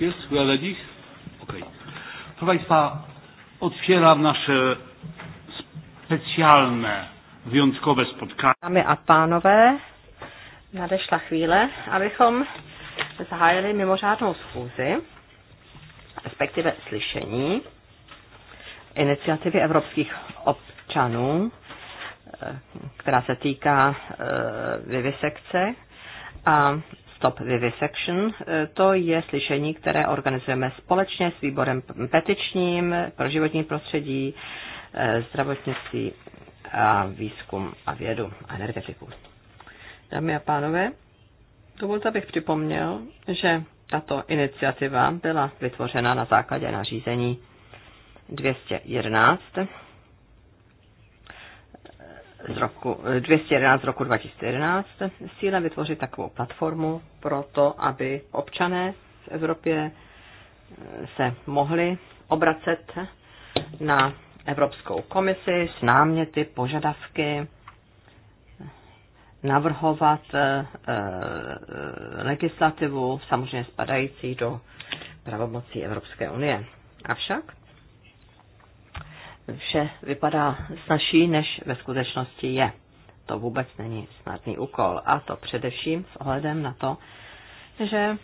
Jest chyba dla nich? Okej. Okay. Proszę Państwa, otwieram nasze specjalne, wyjątkowe spotkanie. Dámy a pánové, nadešla chvíle, abychom zahájili mimořádnou schůzi, respektive slyšení iniciativy evropských občanů, eh, která se týká eh, vivisekce a Stop Vivisection. E, to je slyšení, které organizujeme společně s výborem petičním pro životní prostředí, e, zdravotnictví a výzkum a vědu a energetiku. Dámy a pánové, dovolte abych připomněl, že tato iniciativa byla vytvořena na základě nařízení 211 z roku 211 eh, z roku 2011 s cílem vytvořit takovou platformu pro to, aby občané v Evropě eh, se mohli obracet na Evropskou komisi s náměty, požadavky, eh, navrhovat legislativu, samozřejmě spadající do pravomocí Evropské unie. Avšak vše vypadá snažší, než ve skutečnosti je. To vůbec není snadný úkol. A to především s ohledem na to, že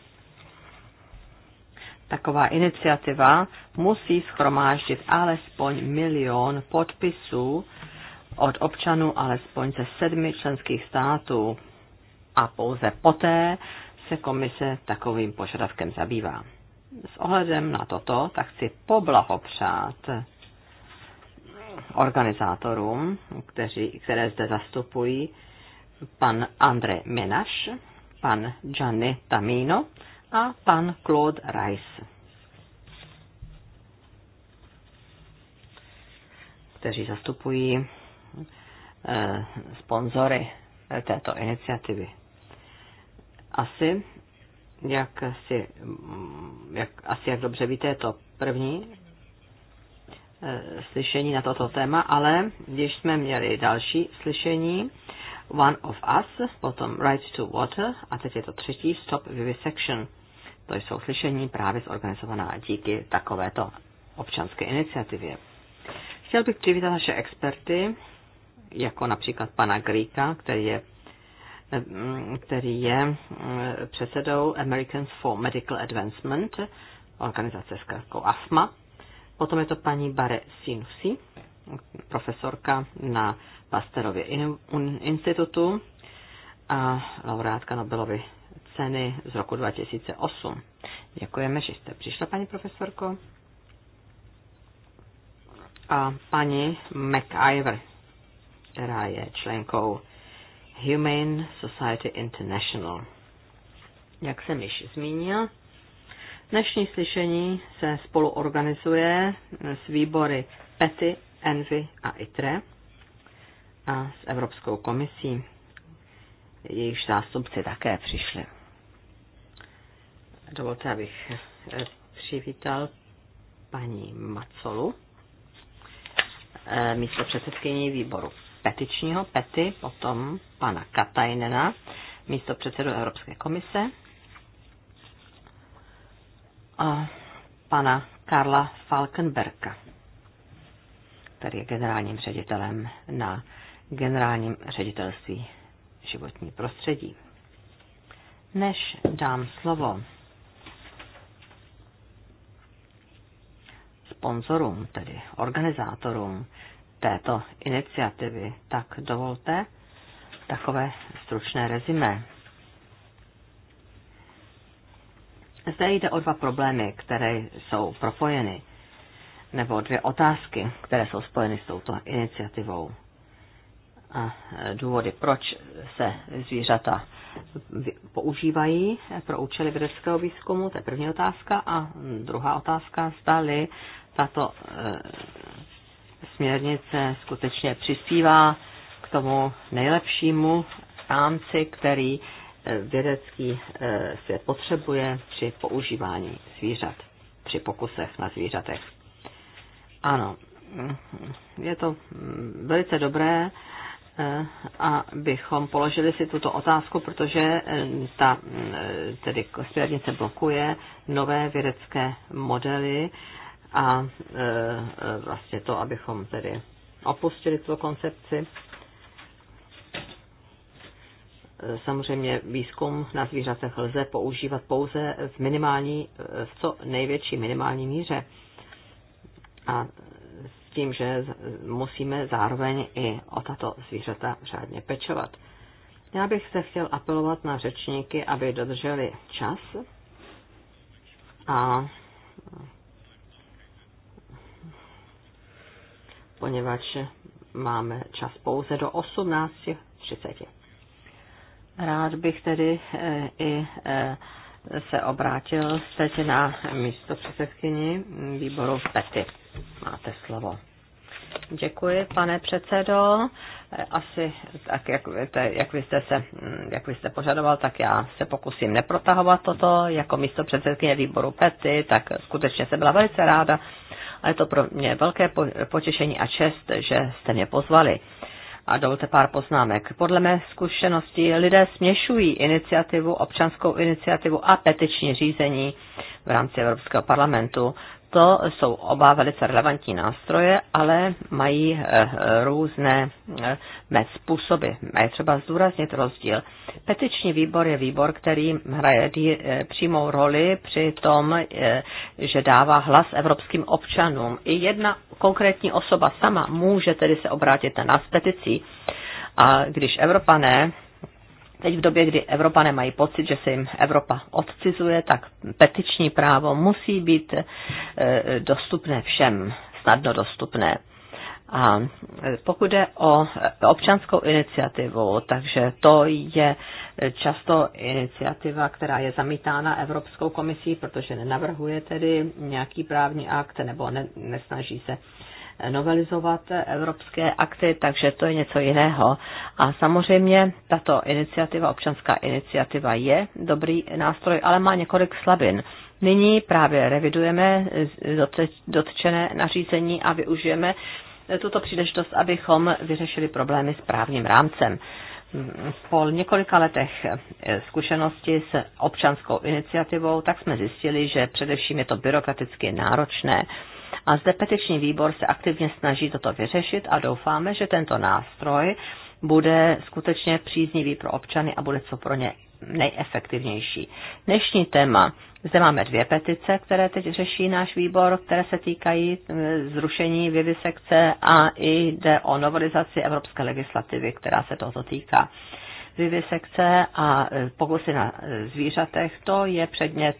taková iniciativa musí schromáždit alespoň milion podpisů od občanů alespoň ze sedmi členských států a pouze poté se komise takovým požadavkem zabývá. S ohledem na toto tak chci poblahopřát organizátorům, kteří, které zde zastupují pan Andre Menaš, pan Gianni Tamino a pan Claude Rice, kteří zastupují eh, sponzory eh, této iniciativy. Asi, jak si, jak, asi jak dobře víte, je to první Eh, slyšení na toto téma, ale když jsme měli další slyšení, One of Us, potom Right to Water a teď je to třetí Stop Vivisection. To jsou slyšení právě zorganizovaná díky takovéto občanské iniciativě. Chtěl bych přivítat naše experty, jako například pana Gríka, který je, eh, který je eh, předsedou Americans for Medical Advancement, organizace s AFMA, Potom je to paní Bare Sinusi, profesorka na Pasterově institutu a laureátka Nobelovy ceny z roku 2008. Děkujeme, že jste přišla, paní profesorko. A paní McIver, která je členkou Humane Society International. Jak jsem již zmínil, Dnešní slyšení se spolu organizuje s výbory PETI, ENVY a ITRE a s Evropskou komisí. Jejich zástupci také přišli. Dovolte, abych eh, přivítal paní Macolu, eh, místo předsedkyní výboru petičního, pety, potom pana Katajnena, místo předsedu Evropské komise, a pana Karla Falkenberga, který je generálním ředitelem na generálním ředitelství životní prostředí. Než dám slovo sponzorům, tedy organizátorům této iniciativy, tak dovolte takové stručné rezimé. Zde jde o dva problémy, které jsou propojeny, nebo dvě otázky, které jsou spojeny s touto iniciativou. A e, důvody, proč se zvířata používají pro účely vědeckého výzkumu, to je první otázka. A druhá otázka, zda-li tato e, směrnice skutečně přispívá k tomu nejlepšímu rámci, který vědecký eh, se potřebuje při používání zvířat, při pokusech na zvířatech. Ano, je to mm, velice dobré, eh, abychom položili si tuto otázku, protože eh, ta mm, tedy směrnice blokuje nové vědecké modely a vlastně to, abychom tedy opustili tuto koncepci samozřejmě výzkum na zvířatech lze používat pouze v minimální, v co největší minimální míře. A s tím, že musíme zároveň i o tato zvířata řádně pečovat. Já bych se chtěl apelovat na řečníky, aby dodrželi čas a poněvadž máme čas pouze do 18.30. Rád bych tedy eh, i eh, se obrátil teď na místo předsedkyni výboru PETY. Máte slovo. Děkuji, pane předsedo. Asi tak, jak, víte, jak, vy jste se, jak vy jste požadoval, tak já se pokusím neprotahovat toto. Jako místo předsedkyně výboru PETY, tak skutečně jsem byla velice ráda. A je to pro mě velké potěšení a čest, že jste mě pozvali a dovolte pár poznámek. Podle mé zkušenosti lidé směšují iniciativu, občanskou iniciativu a petiční řízení v rámci Evropského parlamentu to jsou oba velice relevantní nástroje, ale mají eh, různé eh, způsoby. A je třeba zdůraznit rozdíl. Petiční výbor je výbor, který hraje eh, přímou roli při tom, že dává hlas evropským občanům. I jedna konkrétní osoba sama může tedy se obrátit na nás peticí. A když Evropané Teď v době, kdy Evropané mají pocit, že se jim Evropa odcizuje, tak petiční právo musí být e, dostupné všem, snadno dostupné. A e, pokud jde o e, občanskou iniciativu, takže to je často iniciativa, která je zamítána Evropskou komisí, protože nenavrhuje tedy nějaký právní akt nebo ne, nesnaží se novelizovat evropské akty, takže to je něco jiného. A samozřejmě tato iniciativa, občanská iniciativa je dobrý nástroj, ale má několik slabin. Nyní právě revidujeme dotčené nařízení a využijeme tuto příležitost, abychom vyřešili problémy s právním rámcem. Po několika letech zkušenosti s občanskou iniciativou, tak jsme zjistili, že především je to byrokraticky náročné a zde petiční výbor se aktivně snaží toto vyřešit a doufáme, že tento nástroj bude skutečně příznivý pro občany a bude co pro ně nejefektivnější. Dnešní téma. Zde máme dvě petice, které teď řeší náš výbor, které se týkají e, zrušení vivisekce a i jde o novelizaci evropské legislativy, která se tohoto týká vivisekce a e, pokusy na e, zvířatech, to je předmět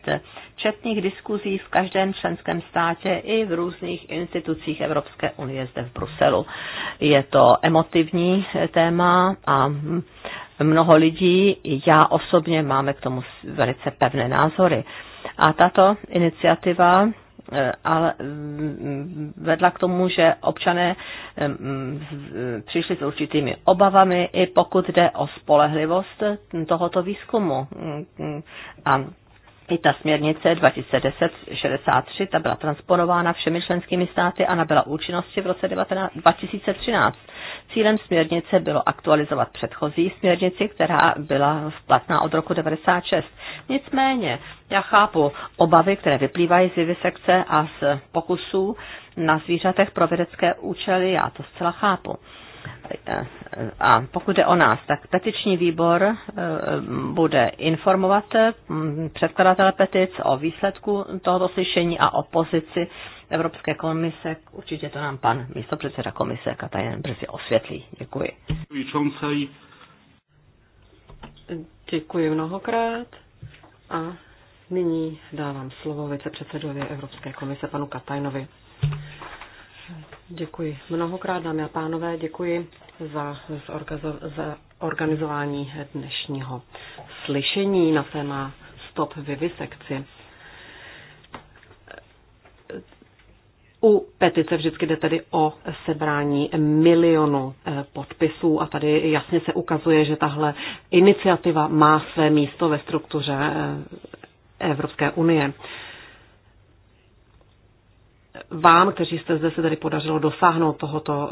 četných diskuzí v každém členském státě i v různých institucích Evropské unie zde v Bruselu. Je to emotivní e, téma a hm, mnoho lidí, já osobně máme k tomu velice pevné názory. A tato iniciativa Eh, ale mm, vedla k tomu, že občané eh, mm, přišli s určitými obavami, i pokud jde o spolehlivost mm, tohoto výzkumu. A i ta směrnice 2010-63, ta byla transponována všemi členskými státy a nabyla účinnosti v roce 2013. Cílem směrnice bylo aktualizovat předchozí směrnici, která byla platná od roku 96. Nicméně, já chápu obavy, které vyplývají z vivisekce a z pokusů na zvířatech pro vědecké účely, já to zcela chápu. A pokud je o nás, tak petiční výbor eh, bude informovat mm, předkladatele petic o výsledku tohoto slyšení a o pozici Evropské komise. Určitě to nám pan místopředseda komise Katajen brzy osvětlí. Děkuji. Děkuji mnohokrát a nyní dávám slovo vicepředsedovi Evropské komise panu Katajnovi. Děkuji mnohokrát, dámy a pánové, děkuji za, za organizování dnešního slyšení na téma Stop vivisekci. U petice vždycky jde tedy o sebrání milionu eh, podpisů a tady jasně se ukazuje, že tahle iniciativa má své místo ve struktuře eh, Evropské unie vám, kteří jste zde, se tady podařilo dosáhnout tohoto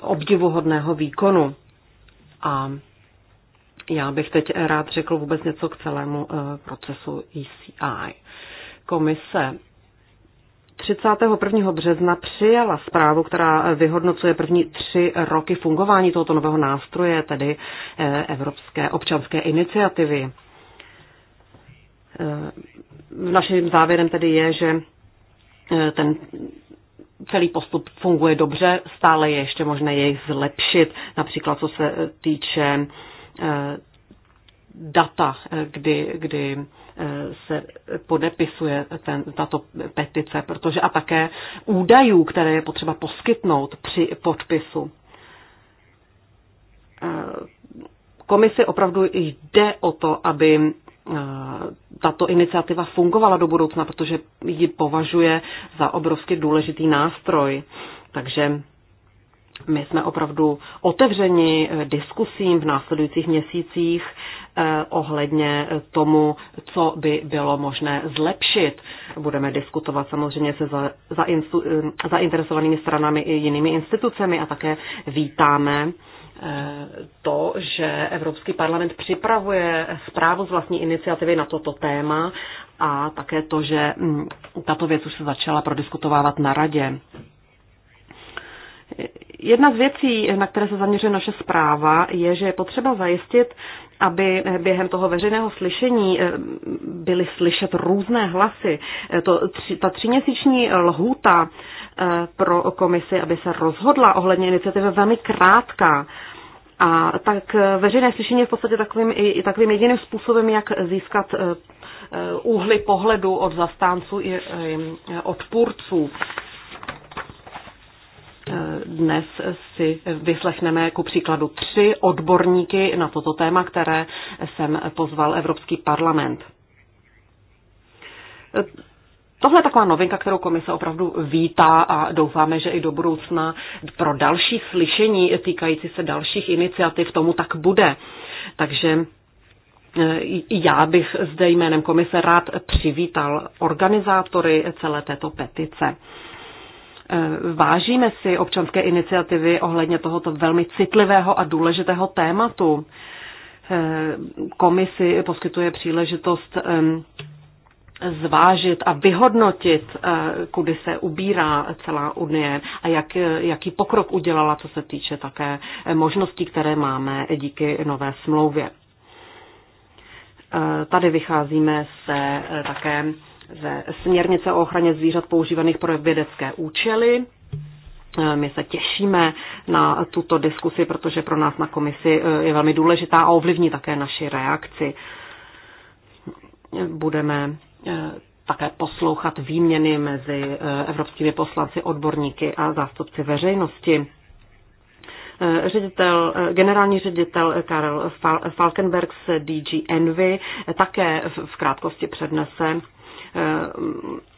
obdivuhodného výkonu. A já bych teď rád řekl vůbec něco k celému eh, procesu ECI. Komise 31. března přijala zprávu, která vyhodnocuje první tři roky fungování tohoto nového nástroje, tedy eh, Evropské občanské iniciativy. Eh, Naším závěrem tedy je, že E, ten celý postup funguje dobře, stále je ještě možné jej zlepšit, například co se týče e, data, e, kdy, kdy se podepisuje ten, tato petice, protože a také údajů, které je potřeba poskytnout při podpisu. Komisi opravdu jde o to, aby Eh, tato iniciativa fungovala do budoucna, protože ji považuje za obrovsky důležitý nástroj. Takže my jsme opravdu otevřeni eh, diskusím v následujících měsících eh, ohledně tomu, co by bylo možné zlepšit. Budeme diskutovat samozřejmě se za, za zainteresovanými stranami i jinými institucemi a také vítáme to, že Evropský parlament připravuje zprávu z vlastní iniciativy na toto téma a také to, že mm, tato věc už se začala prodiskutovávat na radě. Jedna z věcí, na které se zaměřuje naše zpráva, je, že je potřeba zajistit, aby během toho veřejného slyšení eh, byly slyšet různé hlasy. Eh, to, tři, ta tříměsíční lhůta eh, pro komisi, aby se rozhodla ohledně iniciativy, velmi krátká. A tak eh, veřejné slyšení je v podstatě takovým, i takovým jediným způsobem, jak získat eh, eh, úhly pohledu od zastánců i odpůrců. Dnes si vyslechneme ku příkladu tři odborníky na toto téma, které jsem pozval Evropský parlament. Tohle je taková novinka, kterou komise opravdu vítá a doufáme, že i do budoucna pro další slyšení týkající se dalších iniciativ tomu tak bude. Takže e, já bych zde jménem komise rád přivítal organizátory celé této petice. E, vážíme si občanské iniciativy ohledně tohoto velmi citlivého a důležitého tématu. E, komisi poskytuje příležitost zvážit a vyhodnotit, eh, kudy se ubírá celá Unie a jak, jaký pokrok udělala, co se týče také možností, které máme díky nové smlouvě. Eh, tady vycházíme se eh, také ze směrnice o ochraně zvířat používaných pro vědecké účely. My se těšíme na tuto diskusi, protože pro nás na komisi je velmi důležitá a ovlivní také naši reakci. Budeme Eh, také poslouchat výměny mezi eh, evropskými poslanci, odborníky a zástupci veřejnosti. Eh, ředitel, generální ředitel Karel Falkenberg z DG Envy také v krátkosti přednese mm,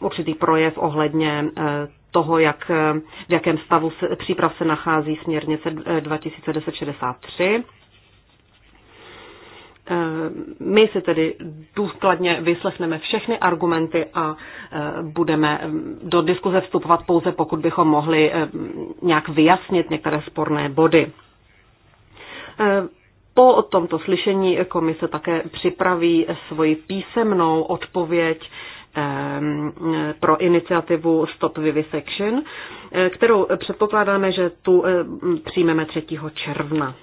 určitý projev ohledně toho, jak, v jakém stavu se, příprav se nachází směrnice 2063 Eh, my si tedy důkladně vyslechneme všechny argumenty a eh, budeme mm, do diskuze vstupovat pouze, pokud bychom mohli eh, nějak vyjasnit některé sporné body. Po tomto slyšení komise také připraví svoji písemnou odpověď pro iniciativu Stop Vivisection, kterou předpokládáme, že tu přijmeme 3. června.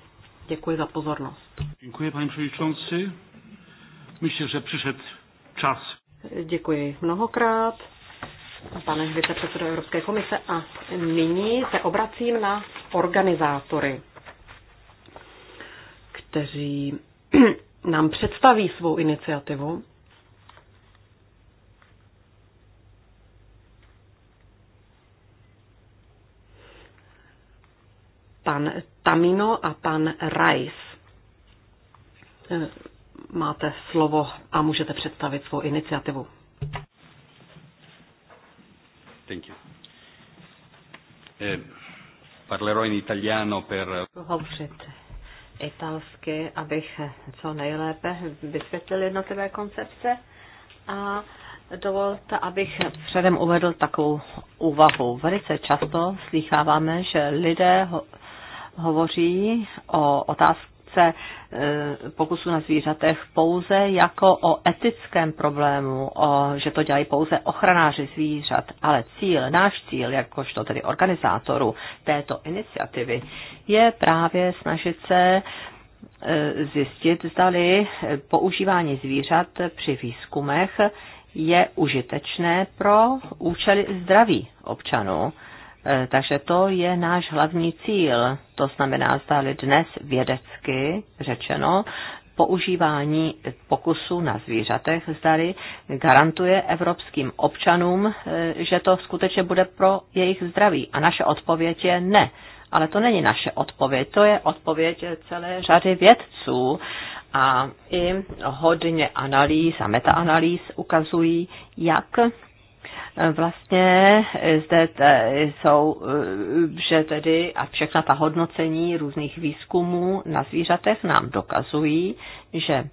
Děkuji za pozornost. Děkuji, paní předsedající. Myslím, že přišel čas. Děkuji mnohokrát, pane vicepředsedo Evropské komise. A nyní se obracím na organizátory, kteří nám představí svou iniciativu. pan Tamino a pan Rice. E, máte slovo a můžete představit svou iniciativu. Thank you. Eh, parlerò in italiano per... Hovořit italsky, abych co nejlépe vysvětlil jednotlivé koncepce a Dovolte, abych předem uvedl takovou úvahu. Velice často slycháváme, že lidé hovoří o otázce e, pokusu na zvířatech pouze jako o etickém problému, o, že to dělají pouze ochranáři zvířat, ale cíl, náš cíl, jakožto tedy organizátorů této iniciativy, je právě snažit se e, zjistit, zdali používání zvířat při výzkumech je užitečné pro účely zdraví občanů. Eh, takže to je náš hlavní cíl. To znamená, zdáli dnes vědecky řečeno, používání pokusů na zvířatech zdali garantuje evropským občanům, eh, že to skutečně bude pro jejich zdraví. A naše odpověď je ne. Ale to není naše odpověď, to je odpověď celé řady vědců a i hodně analýz a metaanalýz ukazují, jak vlastně zde jsou, že tedy a všechna ta hodnocení různých výzkumů na zvířatech nám dokazují, že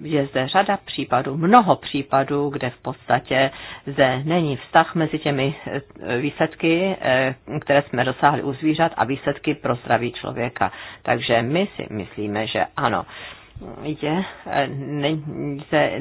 je zde řada případů, mnoho případů, kde v podstatě zde není vztah mezi těmi eh, výsledky, eh, které jsme dosáhli u zvířat a výsledky pro zdraví člověka. Takže my si myslíme, že ano, je, eh, ne, se,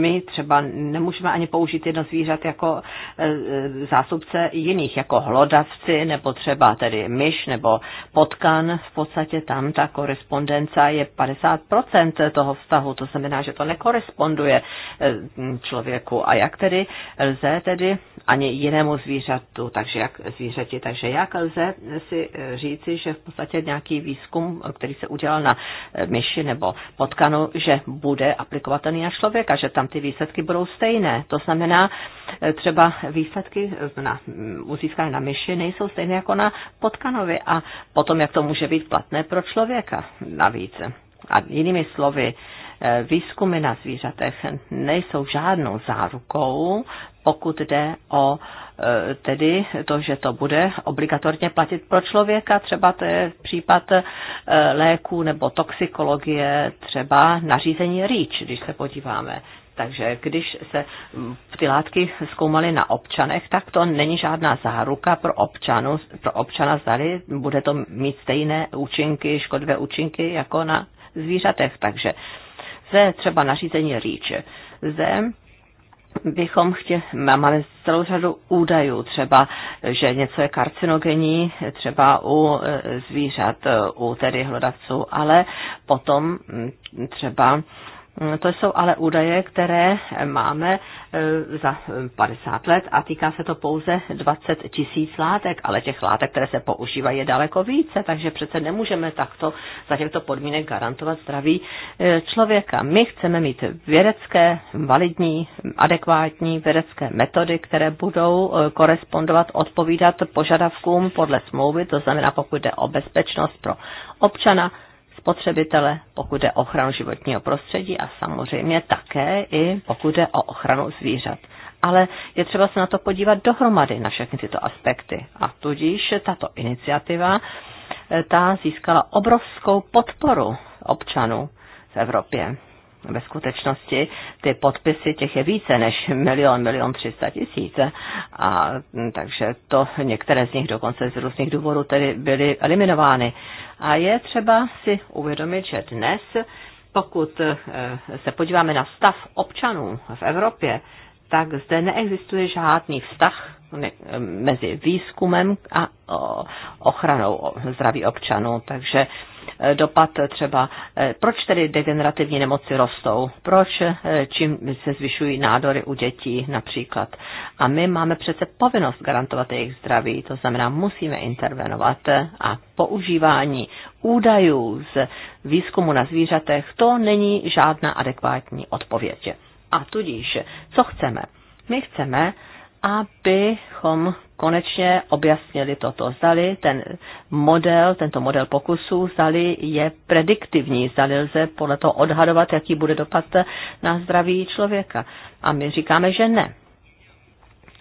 my třeba nemůžeme ani použít jedno zvířat jako eh, zástupce jiných, jako hlodavci nebo třeba tedy myš nebo potkan. V podstatě tam ta korespondence je 50% toho vztahu, to znamená, že to nekoresponduje eh, člověku. A jak tedy lze tedy ani jinému zvířatu, takže jak zvířeti, takže jak lze si říci, že v podstatě nějaký výzkum, který se udělal na myši nebo potkanu, že bude aplikovatelný na člověka, že tam ty výsledky budou stejné. To znamená, e, třeba výsledky e, na, uzískané na myši nejsou stejné jako na potkanovi a potom, jak to může být platné pro člověka navíc. A jinými slovy, e, výzkumy na zvířatech nejsou žádnou zárukou, pokud jde o E, tedy to, že to bude obligatorně platit pro člověka, třeba to je případ e, léků nebo toxikologie, třeba nařízení REACH, když se podíváme. Takže když se ty látky zkoumaly na občanech, tak to není žádná záruka pro, občanu, pro občana, zdali bude to mít stejné účinky, škodlivé účinky jako na zvířatech. Takže zde třeba nařízení REACH. Zde bychom chtěli, máme celou řadu údajů, třeba, že něco je karcinogenní, třeba u e, zvířat, e, u tedy hlodavců, ale potom třeba Mm, to jsou ale údaje, které máme e, za 50 e, let a týká se to pouze 20 tisíc látek, ale těch látek, které se používají, je daleko více, takže přece nemůžeme takto za těchto podmínek garantovat zdraví e, člověka. My chceme mít vědecké, validní, adekvátní vědecké metody, které budou korespondovat, odpovídat požadavkům podle smlouvy, to znamená, pokud jde o bezpečnost pro občana, spotřebitele, pokud jde o ochranu životního prostředí a samozřejmě také i pokud jde o ochranu zvířat. Ale je třeba se na to podívat dohromady, na všechny tyto aspekty. A tudíž tato iniciativa eh, ta získala obrovskou podporu občanů v Evropě ve skutečnosti ty podpisy těch je více než milion, milion třista tisíc. A mm, takže to některé z nich dokonce z různých důvodů tedy byly eliminovány. A je třeba si uvědomit, že dnes, pokud eh, se podíváme na stav občanů v Evropě, tak zde neexistuje žádný vztah mezi výzkumem a ochranou zdraví občanů. Takže Eh, dopad třeba, eh, proč tedy degenerativní nemoci rostou, proč eh, čím se zvyšují nádory u dětí například. A my máme přece povinnost garantovat jejich zdraví, to znamená, musíme intervenovat a používání údajů z výzkumu na zvířatech, to není žádná adekvátní odpověď. A tudíž, co chceme? My chceme abychom konečně objasnili toto. Zdali ten model, tento model pokusů, zdali je prediktivní, zdali lze podle toho odhadovat, jaký bude dopad na zdraví člověka. A my říkáme, že ne.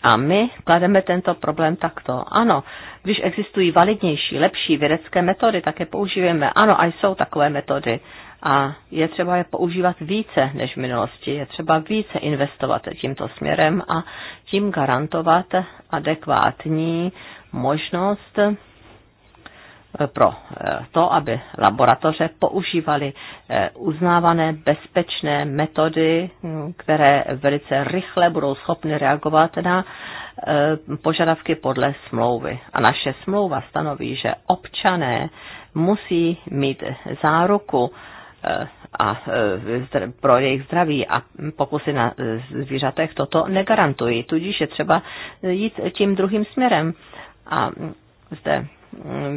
A my klademe tento problém takto. Ano, když existují validnější, lepší vědecké metody, tak je používáme. Ano, a jsou takové metody. A je třeba je používat více než v minulosti. Je třeba více investovat tímto směrem a tím garantovat adekvátní možnost eh, pro eh, to, aby laboratoře používaly eh, uznávané bezpečné metody, hm, které velice rychle budou schopny reagovat na požadavky podle smlouvy. A naše smlouva stanoví, že občané musí mít záruku, a e, e, pro jejich zdraví a pokusy na e, zvířatech toto negarantují. Tudíž je třeba jít tím druhým směrem. A zde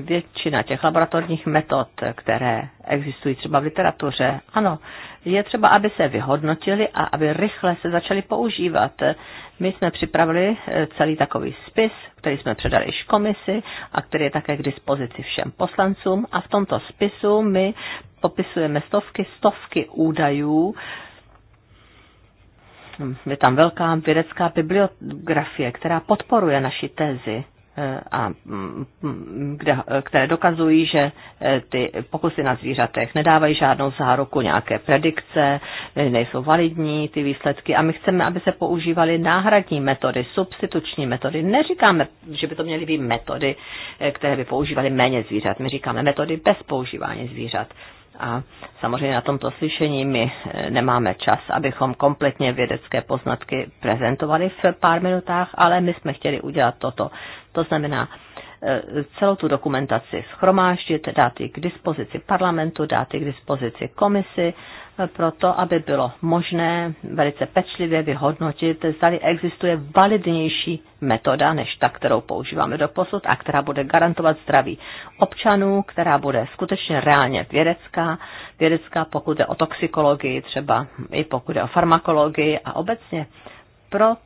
většina těch laboratorních metod, které existují třeba v literatuře, ano, je třeba, aby se vyhodnotili a aby rychle se začaly používat. My jsme připravili eh, celý takový spis, který jsme předali již komisi a který je také k dispozici všem poslancům a v tomto spisu my popisujeme stovky, stovky údajů, je tam velká vědecká bibliografie, která podporuje naši tezi a které dokazují, že e, ty pokusy na zvířatech nedávají žádnou záruku, nějaké predikce, nejsou validní ty výsledky a my chceme, aby se používaly náhradní metody, substituční metody. Neříkáme, že by to měly být metody, e, které by používaly méně zvířat. My říkáme metody bez používání zvířat. A samozřejmě na tomto slyšení my e, nemáme čas, abychom kompletně vědecké poznatky prezentovali v pár minutách, ale my jsme chtěli udělat toto to znamená e, celou tu dokumentaci schromáždit, dát ji k dispozici parlamentu, dát ji k dispozici komisi, e, proto aby bylo možné velice pečlivě vyhodnotit, zda existuje validnější metoda než ta, kterou používáme do posud a která bude garantovat zdraví občanů, která bude skutečně reálně vědecká, vědecká pokud je o toxikologii třeba i pokud je o farmakologii a obecně pro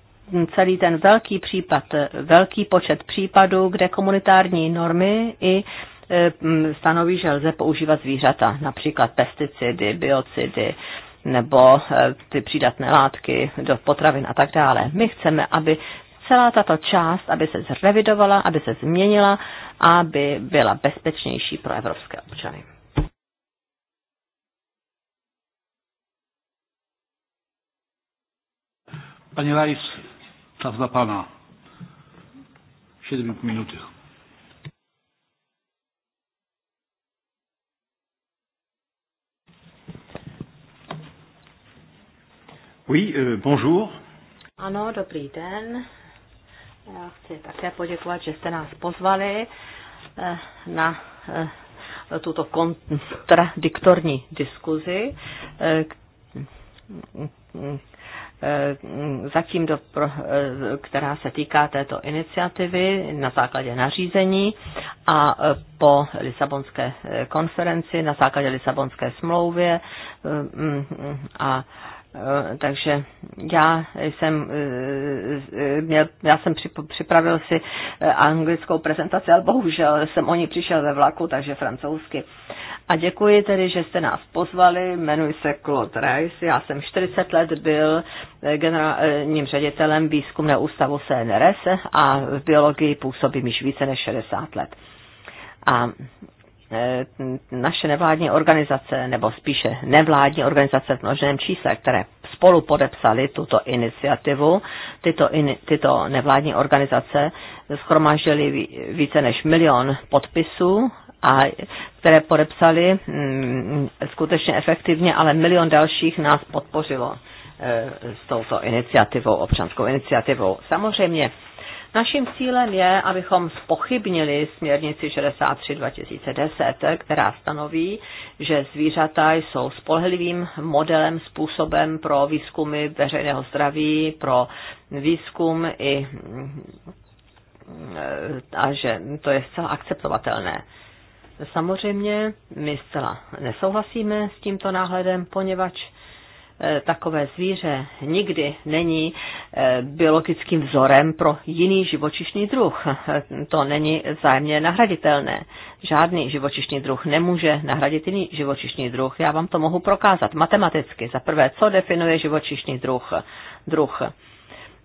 celý ten velký případ, velký počet případů, kde komunitární normy i e, stanoví, že lze používat zvířata, například pesticidy, biocidy nebo e, ty přídatné látky do potravin a tak dále. My chceme, aby celá tato část, aby se zrevidovala, aby se změnila, aby byla bezpečnější pro evropské občany. Pani Lajs, Czas dla Pana. Siedem minut. Oui, euh, bonjour. Ano, dobrý den. Já chci také poděkovat, že jste nás pozvali eh, na eh, tuto kontradiktorní diskuzi, eh, Eh, zatím, do, eh, která se týká této iniciativy na základě nařízení a eh, po Lisabonské konferenci, na základě Lisabonské smlouvě mm, a takže já jsem, měl, já jsem připravil si anglickou prezentaci, ale bohužel jsem o ní přišel ve vlaku, takže francouzsky. A děkuji tedy, že jste nás pozvali. Jmenuji se Claude Rice. Já jsem 40 let byl eh, generálním ředitelem výzkumné ústavu CNRS a v biologii působím již více než 60 let. A eh, naše nevládní organizace, nebo spíše nevládní organizace v množeném čísle, které spolu podepsali tuto iniciativu. Tyto, in, tyto nevládní organizace schromáždily více než milion podpisů a které podepsali mm, skutečně efektivně, ale milion dalších nás podpořilo eh, s touto iniciativou, občanskou iniciativou. Samozřejmě Naším cílem je, abychom spochybnili směrnici 63 2010, která stanoví, že zvířata jsou spolehlivým modelem, způsobem pro výzkumy veřejného zdraví, pro výzkum i mm, eh, a že to je zcela akceptovatelné. Samozřejmě my zcela nesouhlasíme s tímto náhledem, poněvadž eh, takové zvíře nikdy není eh, biologickým vzorem pro jiný živočišný druh. To není vzájemně nahraditelné. Žádný živočišný druh nemůže nahradit jiný živočišný druh. Já vám to mohu prokázat matematicky. Za prvé, co definuje živočišný druh? druh.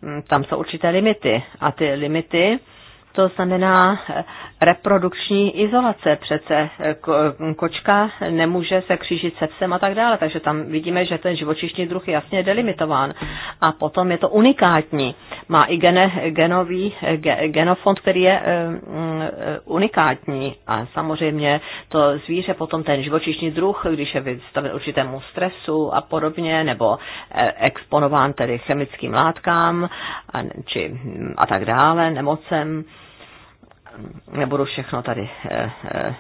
Hm, tam jsou určité limity a ty limity to znamená eh, reprodukční izolace. Přece eh, eh, kočka nemůže se křížit se psem a tak dále, takže tam vidíme, že ten živočišní druh je jasně delimitován. A potom je to unikátní. Má i gene, genový, genofond, který je mm, unikátní. A samozřejmě to zvíře, potom ten živočišní druh, když je vystaven určitému stresu a podobně, nebo exponován tedy chemickým látkám a, či, hm, a tak dále, nemocem, nebudu všechno tady eh, eh,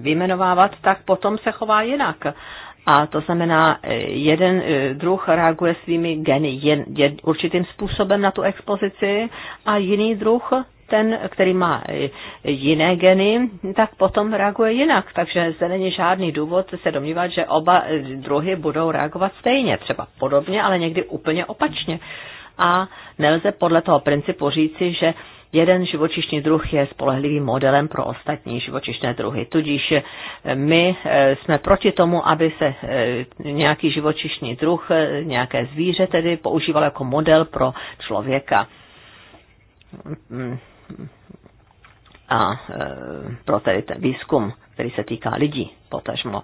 vyjmenovávat, tak potom se chová jinak. A to znamená, eh, jeden druh reaguje svými geny jen, jen, určitým způsobem na tu expozici a jiný druh, ten, který má jiné geny, tak potom reaguje jinak. Takže zde není žádný důvod se domnívat, že oba druhy budou reagovat stejně, třeba podobně, ale někdy úplně opačně. A nelze podle toho principu říci, že jeden živočišný druh je spolehlivým modelem pro ostatní živočišné druhy. Tudíž eh, my eh, jsme proti tomu, aby se eh, nějaký živočišný druh, nějaké zvíře tedy používal jako model pro člověka. A pro tedy ten výzkum, který se týká lidí, potažmo.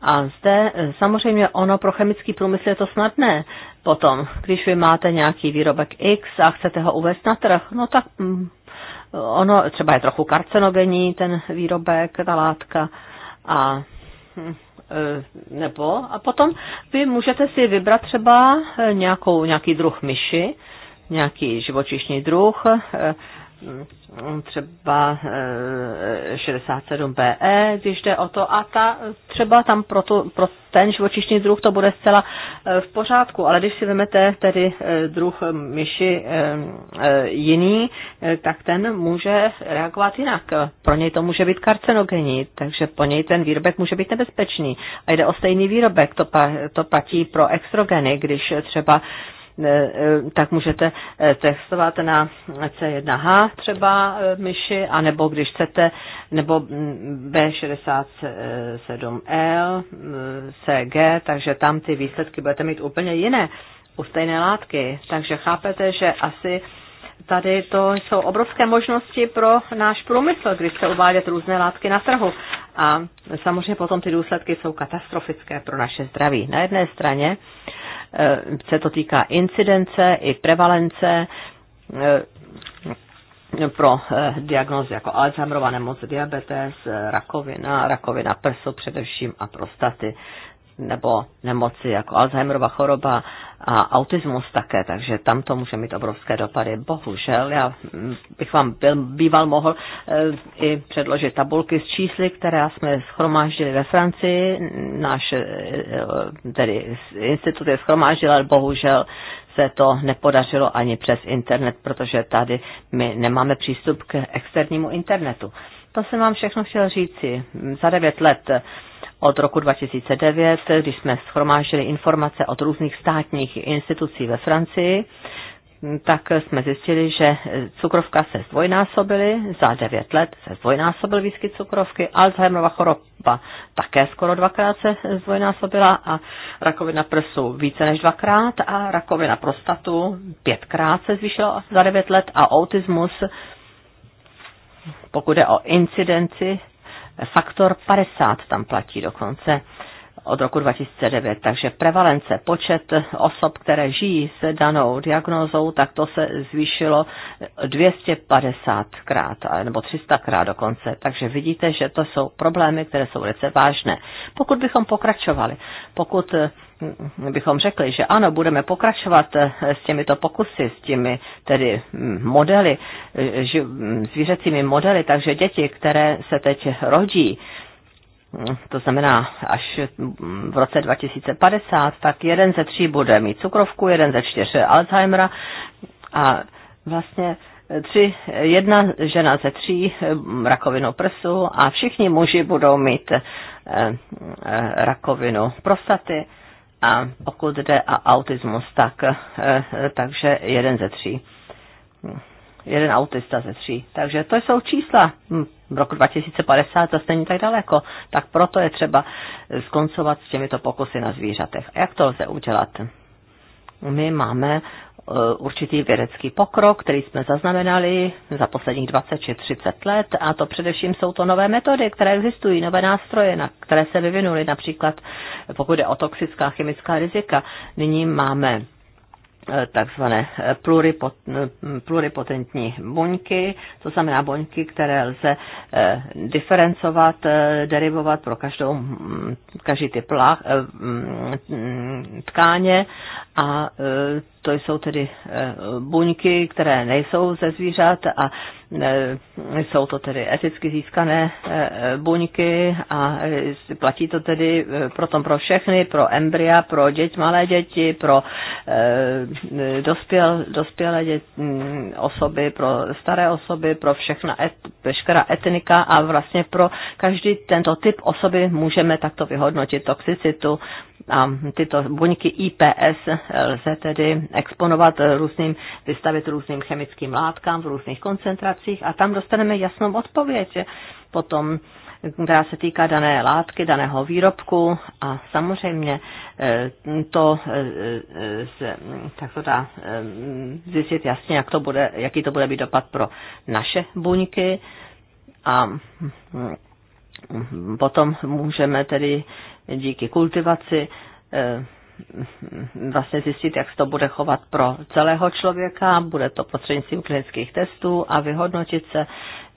A zde e, samozřejmě ono pro chemický průmysl je to snadné. Potom, když vy máte nějaký výrobek X a chcete ho uvést na trh, no tak mm, ono třeba je trochu karcenogenní ten výrobek, ta látka a hm, e, nebo a potom vy můžete si vybrat třeba e, nějakou, nějaký druh myši, nějaký živočišný druh, třeba 67BE, eh, když jde o to, a ta, třeba tam pro, tu, pro ten živočišný druh to bude zcela eh, v pořádku, ale když si vezmete tedy eh, druh myši jiný, tak ten může reagovat jinak. Pro něj to může být karcinogenní, takže pro něj ten výrobek může být nebezpečný. A jde o stejný výrobek, to, pa, to platí pro extrogeny, když třeba Eh, tak můžete eh, textovat na C1H třeba eh, myši, anebo když chcete, nebo mm, B67L, mm, CG, takže tam ty výsledky budete mít úplně jiné u stejné látky. Takže chápete, že asi tady to jsou obrovské možnosti pro náš průmysl, když se uvádět různé látky na trhu. A samozřejmě potom ty důsledky jsou katastrofické pro naše zdraví. Na jedné straně Eh, se to týká incidence i prevalence eh, pro eh, diagnózy jako Alzheimerova nemoc, diabetes, rakovina, rakovina prsu především a prostaty nebo nemoci jako Alzheimerova choroba a autismus také, takže tam to může mít obrovské dopady. Bohužel, já mm, bych vám byl, býval mohl eh, i předložit tabulky s čísly, které jsme schromáždili ve Francii. Náš eh, eh, tedy institut je schromáždil, ale bohužel se to nepodařilo ani přes internet, protože tady my nemáme přístup k externímu internetu. To jsem vám všechno chtěl říci. Za devět let od roku 2009, když jsme schromáždili informace od různých státních institucí ve Francii, tak jsme zjistili, že cukrovka se zdvojnásobily, za 9 let se zdvojnásobil výskyt cukrovky, Alzheimerova choroba také skoro dvakrát se zdvojnásobila a rakovina prsu více než dvakrát a rakovina prostatu pětkrát se zvýšila za 9 let a autismus pokud je o incidenci faktor 50 tam platí dokonce od roku 2009. Takže prevalence, počet osob, které žijí s danou diagnózou, tak to se zvýšilo 250krát, nebo 300krát dokonce. Takže vidíte, že to jsou problémy, které jsou velice vážné. Pokud bychom pokračovali, pokud bychom řekli, že ano, budeme pokračovat eh, s těmito pokusy, s těmi tedy mm, modely, eh, mm, zvířecími modely, takže děti, které se teď rodí, mm, to znamená až v roce 2050, tak jeden ze tří bude mít cukrovku, jeden ze čtyř Alzheimera a vlastně eh, tři, jedna žena ze tří rakovinu prsu a všichni muži budou mít rakovinu prostaty a pokud jde a autismus, tak, eh, takže jeden ze tří. Jeden autista ze tří. Takže to jsou čísla hm, v roku 2050 zase není tak daleko. Tak proto je třeba skoncovat s těmito pokusy na zvířatech. A jak to lze udělat? My máme Eh, určitý vědecký pokrok, který jsme zaznamenali za posledních 20 či 30 let a to především jsou to nové metody, které existují, nové nástroje, na které se vyvinuly, například pokud je o toxická chemická rizika. Nyní máme Eh, takzvané eh, pluripot, eh, pluripotentní buňky, to znamená buňky, které lze diferencovat, derivovat pro každou, mm, každý typ mm, tkáně a to jsou tedy buňky, které nejsou ze zvířat a jsou to tedy eticky získané e, buňky a e, platí to tedy e, pro tom pro všechny, pro embrya, pro děti, malé děti, pro dospěl, dospělé děti, osoby, pro staré osoby, pro všechna et, veškerá etnika a vlastně pro každý tento typ osoby můžeme takto vyhodnotit toxicitu a tyto buňky IPS lze tedy exponovat různým, vystavit různým chemickým látkám v různých koncentracích publikacích a tam dostaneme jasnou odpověď potom, která se týká dané látky, daného výrobku a samozřejmě eh, to, eh, eh, tak to dá zjistit jasně, jak to bude, jaký to bude být dopad pro naše buňky a hm, potom můžeme tedy díky kultivaci vlastně zjistit, jak se to bude chovat pro celého člověka, bude to prostřednictvím klinických testů a vyhodnotit se,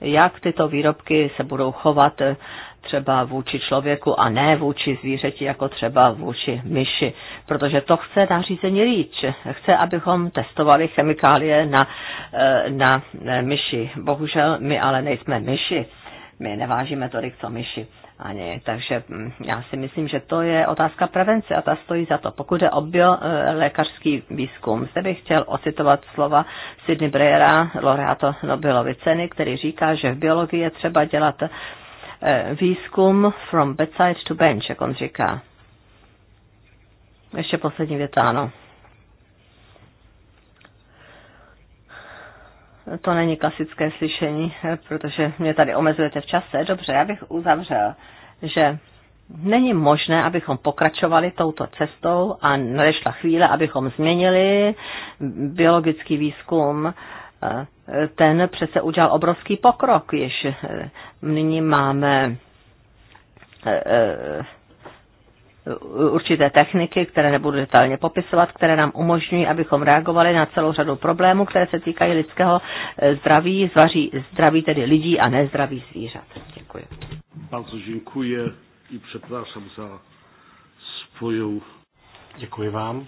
jak tyto výrobky se budou chovat eh, třeba vůči člověku a ne vůči zvířeti, jako třeba vůči myši. Protože to chce nařízení líč. Chce, abychom testovali chemikálie na, eh, na eh, myši. Bohužel my ale nejsme myši. My nevážíme tolik, co myši ani. Takže mm, já si myslím, že to je otázka prevence a ta stojí za to. Pokud je o biolékařský výzkum, zde bych chtěl ocitovat slova Sidney Breyera, laureáta Nobelovy ceny, který říká, že v biologii je třeba dělat eh, výzkum from bedside to bench, jak on říká. Ještě poslední věta, ano. to není klasické slyšení, protože mě tady omezujete v čase. Dobře, já bych uzavřel, že není možné, abychom pokračovali touto cestou a nadešla chvíle, abychom změnili biologický výzkum. Ten přece udělal obrovský pokrok, již nyní máme určité techniky, které nebudu detailně popisovat, které nám umožňují, abychom reagovali na celou řadu problémů, které se týkají lidského eh, zdraví, zvaří, zdraví tedy lidí a nezdraví zvířat. Děkuji. Bardzo děkuji i przepraszam za svou. Děkuji vám.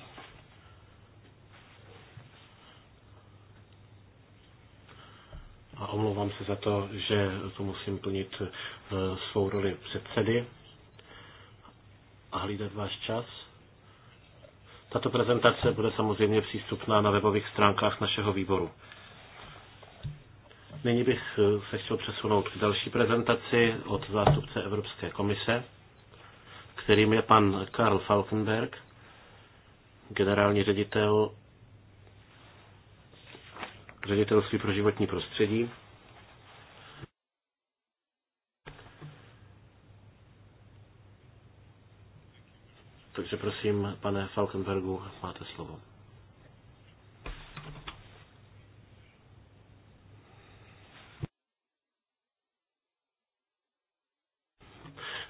A omlouvám se za to, že to musím plnit eh, svou roli předsedy a hlídat váš čas. Tato prezentace bude samozřejmě přístupná na webových stránkách našeho výboru. Nyní bych eh, se chtěl přesunout k další prezentaci od zástupce Evropské komise, kterým je pan Karl Falkenberg, generální ředitel ředitelství pro životní prostředí Takže prosím, pane Falkenbergu, máte slovo.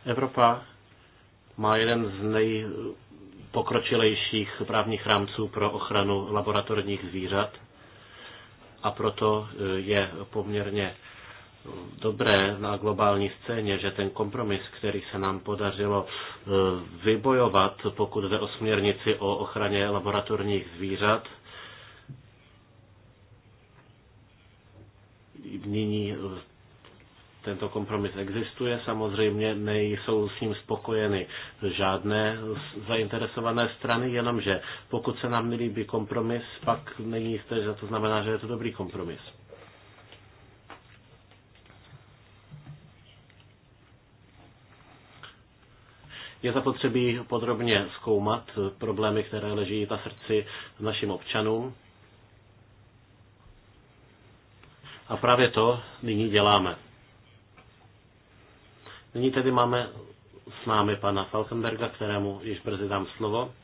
Evropa má jeden z nejpokročilejších právních rámců pro ochranu laboratorních zvířat a proto je poměrně dobré na globální scéně, že ten kompromis, který se nám podařilo e, vybojovat, pokud jde o směrnici o ochraně laboratorních zvířat, nyní e, tento kompromis existuje. Samozřejmě nejsou s ním spokojeny žádné zainteresované strany, jenomže pokud se nám nelíbí kompromis, pak není jisté, že to znamená, že je to dobrý kompromis. Je zapotřebí podrobně zkoumat problémy, které leží na srdci našim občanům. A právě to nyní děláme. Nyní tedy máme s námi pana Falkenberga, kterému již brzy dám slovo,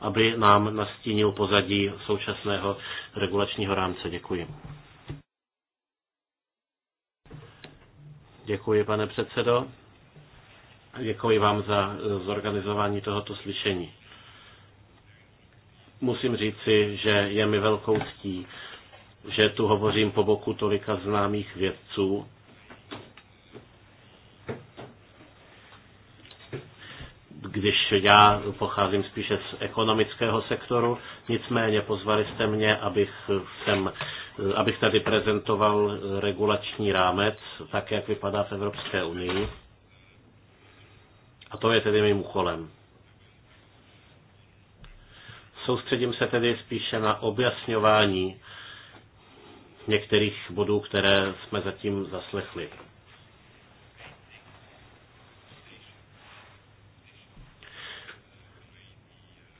aby nám nastínil pozadí současného regulačního rámce. Děkuji. Děkuji, pane předsedo. Děkuji vám za eh, zorganizování tohoto slyšení. Musím říci, že je mi velkou ctí, že tu hovořím po boku tolika známých vědců. Když já pocházím spíše z ekonomického sektoru, nicméně pozvali jste mě, abych, sem, eh, abych tady prezentoval regulační rámec, tak jak vypadá v Evropské unii. A to je tedy mým úkolem. Soustředím se tedy spíše na objasňování některých bodů, které jsme zatím zaslechli.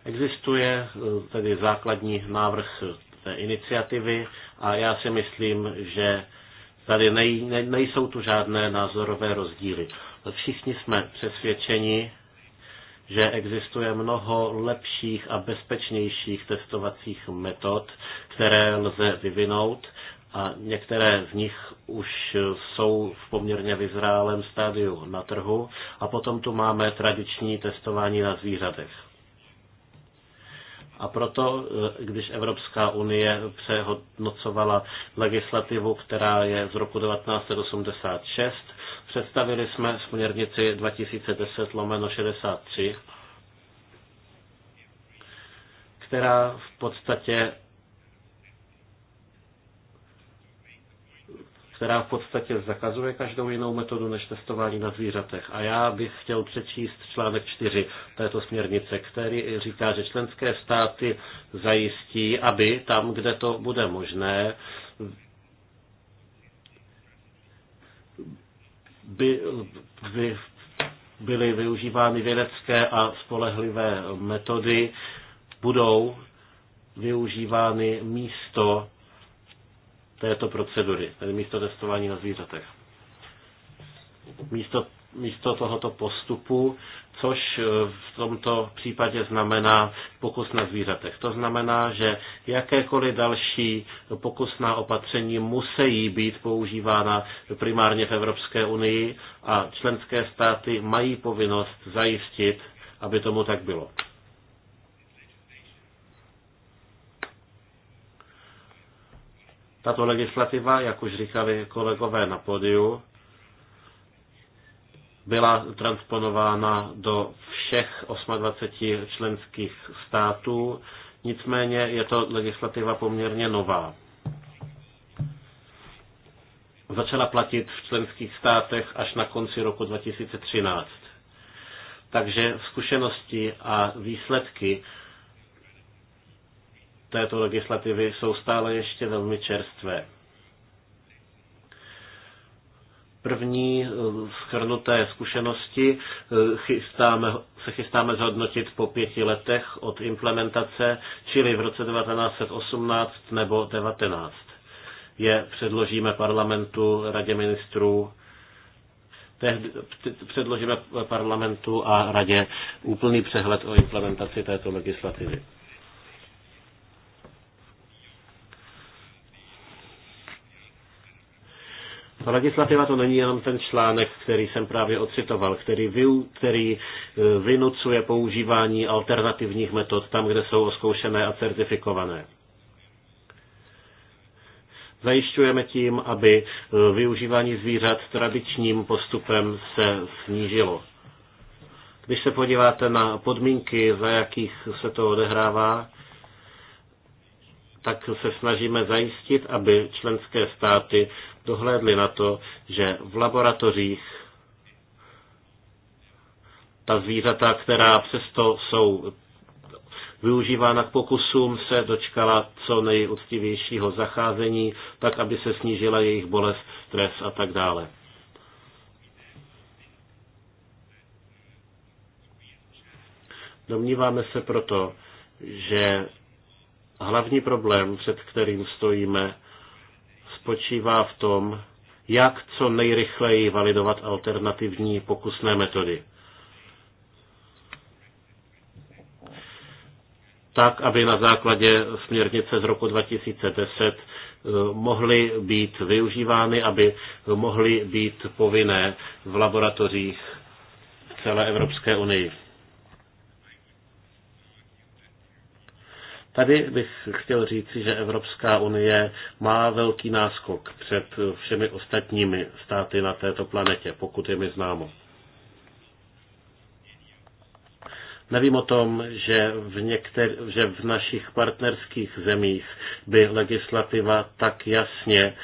Existuje eh, tedy základní návrh té iniciativy a já si myslím, že tady nej, nej, nejsou tu žádné názorové rozdíly. Všichni jsme přesvědčeni, že existuje mnoho lepších a bezpečnějších testovacích metod, které lze vyvinout a některé z nich už jsou v poměrně vyzrálém stádiu na trhu a potom tu máme tradiční testování na zvířatech. A proto, eh, když Evropská unie přehodnocovala legislativu, která je z roku 1986, Představili jsme směrnici 2010 lomeno 63, která v podstatě která v podstatě zakazuje každou jinou metodu než testování na zvířatech. A já bych chtěl přečíst článek 4 této směrnice, který říká, že členské státy zajistí, aby tam, kde to bude možné, by, by byly využívány vědecké a spolehlivé metody, budou využívány místo této procedury, tedy místo testování na zvířatech. Místo, místo tohoto postupu což eh, v tomto případě znamená pokus na zvířatech. To znamená, že jakékoliv další pokusná opatření musí být používána primárně v Evropské unii a členské státy mají povinnost zajistit, aby tomu tak bylo. Tato legislativa, jak už říkali kolegové na podiu, byla transponována do všech 28 členských států, nicméně je to legislativa poměrně nová. Začala platit v členských státech až na konci roku 2013. Takže zkušenosti a výsledky této legislativy jsou stále ještě velmi čerstvé. První eh, schrnuté zkušenosti eh, chystáme, se chystáme zhodnotit po pěti letech od implementace, čili v roce 1918 nebo 19. Je předložíme parlamentu, radě ministrů, tehdy, předložíme parlamentu a radě úplný přehled o implementaci této legislativy. Ta legislativa to není jenom ten článek, který jsem právě ocitoval, který, vy, který e, vynucuje používání alternativních metod tam, kde jsou oskoušené a certifikované. Zajišťujeme tím, aby e, využívání zvířat tradičním postupem se snížilo. Když se podíváte na podmínky, za jakých se to odehrává, tak se snažíme zajistit, aby členské státy dohlédli na to, že v laboratořích ta zvířata, která přesto jsou využívána k pokusům, se dočkala co nejúctivějšího zacházení, tak aby se snížila jejich bolest, stres a tak dále. Domníváme se proto, že hlavní problém, před kterým stojíme, spočívá v tom, jak co nejrychleji validovat alternativní pokusné metody. Tak, aby na základě směrnice z roku 2010 eh, mohly být využívány, aby mohly být povinné v laboratořích celé Evropské unii. Tady bych chtěl říci, že Evropská unie má velký náskok před všemi ostatními státy na této planetě, pokud je mi známo. Nevím o tom, že v, někter, že v našich partnerských zemích by legislativa tak jasně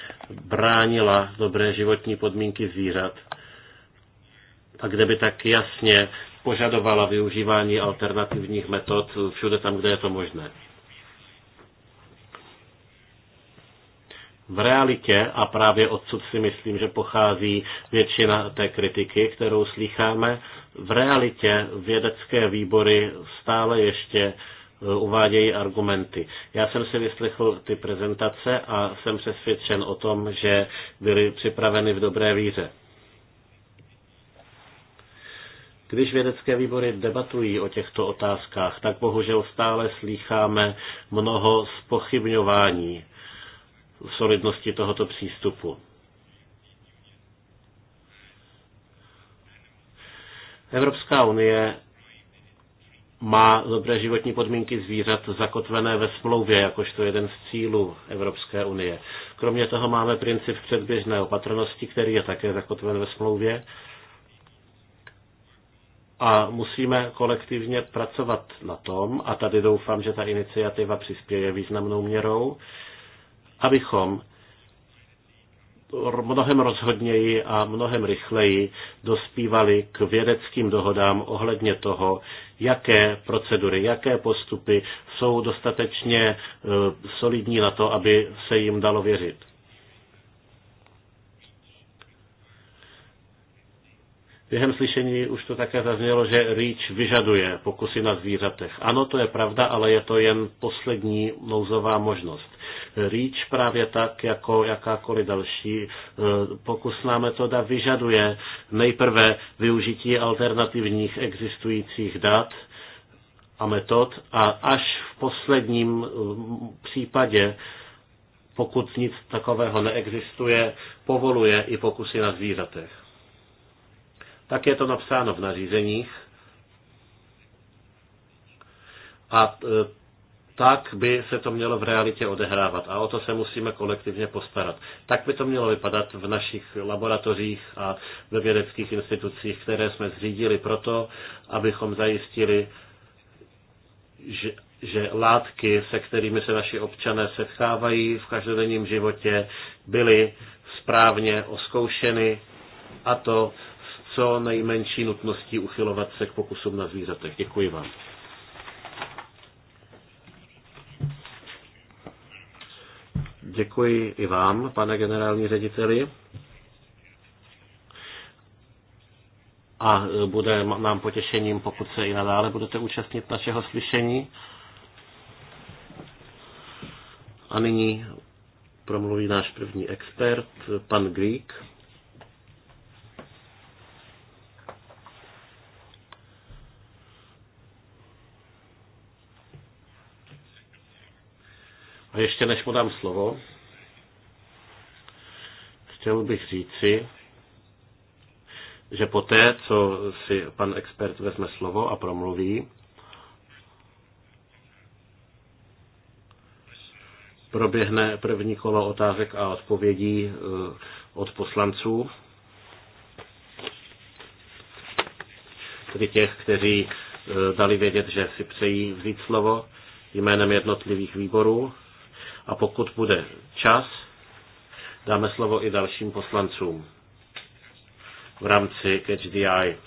bránila dobré životní podmínky zvířat a kde by tak jasně požadovala využívání alternativních metod všude tam, kde je to možné. v realitě, a právě odsud si myslím, že pochází většina té kritiky, kterou slycháme, v realitě vědecké výbory stále ještě e, uvádějí argumenty. Já jsem si vyslechl ty prezentace a jsem přesvědčen o tom, že byly připraveny v dobré víře. Když vědecké výbory debatují o těchto otázkách, tak bohužel stále slýcháme mnoho spochybňování solidnosti tohoto přístupu. Evropská unie má dobré životní podmínky zvířat zakotvené ve smlouvě, jakožto jeden z cílů Evropské unie. Kromě toho máme princip předběžné opatrnosti, který je také zakotven ve smlouvě. A musíme kolektivně pracovat na tom, a tady doufám, že ta iniciativa přispěje významnou měrou, abychom mnohem rozhodněji a mnohem rychleji dospívali k vědeckým dohodám ohledně toho, jaké procedury, jaké postupy jsou dostatečně e, solidní na to, aby se jim dalo věřit. Během slyšení už to také zaznělo, že REACH vyžaduje pokusy na zvířatech. Ano, to je pravda, ale je to jen poslední nouzová možnost. REACH právě tak, jako jakákoliv další eh, pokusná metoda vyžaduje nejprve využití alternativních existujících dat a metod a až v posledním eh, případě pokud nic takového neexistuje, povoluje i pokusy na zvířatech. Tak je to napsáno v nařízeních. A eh, tak by se to mělo v realitě odehrávat a o to se musíme kolektivně postarat. Tak by to mělo vypadat v našich laboratořích a ve vědeckých institucích, které jsme zřídili proto, abychom zajistili, že, že látky, se kterými se naši občané setkávají v každodenním životě, byly správně oskoušeny a to s co nejmenší nutností uchylovat se k pokusům na zvířatech. Děkuji vám. Děkuji i vám, pane generální řediteli. A bude nám potěšením, pokud se i nadále budete účastnit našeho slyšení. A nyní promluví náš první expert, pan Grík. ještě než mu dám slovo, chtěl bych říci, že poté, co si pan expert vezme slovo a promluví, proběhne první kolo otázek a odpovědí eh, od poslanců, tedy těch, kteří eh, dali vědět, že si přejí vzít slovo jménem jednotlivých výborů. A pokud bude čas, dáme slovo i dalším poslancům v rámci Catch the Eye.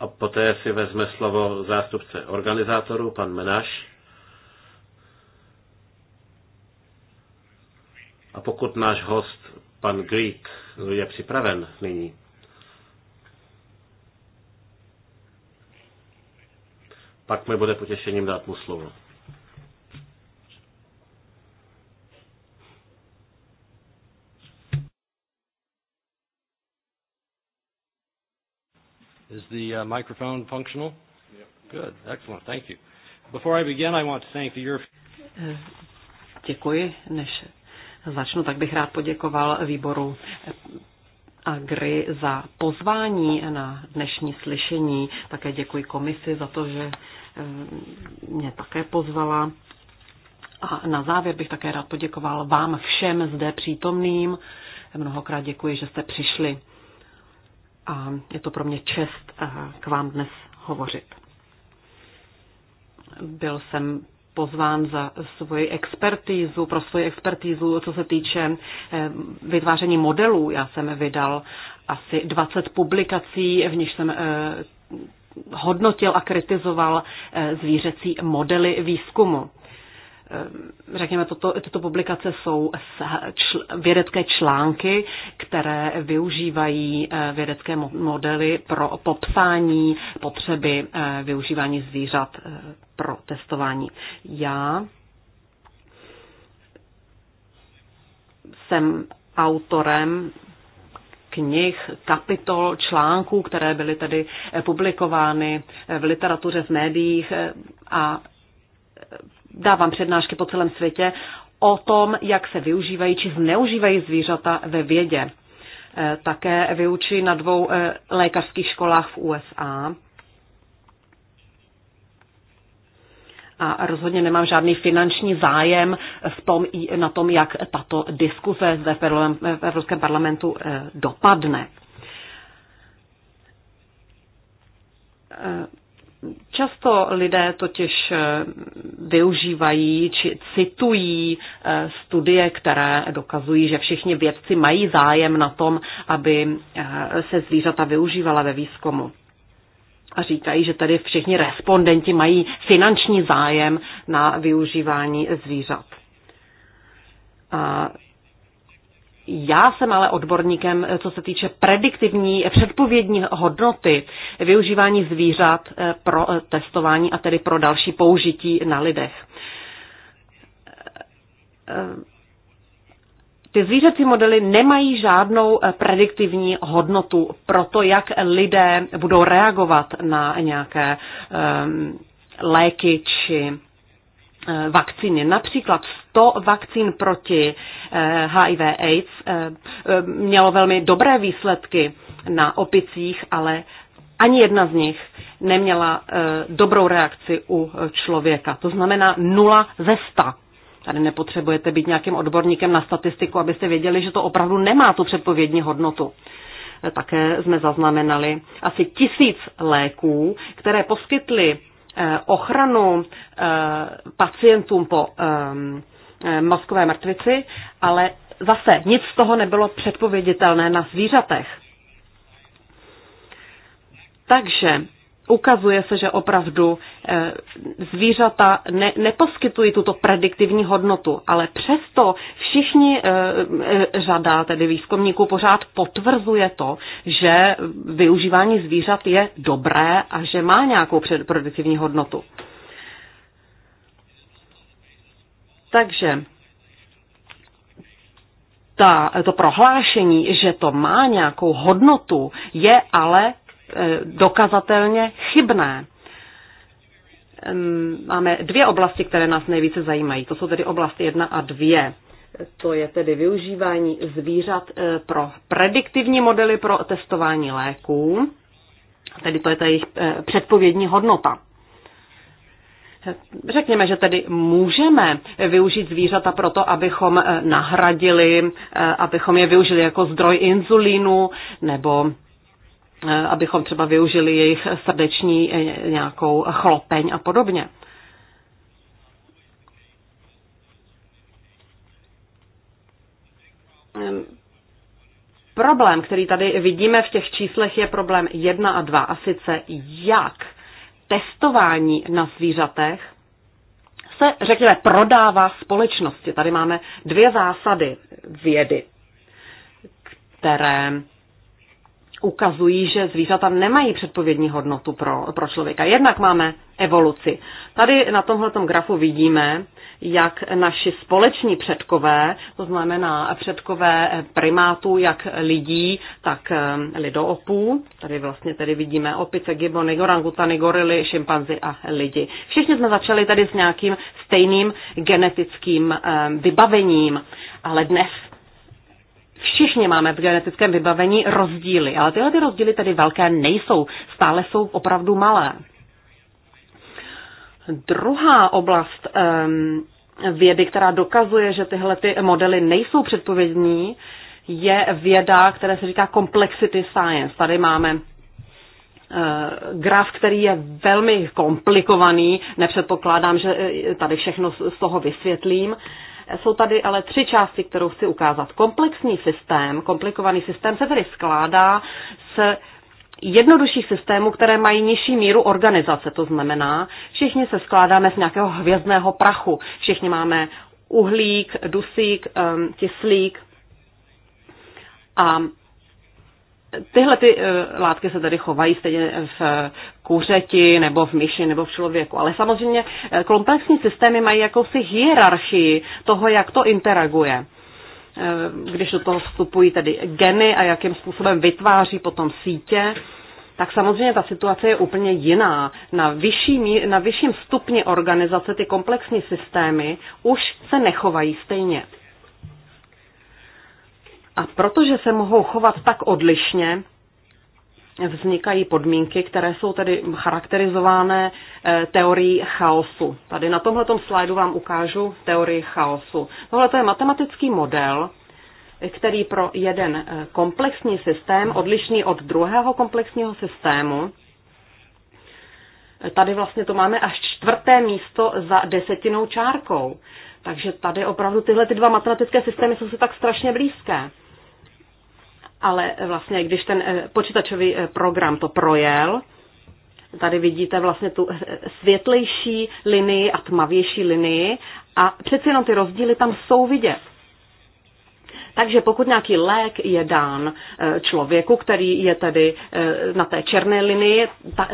A poté si vezme slovo zástupce organizátorů, pan Menáš. A pokud náš host, pan Greek, je připraven nyní, Pak mi bude potěšením dát mu slovo. Is the uh, microphone functional? Yep. Good. Excellent. Thank you. Before I begin, I want to thank the European... Eh, děkuji. Než začnu, tak bych rád poděkoval výboru Agri za pozvání na dnešní slyšení. Také děkuji komisi za to, že eh, mě také pozvala. A na závěr bych také rád poděkoval vám všem zde přítomným. Mnohokrát děkuji, že jste přišli. A je to pro mě čest eh, k vám dnes hovořit. Byl jsem pozván za svoji expertízu, pro svoji expertízu, co se týče eh, vytváření modelů. Já jsem vydal asi 20 publikací, v nich jsem eh, hodnotil a kritizoval eh, zvířecí modely výzkumu. Ehm, řekněme, toto, tyto publikace jsou čl, vědecké články, které využívají eh, vědecké modely pro popsání potřeby eh, využívání zvířat eh, pro testování. Já jsem autorem knih, kapitol, článků, které byly tedy publikovány v literatuře, v médiích a dávám přednášky po celém světě o tom, jak se využívají či zneužívají zvířata ve vědě. E, také vyučí na dvou e, lékařských školách v USA. A rozhodně nemám žádný finanční zájem v tom, na tom, jak tato diskuze zde v Evropském parlamentu e, dopadne Často lidé totiž eh, využívají či citují eh, studie, které dokazují, že všichni vědci mají zájem na tom, aby eh, se zvířata využívala ve výzkumu. A říkají, že tady všichni respondenti mají finanční zájem na využívání zvířat. A já jsem ale odborníkem, eh, co se týče prediktivní, eh, předpovědní hodnoty využívání zvířat eh, pro testování a tedy pro další použití na lidech. Ty zvířecí modely nemají žádnou prediktivní hodnotu pro to, jak lidé budou reagovat na nějaké léky či vakcíny. Například 100 vakcín proti HIV eh, AIDS eh, eh, mělo velmi dobré výsledky na opicích, ale ani jedna z nich neměla dobrou reakci u člověka. To znamená nula ze 100. Tady nepotřebujete být nějakým odborníkem na statistiku, abyste věděli, že to opravdu nemá tu předpovědní hodnotu také jsme zaznamenali asi tisíc léků, které poskytly ochranu pacientům po ehm, Eh, mozkové mrtvici, ale zase nic z toho nebylo předpověditelné na zvířatech. Takže ukazuje se, že opravdu eh, zvířata ne, neposkytují tuto prediktivní hodnotu, ale přesto všichni eh, řada tedy výzkumníků pořád potvrzuje to, že využívání zvířat je dobré a že má nějakou prediktivní hodnotu. Takže ta, to prohlášení, že to má nějakou hodnotu, je ale e, dokazatelně chybné. Máme dvě oblasti, které nás nejvíce zajímají. To jsou tedy oblasti jedna a dvě. To je tedy využívání zvířat e, pro prediktivní modely pro testování léků. Tedy to je ta jejich e, předpovědní hodnota. Řekněme, že tedy můžeme využít zvířata proto, abychom eh, nahradili, eh, abychom je využili jako zdroj inzulínu nebo eh, abychom třeba využili jejich srdeční nějakou chlopeň a podobně. Problém, který tady vidíme v těch číslech, je problém 1 a 2, a sice jak testování na zvířatech se, řekněme, prodává společnosti. Tady máme dvě zásady vědy, které ukazují, že zvířata nemají předpovědní hodnotu pro, pro člověka. Jednak máme evoluci. Tady na tomhle grafu vidíme, jak naši společní předkové, to znamená předkové primátů, jak lidí, tak eh, lidoopů. Tady vlastně tady vidíme opice, gibony, gorangutany, gorily, šimpanzi a lidi. Všichni jsme začali tady s nějakým stejným genetickým eh, vybavením, ale dnes Všichni máme v genetickém vybavení rozdíly, ale tyhle ty rozdíly tedy velké nejsou, stále jsou opravdu malé. Druhá oblast vědy, která dokazuje, že tyhle ty modely nejsou předpovědní, je věda, která se říká complexity science. Tady máme eh, graf, který je velmi komplikovaný, nepředpokládám, že eh, tady všechno z toho vysvětlím. Jsou tady ale tři části, kterou chci ukázat. Komplexní systém, komplikovaný systém se tedy skládá z jednodušších systémů, které mají nižší míru organizace. To znamená, všichni se skládáme z nějakého hvězdného prachu. Všichni máme uhlík, dusík, kyslík. A tyhle ty eh, látky se tady chovají stejně v kuřeti nebo v myši nebo v člověku. Ale samozřejmě eh, komplexní systémy mají jakousi hierarchii toho, jak to interaguje. Eh, když do toho vstupují tedy geny a jakým způsobem vytváří potom sítě, tak samozřejmě ta situace je úplně jiná. Na, vyšší, na vyšším stupni organizace ty komplexní systémy už se nechovají stejně. A protože se mohou chovat tak odlišně, vznikají podmínky, které jsou tedy charakterizované eh, teorií chaosu. Tady na tomto slajdu vám ukážu teorii chaosu. Tohle je matematický model, který pro jeden eh, komplexní systém, odlišný od druhého komplexního systému, eh, tady vlastně to máme až čtvrté místo za desetinou čárkou. Takže tady opravdu tyhle ty dva matematické systémy jsou si tak strašně blízké ale vlastně když ten eh, počítačový eh, program to projel, tady vidíte vlastně tu eh, světlejší linii a tmavější linii a přeci jenom ty rozdíly tam jsou vidět. Takže pokud nějaký lék je dán člověku, který je tedy na té černé linii,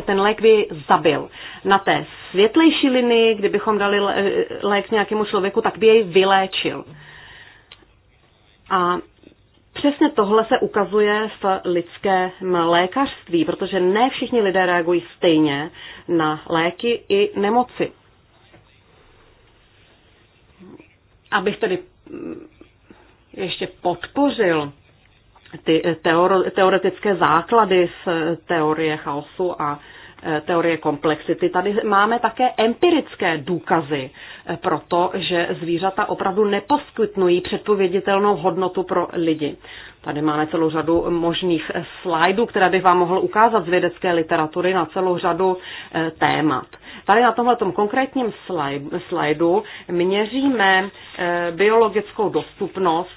ten lék by zabil. Na té světlejší linii, kdybychom dali lék nějakému člověku, tak by jej vyléčil. A Přesně tohle se ukazuje v lidském lékařství, protože ne všichni lidé reagují stejně na léky i nemoci. Abych tedy mm, ještě podpořil ty teoretické základy z teorie chaosu a Eh, teorie komplexity. Tady máme také empirické důkazy eh, pro to, že zvířata opravdu neposkytnují předpověditelnou hodnotu pro lidi. Tady máme celou řadu možných slajdů, které bych vám mohl ukázat z vědecké literatury na celou řadu eh, témat. Tady na tomhle konkrétním slajdu měříme biologickou dostupnost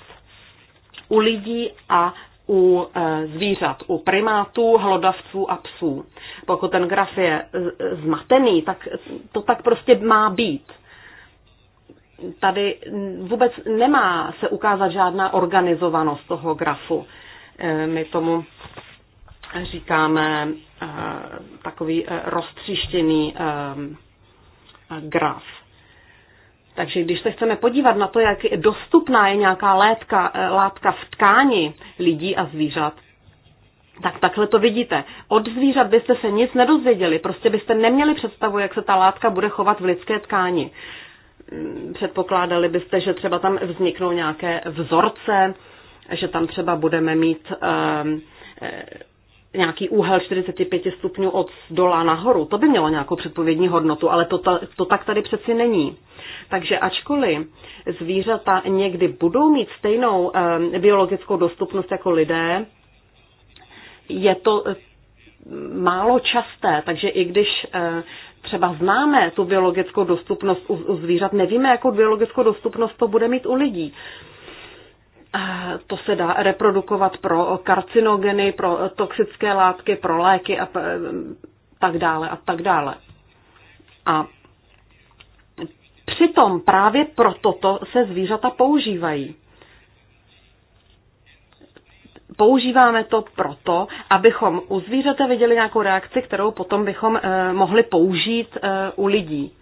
u lidí a u eh, zvířat, u primátů, hlodavců a psů. Pokud ten graf je eh, zmatený, tak to tak prostě má být. Tady vůbec nemá se ukázat žádná organizovanost toho grafu. Eh, my tomu říkáme takový roztříštěný graf. Takže když se chceme podívat na to, jak dostupná je nějaká létka, eh, látka v tkáni lidí a zvířat, tak takhle to vidíte. Od zvířat byste se nic nedozvěděli, prostě byste neměli představu, jak se ta látka bude chovat v lidské tkáni. Mm, předpokládali byste, že třeba tam vzniknou nějaké vzorce, že tam třeba budeme mít um, nějaký úhel 45 stupňů od dola nahoru. To by mělo nějakou předpovědní hodnotu, ale to, to tak tady přeci není. Takže ačkoliv zvířata někdy budou mít stejnou biologickou dostupnost jako lidé, je to eh, málo časté, takže i když eh, třeba známe tu biologickou dostupnost u zvířat, nevíme, jakou biologickou dostupnost to bude mít u lidí. Eh, to se dá reprodukovat pro karcinogeny, pro toxické látky, pro léky a tak dále a tak dále. A přitom právě proto to se zvířata používají. Používáme to proto, abychom u zvířata viděli nějakou reakci, kterou potom bychom eh, mohli použít eh, u lidí.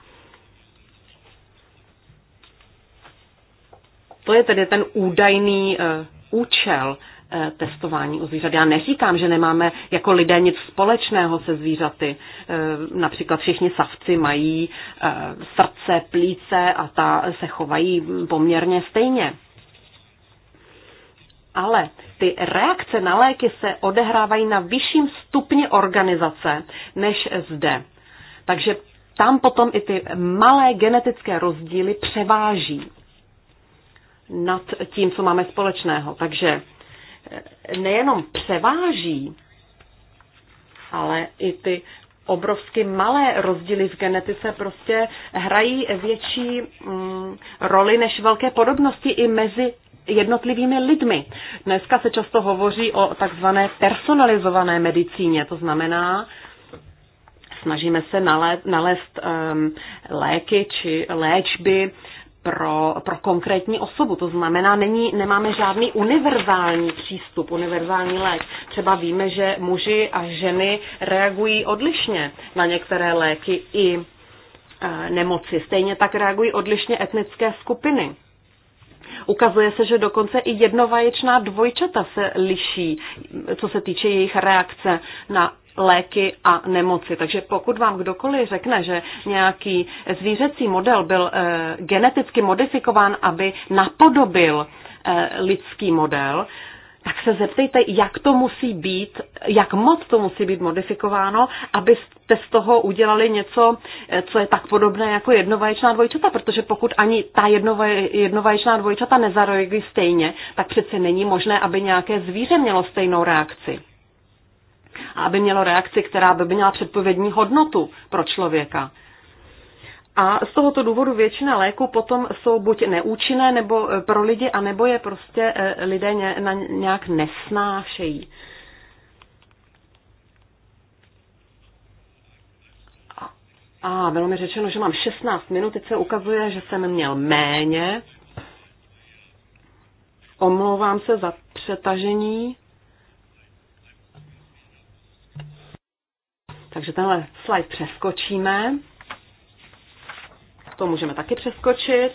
To je tedy ten údajný eh, účel eh, testování u zvířat. Já neříkám, že nemáme jako lidé nic společného se zvířaty. Eh, například všichni savci mají srdce, plíce a ta se chovají poměrně stejně. Ale ty reakce na léky se odehrávají na vyšším stupni organizace než zde. Takže tam potom i ty malé genetické rozdíly převáží nad tím, co máme společného. Takže eh, nejenom převáží, ale i ty obrovsky malé rozdíly v genetice prostě hrají větší mm, roli než velké podobnosti i mezi jednotlivými lidmi. Dneska se často hovoří o takzvané personalizované medicíně, to znamená, snažíme se nalézt, nalézt um, léky či léčby pro, pro konkrétní osobu. To znamená, není, nemáme žádný univerzální přístup, univerzální lék. Třeba víme, že muži a ženy reagují odlišně na některé léky i e, nemoci. Stejně tak reagují odlišně etnické skupiny. Ukazuje se, že dokonce i jednovaječná dvojčata se liší, co se týče jejich reakce na léky a nemoci. Takže pokud vám kdokoliv řekne, že nějaký zvířecí model byl eh, geneticky modifikován, aby napodobil eh, lidský model, tak se zeptejte, jak to musí být, jak moc to musí být modifikováno, abyste z toho udělali něco, eh, co je tak podobné jako jednovaječná dvojčata, protože pokud ani ta jednovaječná dvojčata nezarojí stejně, tak přece není možné, aby nějaké zvíře mělo stejnou reakci a aby mělo reakci, která by měla předpovědní hodnotu pro člověka. A z tohoto důvodu většina léků potom jsou buď neúčinné nebo e, pro lidi, anebo je prostě e, lidé nějak nesnášejí. A bylo mi řečeno, že mám 16 minut, teď se ukazuje, že jsem měl méně. Omlouvám se za přetažení. Takže tenhle slide přeskočíme. To můžeme taky přeskočit.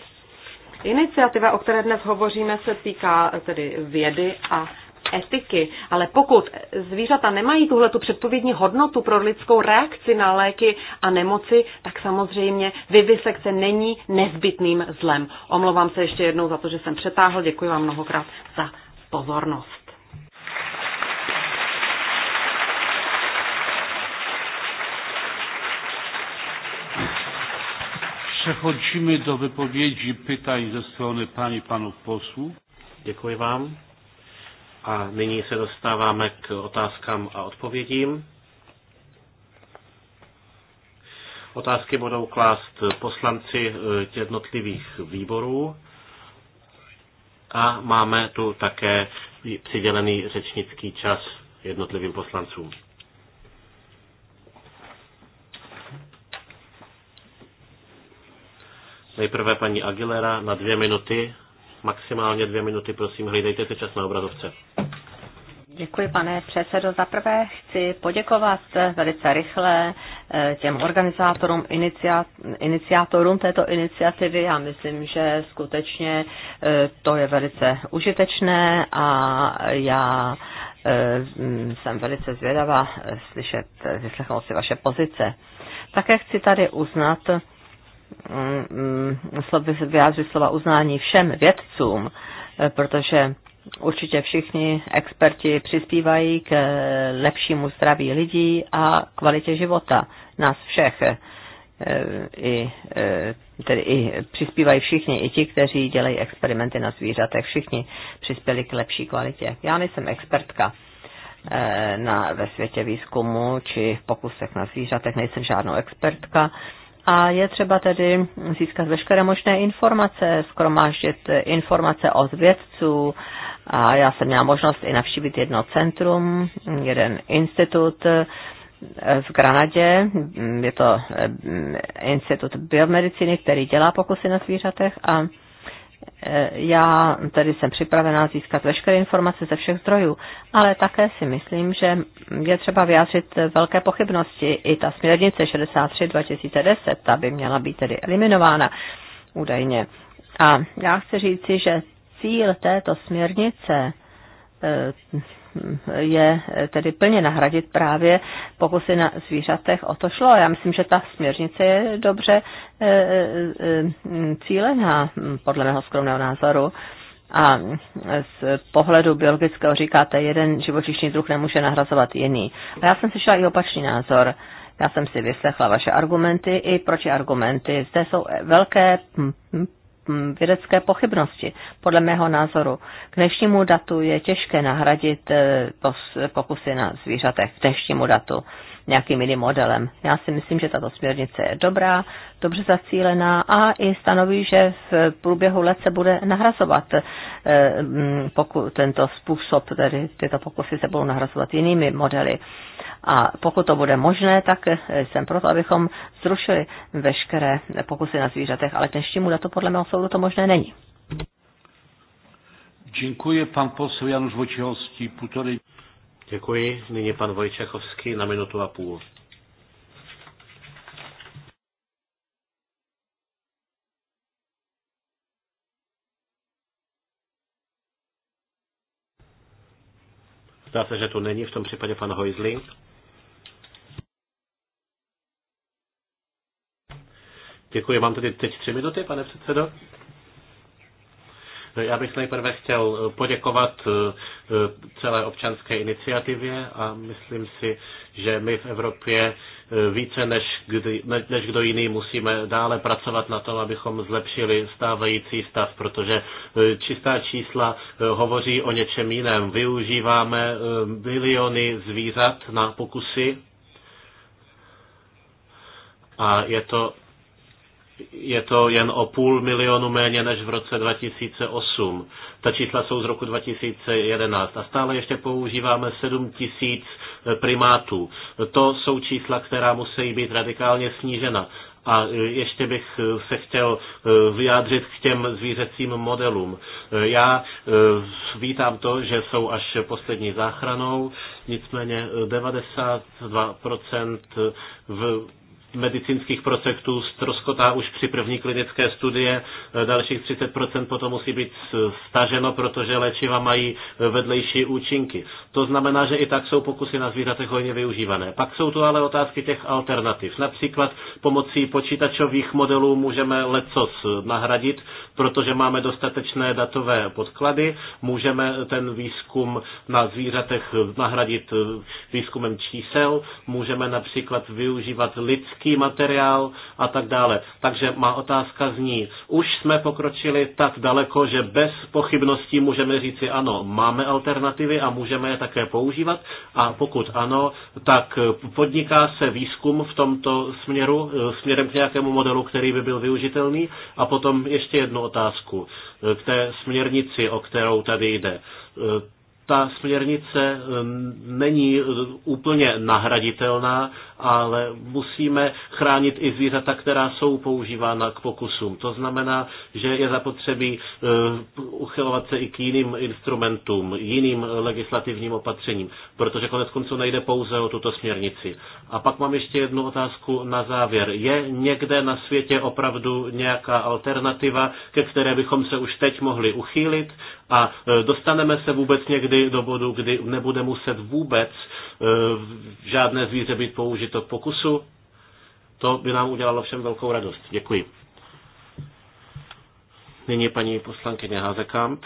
Iniciativa, o které dnes hovoříme, se týká eh, tedy vědy a etiky, ale pokud zvířata nemají tuhle tu předpovědní hodnotu pro lidskou reakci na léky a nemoci, tak samozřejmě vyvisekce není nezbytným zlem. Omlouvám se ještě jednou za to, že jsem přetáhl. Děkuji vám mnohokrát za pozornost. Přechodzíme do vypovědi pytań ze strany paní panów posłów. Děkuji vám. A nyní se dostáváme k otázkám a odpovědím. Otázky budou klást poslanci eh, jednotlivých výborů. A máme tu také přidělený řečnický čas jednotlivým poslancům. Nejprve paní Aguilera na dvě minuty, maximálně dvě minuty, prosím, hlídejte si čas na obrazovce. Děkuji, pane předsedo. Za prvé chci poděkovat velice rychle eh, těm organizátorům, iniciátorům této iniciativy. Já myslím, že skutečně eh, to je velice užitečné a já eh, jsem velice zvědavá slyšet, vyslechnout si vaše pozice. Také chci tady uznat, Mm, vyjádřit slova uznání všem vědcům, eh, protože určitě všichni experti přispívají k eh, lepšímu zdraví lidí a kvalitě života nás všech. Eh, I, tedy i přispívají všichni, i ti, kteří dělají experimenty na zvířatech, všichni přispěli k lepší kvalitě. Já nejsem expertka na, ve světě výzkumu či v pokusech na zvířatech, nejsem žádnou expertka, a je třeba tedy získat veškeré možné informace, skromáždit informace od vědců. A já jsem měla možnost i navštívit jedno centrum, jeden institut eh, v Granadě. Je to eh, institut biomedicíny, který dělá pokusy na zvířatech a Eh, já tedy jsem připravená získat veškeré informace ze všech zdrojů, ale také si myslím, že je třeba vyjádřit velké pochybnosti. I ta směrnice 63-2010, ta by měla být tedy eliminována údajně. A já chci říci, že cíl této směrnice eh, je tedy plně nahradit právě pokusy na zvířatech. O to šlo. Já myslím, že ta směrnice je dobře e, e, e, cílená, podle mého skromného názoru. A z pohledu biologického říkáte, jeden živočišný druh nemůže nahrazovat jiný. A já jsem slyšela i opačný názor. Já jsem si vyslechla vaše argumenty i protiargumenty. Zde jsou velké Mm, vědecké pochybnosti. Podle mého názoru k dnešnímu datu je těžké nahradit eh, pokusy na zvířatech k dnešnímu datu nějakým jiným modelem. Já si myslím, že tato směrnice je dobrá, dobře zacílená a i stanoví, že v průběhu let se bude nahrazovat eh, mm, pokud tento způsob, tedy tyto pokusy se budou nahrazovat jinými modely. A pokud to bude možné, tak eh, jsem proto, abychom zrušili veškeré pokusy na zvířatech, ale dnešnímu datu podle mého soudu to možné není. Dziękuję. Pan poseł Janusz Wojciechowski, półtorej. Děkuji. Nyní pan Vojčechovský na minutu a půl. Zdá se, že tu není, v tom případě pan Hojzling. Děkuji, mám tady teď tři minuty, pane předsedo. Já bych nejprve chtěl eh, poděkovat eh, eh, celé občanské iniciativě a myslím si, že my v Evropě více než, kdy, než kdo jiný musíme dále pracovat na tom, abychom zlepšili stávající stav, protože čistá čísla hovoří o něčem jiném. Využíváme miliony zvířat na pokusy a je to je to jen o půl milionu méně než v roce 2008. Ta čísla jsou z roku 2011 a stále ještě používáme 7 tisíc eh, primátů. To jsou čísla, která musí být radikálně snížena. A eh, ještě bych eh, se chtěl vyjádřit k těm zvířecím modelům. Já vítám to, že jsou až poslední záchranou, nicméně 92% v medicínských procesů stroskotá už při první klinické studie. Dalších 30% potom musí být staženo, protože léčiva mají vedlejší účinky. To znamená, že i tak jsou pokusy na zvířatech hojně využívané. Pak jsou tu ale otázky těch alternativ. Například pomocí počítačových modelů můžeme lecos nahradit, protože máme dostatečné datové podklady. Můžeme ten výzkum na zvířatech nahradit výzkumem čísel. Můžeme například využívat lidské vědecký materiál a tak dále. Takže má otázka zní, už jsme pokročili tak daleko, že bez pochybností můžeme říci ano, máme alternativy a můžeme je také používat a pokud ano, tak podniká se výzkum v tomto směru, e, směrem k nějakému modelu, který by byl využitelný a potom ještě jednu otázku e, k té směrnici, o kterou tady jde e, ta směrnice um, není uh, úplně nahraditelná, ale musíme chránit i zvířata, která jsou používána k pokusům. To znamená, že je zapotřebí uh, uchylovat se i k jiným instrumentům, jiným legislativním opatřením, protože konec konců nejde pouze o tuto směrnici. A pak mám ještě jednu otázku na závěr. Je někde na světě opravdu nějaká alternativa, ke které bychom se už teď mohli uchýlit a e, dostaneme se vůbec někdy do bodu, kdy nebude muset vůbec e, žádné zvíře být použito k pokusu? To by nám udělalo všem velkou radost. Děkuji. Nyní paní poslankyně Házekamp.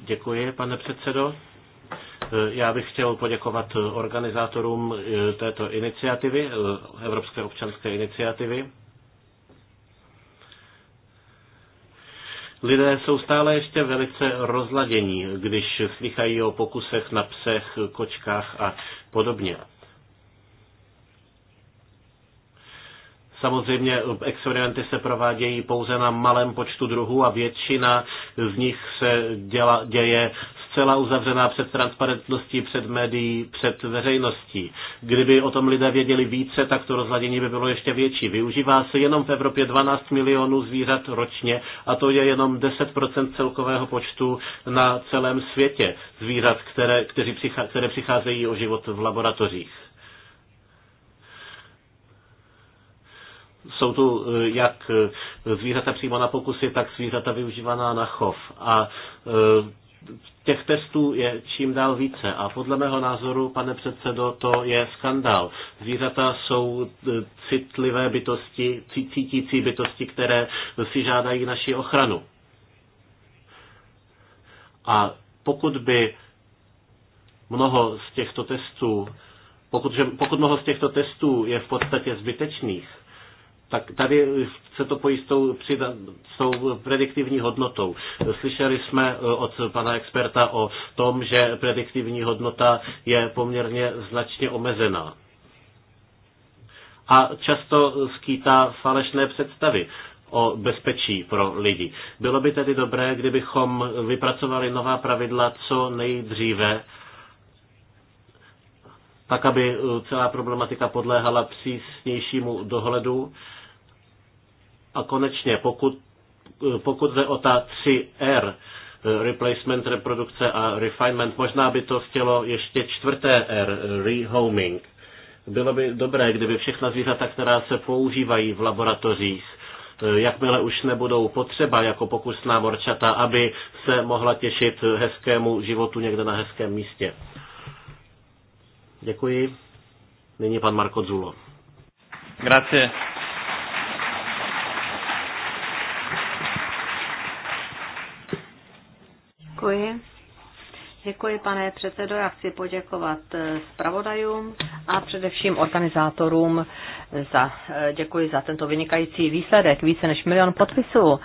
Děkuji, pane předsedo. E, já bych chtěl poděkovat organizátorům této iniciativy, Evropské občanské iniciativy. Lidé jsou stále ještě velice rozladění, když slychají o pokusech na psech, kočkách a podobně. Samozřejmě experimenty se provádějí pouze na malém počtu druhů a většina z nich se děla, děje zcela uzavřená před transparentností, před médií, před veřejností. Kdyby o tom lidé věděli více, tak to rozladění by bylo ještě větší. Využívá se jenom v Evropě 12 milionů zvířat ročně a to je jenom 10% celkového počtu na celém světě zvířat, které, kteří přichá, které přicházejí o život v laboratořích. jsou tu eh, jak eh, zvířata přímo na pokusy, tak zvířata využívaná na chov. A eh, těch testů je čím dál více a podle mého názoru, pane předsedo, to je skandál. Zvířata jsou e, citlivé bytosti, cítící bytosti, které si žádají naši ochranu. A pokud by mnoho z těchto testů, pokud, že, pokud mnoho z těchto testů je v podstatě zbytečných, tak tady se to pojí s tou, přidat, s tou prediktivní hodnotou. Slyšeli jsme eh, od pana experta o tom, že prediktivní hodnota je poměrně značně omezená. A často skýtá falešné představy o bezpečí pro lidi. Bylo by tedy dobré, kdybychom vypracovali nová pravidla co nejdříve, tak aby eh, celá problematika podléhala přísnějšímu dohledu a konečně, pokud, pokud jde o ta 3R, replacement, reprodukce a refinement, možná by to chtělo ještě čtvrté R, rehoming. Bylo by dobré, kdyby všechna zvířata, která se používají v laboratořích, jakmile už nebudou potřeba jako pokusná morčata, aby se mohla těšit hezkému životu někde na hezkém místě. Děkuji. Nyní pan Marko Zulo. Grazie. Děkuji. Děkuji, pane předsedo. Já chci poděkovat eh, zpravodajům a především organizátorům. Eh, za, eh, děkuji za tento vynikající výsledek, více než milion podpisů.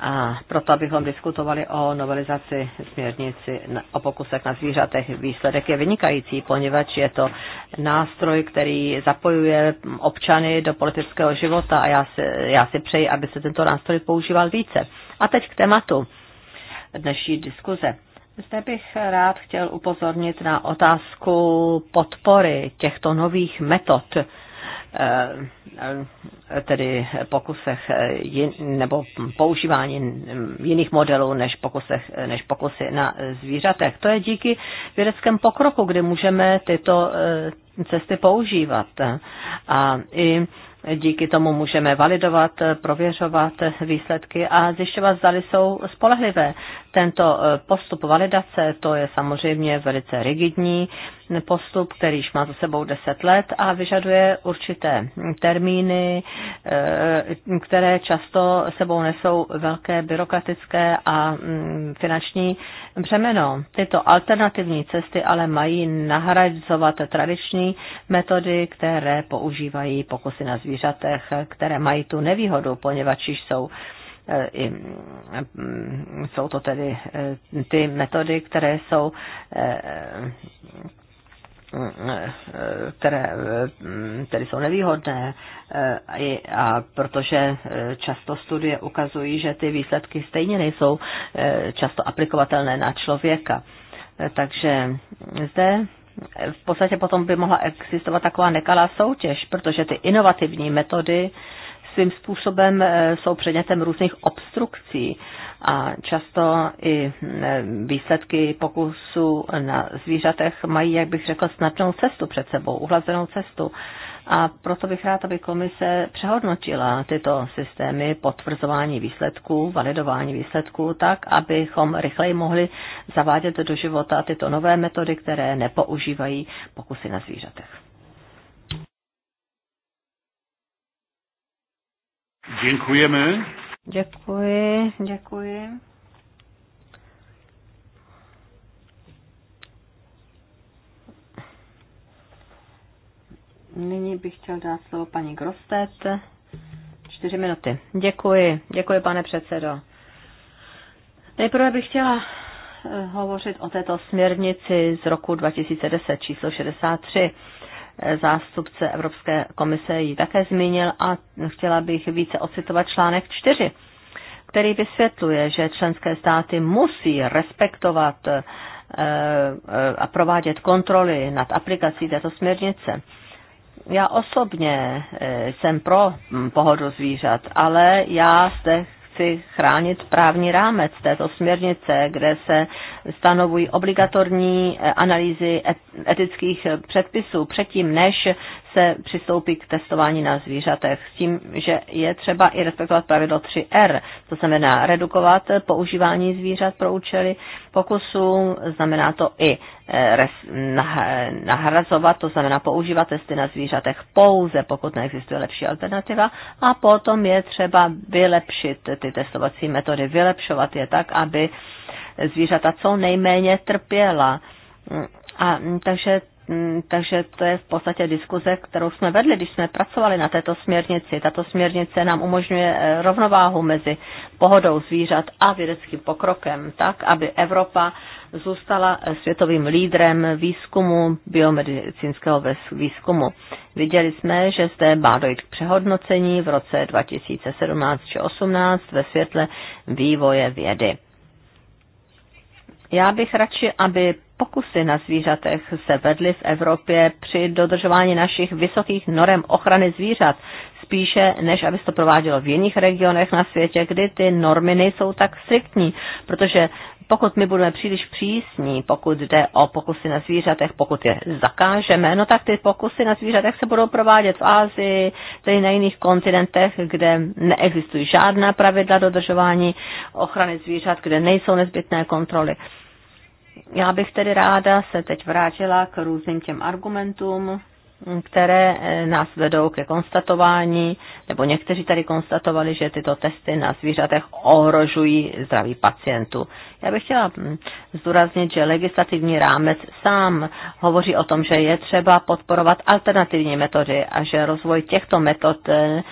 A proto, abychom diskutovali o novelizaci směrnici o pokusech na zvířatech, výsledek je vynikající, poněvadž je to nástroj, který zapojuje občany do politického života a já si, já si přeji, aby se tento nástroj používal více. A teď k tématu dnešní diskuze. Zde bych rád chtěl upozornit na otázku podpory těchto nových metod, eh, eh, tedy pokusech eh, nebo používání jiných modelů než, pokusech, než pokusy na zvířatech. To je díky vědeckém pokroku, kdy můžeme tyto cesty používat. A i Díky tomu můžeme validovat, prověřovat výsledky a zjišťovat, zda jsou spolehlivé. Tento eh, postup validace, to je samozřejmě velice rigidní postup, který již má za sebou 10 let a vyžaduje určité termíny, eh, které často sebou nesou velké byrokratické a mm, finanční břemeno. Tyto alternativní cesty ale mají nahradzovat tradiční metody, které používají pokusy na zvířata zvířatech, které mají tu nevýhodu, poněvadž jsou e, i, jsou to tedy e, ty metody, které jsou e, které tedy jsou nevýhodné, a protože často studie ukazují, že ty výsledky stejně nejsou často aplikovatelné na člověka. Takže zde v podstatě potom by mohla existovat taková nekalá soutěž, protože ty inovativní metody svým způsobem eh, jsou předmětem různých obstrukcí a často i eh, výsledky pokusů na zvířatech mají, jak bych řekl, snadnou cestu před sebou, uhlazenou cestu. A proto bych rád, aby komise přehodnotila tyto systémy potvrzování výsledků, validování výsledků, tak, abychom rychleji mohli zavádět do života tyto nové metody, které nepoužívají pokusy na zvířatech. Děkujeme. Děkuji, děkuji. Nyní bych chtěl dát slovo paní Grostet. Čtyři minuty. Děkuji, děkuji pane předsedo. Nejprve bych chtěla eh, hovořit o této směrnici z roku 2010 číslo 63. Eh, zástupce Evropské komise ji také zmínil a chtěla bych více ocitovat článek 4, který vysvětluje, že členské státy musí respektovat eh, a provádět kontroly nad aplikací této směrnice já osobně eh, jsem pro hm, pohodu zvířat, ale já zde chci chránit právní rámec této směrnice, kde se stanovují obligatorní eh, analýzy etických eh, předpisů předtím, než se přistoupí k testování na zvířatech s tím, že je třeba i respektovat pravidlo 3R, to znamená redukovat používání zvířat pro účely pokusu, znamená to i eh, nahrazovat, to znamená používat testy na zvířatech pouze, pokud neexistuje lepší alternativa a potom je třeba vylepšit ty testovací metody, vylepšovat je tak, aby zvířata co nejméně trpěla. A takže Mm, takže to je v podstatě diskuze, kterou jsme vedli, když jsme pracovali na této směrnici. Tato směrnice nám umožňuje eh, rovnováhu mezi pohodou zvířat a vědeckým pokrokem, tak, aby Evropa zůstala eh, světovým lídrem výzkumu, biomedicínského výzkumu. Viděli jsme, že zde má dojít k přehodnocení v roce 2017 či 2018 ve světle vývoje vědy. Já bych radši, aby pokusy na zvířatech se vedly v Evropě při dodržování našich vysokých norem ochrany zvířat, spíše než aby se to provádělo v jiných regionech na světě, kdy ty normy nejsou tak striktní, protože pokud my budeme příliš přísní, pokud jde o pokusy na zvířatech, pokud je zakážeme, no tak ty pokusy na zvířatech se budou provádět v Ázii, tedy na jiných kontinentech, kde neexistují žádná pravidla dodržování ochrany zvířat, kde nejsou nezbytné kontroly. Já bych tedy ráda se teď vrátila k různým těm argumentům, které eh, nás vedou ke konstatování, nebo někteří tady konstatovali, že tyto testy na zvířatech ohrožují zdraví pacientů. Já bych chtěla hm, zdůraznit, že legislativní rámec sám hovoří o tom, že je třeba podporovat alternativní metody a že rozvoj těchto metod eh,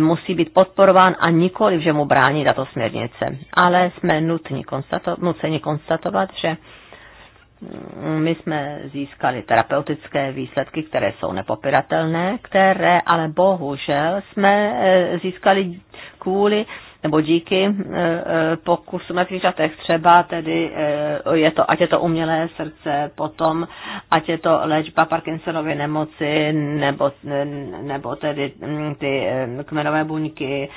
musí být podporován a nikoli, že mu brání tato směrnice. Ale jsme nutni konstato- nuceni konstatovat, že my jsme získali terapeutické výsledky, které jsou nepopiratelné, které ale bohužel jsme eh, získali kvůli nebo díky e, e, pokusu na zvířatech třeba, tedy e, je to, ať je to umělé srdce, potom ať je to léčba Parkinsonovy nemoci, nebo, nebo tedy mm, ty kmenové buňky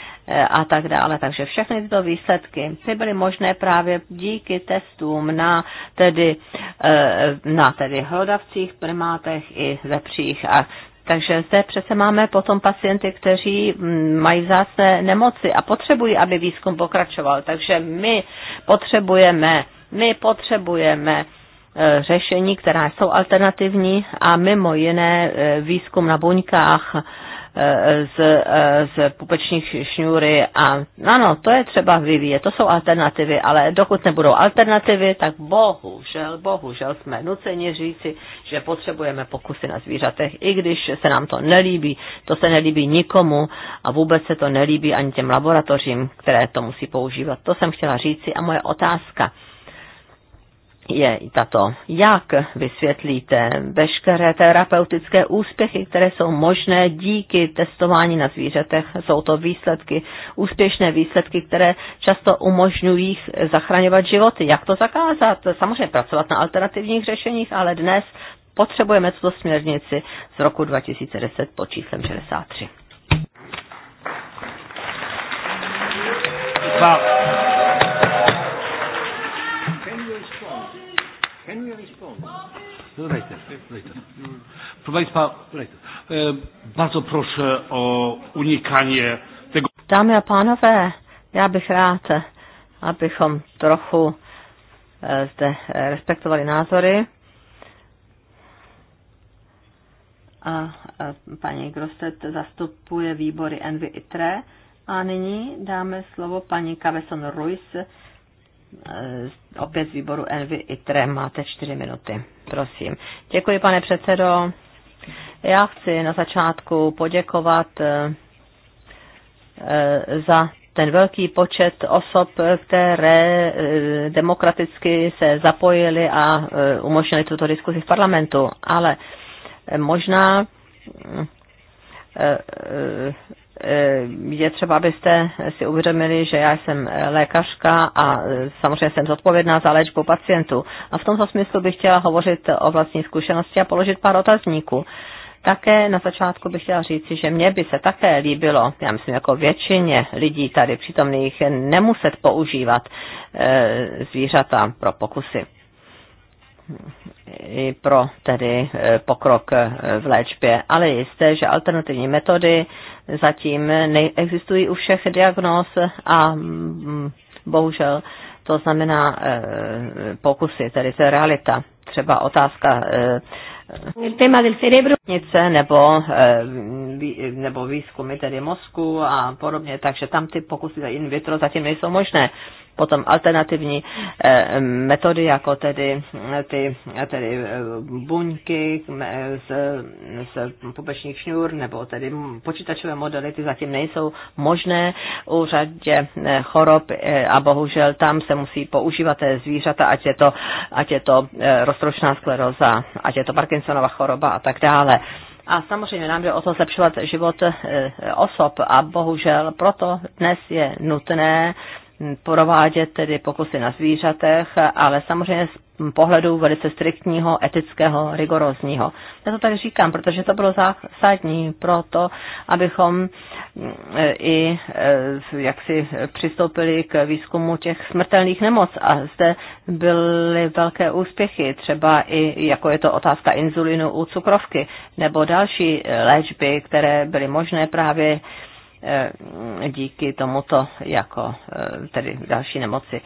a tak dále. Takže všechny tyto výsledky ty byly možné právě díky testům na tedy, na tedy hlodavcích, primátech i vepřích. A takže zde přece máme potom pacienty, kteří mm, mají vzácné nemoci a potřebují, aby výzkum pokračoval. Takže my potřebujeme, my potřebujeme e, řešení, která jsou alternativní a mimo jiné e, výzkum na buňkách Eh, z, eh, z pupečních šňůry a ano, to je třeba vyvíjet, to jsou alternativy, ale dokud nebudou alternativy, tak bohužel, bohužel jsme nuceni říci, že potřebujeme pokusy na zvířatech, i když se nám to nelíbí, to se nelíbí nikomu a vůbec se to nelíbí ani těm laboratořím, které to musí používat. To jsem chtěla říci a moje otázka je tato. Jak vysvětlíte veškeré terapeutické úspěchy, které jsou možné díky testování na zvířatech? Jsou to výsledky, úspěšné výsledky, které často umožňují zachraňovat životy. Jak to zakázat? Samozřejmě pracovat na alternativních řešeních, ale dnes potřebujeme tuto směrnici z roku 2010 pod číslem 63. Wow. Reiter, Proszę Państwa, Reiter. Bardzo proszę o unikanie tego. Dámy a pánové, já bych rád, abychom trochu eh, zde eh, respektovali názory. A paní Grostet zastupuje výbory Envy ITRE. A nyní dáme slovo paní Caveson Ruiz, Eh, opět z výboru Envy TREM. Máte čtyři minuty, prosím. Děkuji, pane předsedo. Já chci na začátku poděkovat eh, eh, za ten velký počet osob, které demokraticky se zapojili a umožnili tuto diskusi v parlamentu. Ale možná Eh, je třeba, abyste si uvědomili, že já jsem lékařka a eh, samozřejmě jsem zodpovědná za léčbu pacientů. A v tomto smyslu bych chtěla hovořit o vlastní zkušenosti a položit pár otazníků. Také na začátku bych chtěla říci, že mně by se také líbilo, já myslím jako většině lidí tady přítomných, nemuset používat e, zvířata pro pokusy i pro tedy pokrok v léčbě, ale jisté, že alternativní metody zatím neexistují u všech diagnóz a mm, bohužel to znamená e, pokusy, tedy to je realita. Třeba otázka e, téma del cerebro. nebo, e, nebo výzkumy tedy mozku a podobně, takže tam ty pokusy in vitro zatím nejsou možné potom alternativní eh, metody, jako tedy eh, ty tedy eh, buňky z, z pubečních šňůr nebo tedy počítačové modely, ty zatím nejsou možné u řadě chorob a bohužel tam se musí používat té zvířata, ať je to, ať je to roztročná skleroza, ať je to Parkinsonova choroba a tak dále. A samozřejmě nám jde o to zlepšovat život osob a bohužel proto dnes je nutné provádět tedy pokusy na zvířatech, ale samozřejmě z pohledu velice striktního, etického, rigorózního. Já to tak říkám, protože to bylo zásadní pro to, abychom mm, i eh, jaksi přistoupili k výzkumu těch smrtelných nemoc a zde byly velké úspěchy, třeba i jako je to otázka inzulinu u cukrovky nebo další eh, léčby, které byly možné právě Eh, díky tomuto jako eh, tedy další nemoci.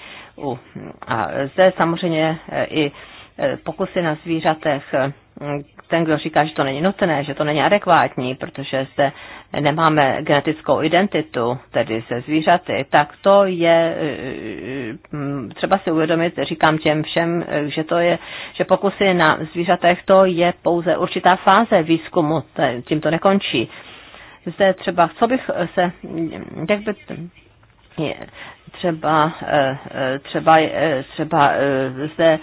A zde samozřejmě eh, i pokusy na zvířatech, ten, kdo říká, že to není nutné, že to není adekvátní, protože zde nemáme genetickou identitu, tedy se zvířaty, tak to je mm, třeba si uvědomit, říkám těm všem, že to je, že pokusy na zvířatech to je pouze určitá fáze výzkumu, tím to nekončí zde třeba, co bych se, jak by třeba, e, e, třeba, e, třeba zde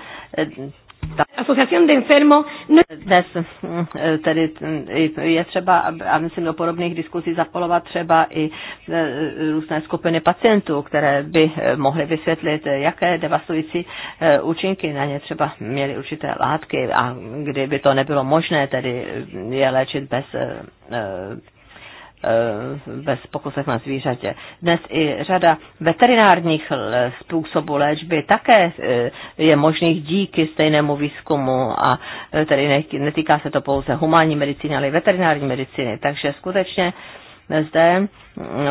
Asociación de enfermo. No... Dnes tedy je třeba, a myslím, do podobných diskuzí zapolovat třeba i různé skupiny pacientů, které by mohly vysvětlit, jaké devastující účinky na ně třeba měly určité látky a kdyby to nebylo možné, tedy je léčit bez bez eh, pokusech na zvířatě. Dnes i řada veterinárních způsobů léčby také eh, je možných díky stejnému výzkumu a eh, tedy netýká se to pouze humánní medicíny, ale i veterinární medicíny. Takže skutečně zde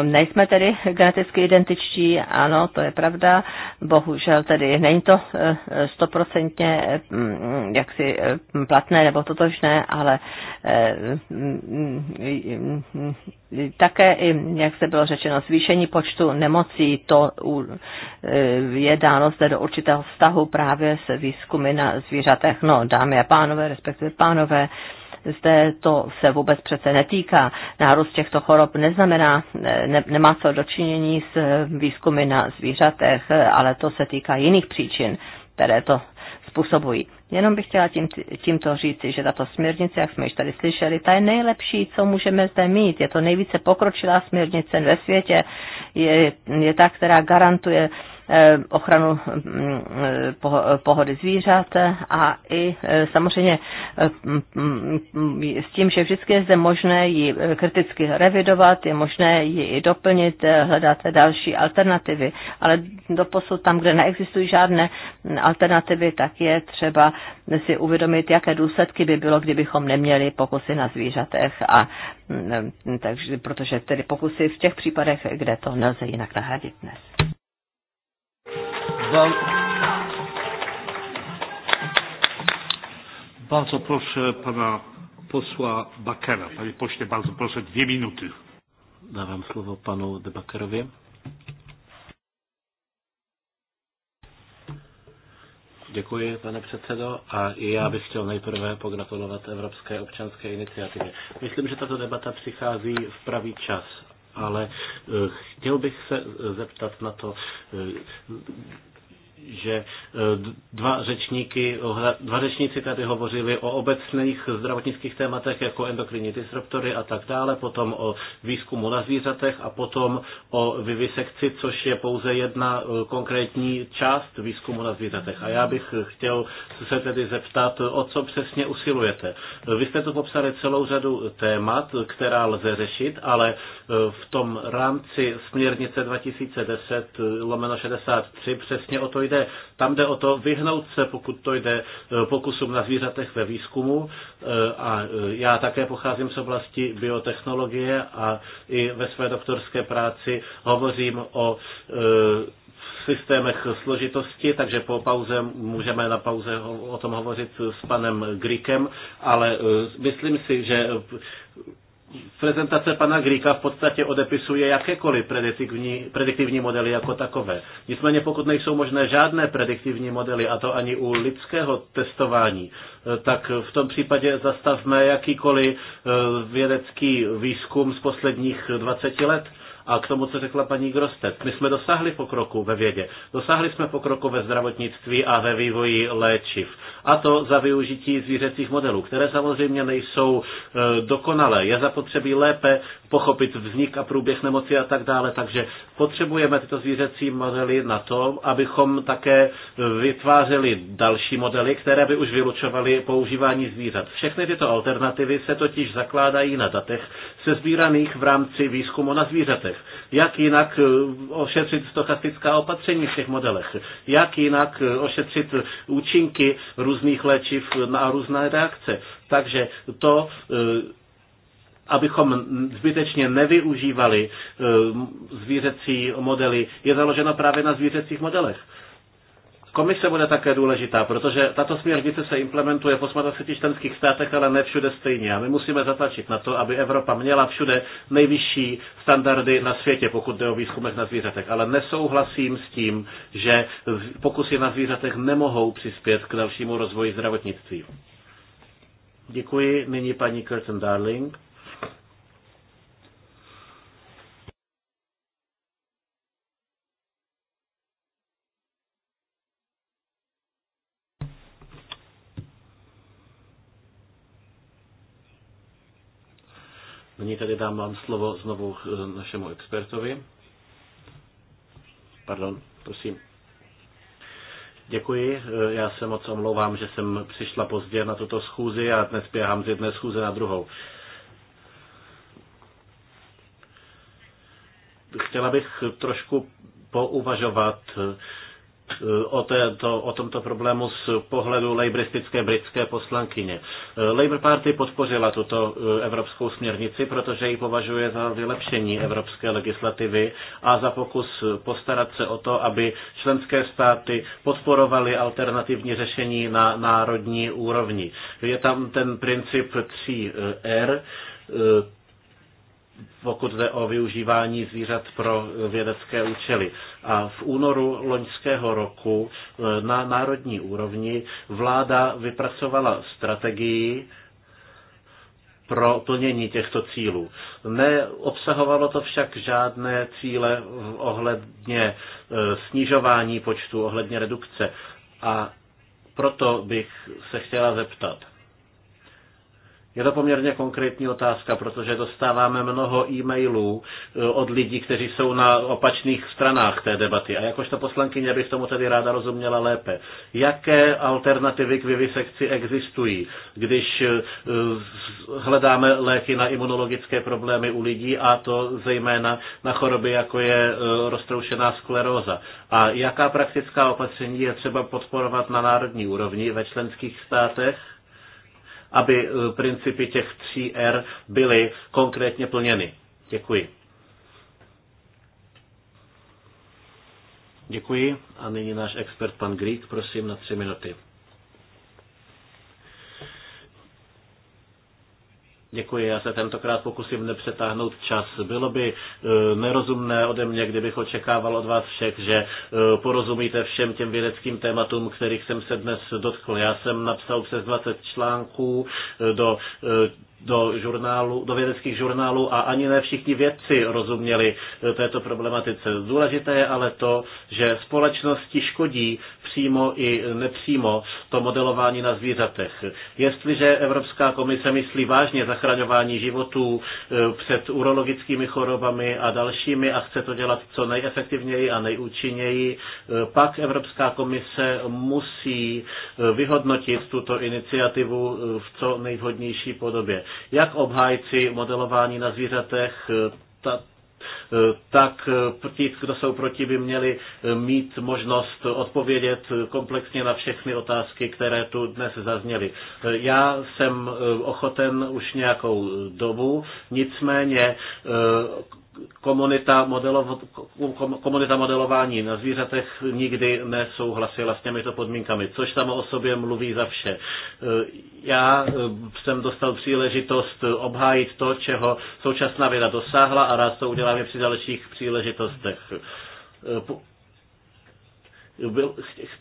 nejsme tedy geneticky identičtí, ano, to je pravda, bohužel tedy není to eh, stoprocentně mm, jaksi eh, platné nebo totožné, ale eh, mm, také, jak se bylo řečeno, zvýšení počtu nemocí, to je dáno zde do určitého vztahu právě se výzkumy na zvířatech. No, dámy a pánové, respektive pánové, zde to se vůbec přece netýká. Nárůst těchto chorob neznamená, ne, nemá co dočinění s výzkumy na zvířatech, ale to se týká jiných příčin, které to způsobují. Jenom bych chtěla tím, tímto říci, že tato směrnice, jak jsme již tady slyšeli, ta je nejlepší, co můžeme zde mít. Je to nejvíce pokročilá směrnice ve světě. Je, je ta, která garantuje Eh, ochranu mm, eh, pohody zvířat a i eh, samozřejmě s tím, že vždycky je zde možné ji kriticky revidovat, je možné ji i doplnit, hledat další alternativy, ale doposud tam, kde neexistují žádné alternativy, tak je třeba si uvědomit, jaké důsledky by bylo, kdybychom neměli pokusy na zvířatech a mm, takže, protože tedy pokusy v těch případech, kde to nelze jinak nahradit dnes. Ba bardzo proszę pana posła Bakera. Panie pośle, bardzo proszę, dvě minuty. Dávám slovo panu Debakerovi. Děkuji, pane předsedo, a i já bych chtěl nejprve pogratulovat Evropské občanské iniciativě. Myslím, že tato debata přichází v pravý čas, ale eh, chtěl bych se eh, zeptat na to, eh, že e, dva řečníky, dva řečníci tady hovořili o obecných zdravotnických tématech jako endokrinní disruptory a tak dále, potom o výzkumu na zvířatech a potom o vivisekci, což je pouze jedna e, konkrétní část výzkumu na zvířatech. A já bych chtěl se tedy zeptat, o co přesně usilujete. Vy jste tu popsali celou řadu témat, která lze řešit, ale e, v tom rámci směrnice 2010 lomeno 63 přesně o to jde jde. Tam jde o to vyhnout se, pokud to jde, e, pokusům na zvířatech ve výzkumu. E, a e, já také pocházím z oblasti biotechnologie a i ve své doktorské práci hovořím o systémech složitosti, takže po pauze můžeme na pauze o tom hovořit s panem Grikem, ale myslím si, že prezentace pana Gríka v podstatě odepisuje jakékoliv prediktivní, prediktivní modely jako takové. Nicméně pokud nejsou možné žádné prediktivní modely, a to ani u lidského testování, eh, tak v tom případě zastavme jakýkoliv eh, vědecký výzkum z posledních 20 let a k tomu, co řekla paní Grostet, my jsme dosáhli pokroku ve vědě. Dosáhli jsme pokroku ve zdravotnictví a ve vývoji léčiv. A to za využití zvířecích modelů, které samozřejmě nejsou e, dokonalé. Je zapotřebí lépe pochopit vznik a průběh nemoci a tak dále. Takže potřebujeme tyto zvířecí modely na to, abychom také vytvářeli další modely, které by už vylučovaly používání zvířat. Všechny tyto alternativy se totiž zakládají na datech sezbíraných v rámci výzkumu na zvířatech modelech? Jak jinak eh, ošetřit stochastická opatření v těch modelech? Jak jinak eh, ošetřit účinky různých léčiv na různé reakce? Takže to eh, abychom zbytečně nevyužívali zvířecí modely, je založeno právě na zvířecích modelech. Komise bude také důležitá, protože tato směrnice se implementuje v 28 členských státech, ale ne všude stejně. A my musíme zatlačit na to, aby Evropa měla všude nejvyšší standardy na světě, pokud jde o výzkumech na zvířatech. Ale nesouhlasím s tím, že pokusy na zvířatech nemohou přispět k dalšímu rozvoji zdravotnictví. Děkuji. Nyní paní Curtin Darling. Nyní tady dám vám slovo znovu eh, našemu expertovi. Pardon, prosím. Děkuji. Eh, já se moc omlouvám, že jsem přišla pozdě na tuto schůzi a dnes běhám z jedné schůze na druhou. Chtěla bych trošku pouvažovat eh, o, této, o tomto problému z pohledu lejbristické britské poslankyně. Labour Party podpořila tuto eh, evropskou směrnici, protože ji považuje za vylepšení evropské legislativy a za pokus eh, postarat se o to, aby členské státy podporovaly alternativní řešení na národní úrovni. Je tam ten princip 3R, pokud jde o využívání zvířat pro vědecké účely. A v únoru loňského roku eh, na národní úrovni vláda vypracovala strategii, pro plnění těchto cílů. Neobsahovalo to však žádné cíle ohledně eh, snižování počtu, ohledně redukce. A proto bych se chtěla zeptat, je to poměrně konkrétní otázka, protože dostáváme mnoho e-mailů eh, od lidí, kteří jsou na opačných stranách té debaty. A jakožto poslankyně bych tomu tedy ráda rozuměla lépe. Jaké alternativy k vivisekci existují, když eh, hledáme léky na imunologické problémy u lidí a to zejména na choroby, jako je eh, roztroušená skleróza? A jaká praktická opatření je třeba podporovat na národní úrovni ve členských státech? aby eh, principy těch tří R byly konkrétně plněny. Děkuji. Děkuji. A nyní náš expert pan Grík, prosím, na tři minuty. Děkuji, já se tentokrát pokusím nepřetáhnout čas. Bylo by e, nerozumné ode mě, kdybych očekával od vás všech, že e, porozumíte všem těm vědeckým tématům, kterých jsem se dnes dotkl. Já jsem napsal přes 20 článků e, do do, žurnálu, do vědeckých žurnálů a ani ne všichni vědci rozuměli eh, této problematice. Důležité je ale to, že společnosti škodí přímo i nepřímo to modelování na zvířatech. Jestliže Evropská komise myslí vážně zachraňování životů eh, před urologickými chorobami a dalšími a chce to dělat co nejefektivněji a nejúčinněji, eh, pak Evropská komise musí vyhodnotit tuto iniciativu v co nejvhodnější podobě jak obhájci modelování na zvířatech, eh, ta, eh, tak eh, ti, kdo jsou proti, by měli mít možnost odpovědět komplexně na všechny otázky, které tu dnes zazněly. Já jsem ochoten už nějakou dobu, nicméně komunita, modelo, komunita modelování na zvířatech nikdy nesouhlasila s těmito podmínkami, což samo o sobě mluví za vše. E, já e, jsem dostal příležitost obhájit to, čeho současná věda dosáhla a rád to udělám i při dalších příležitostech e, byl,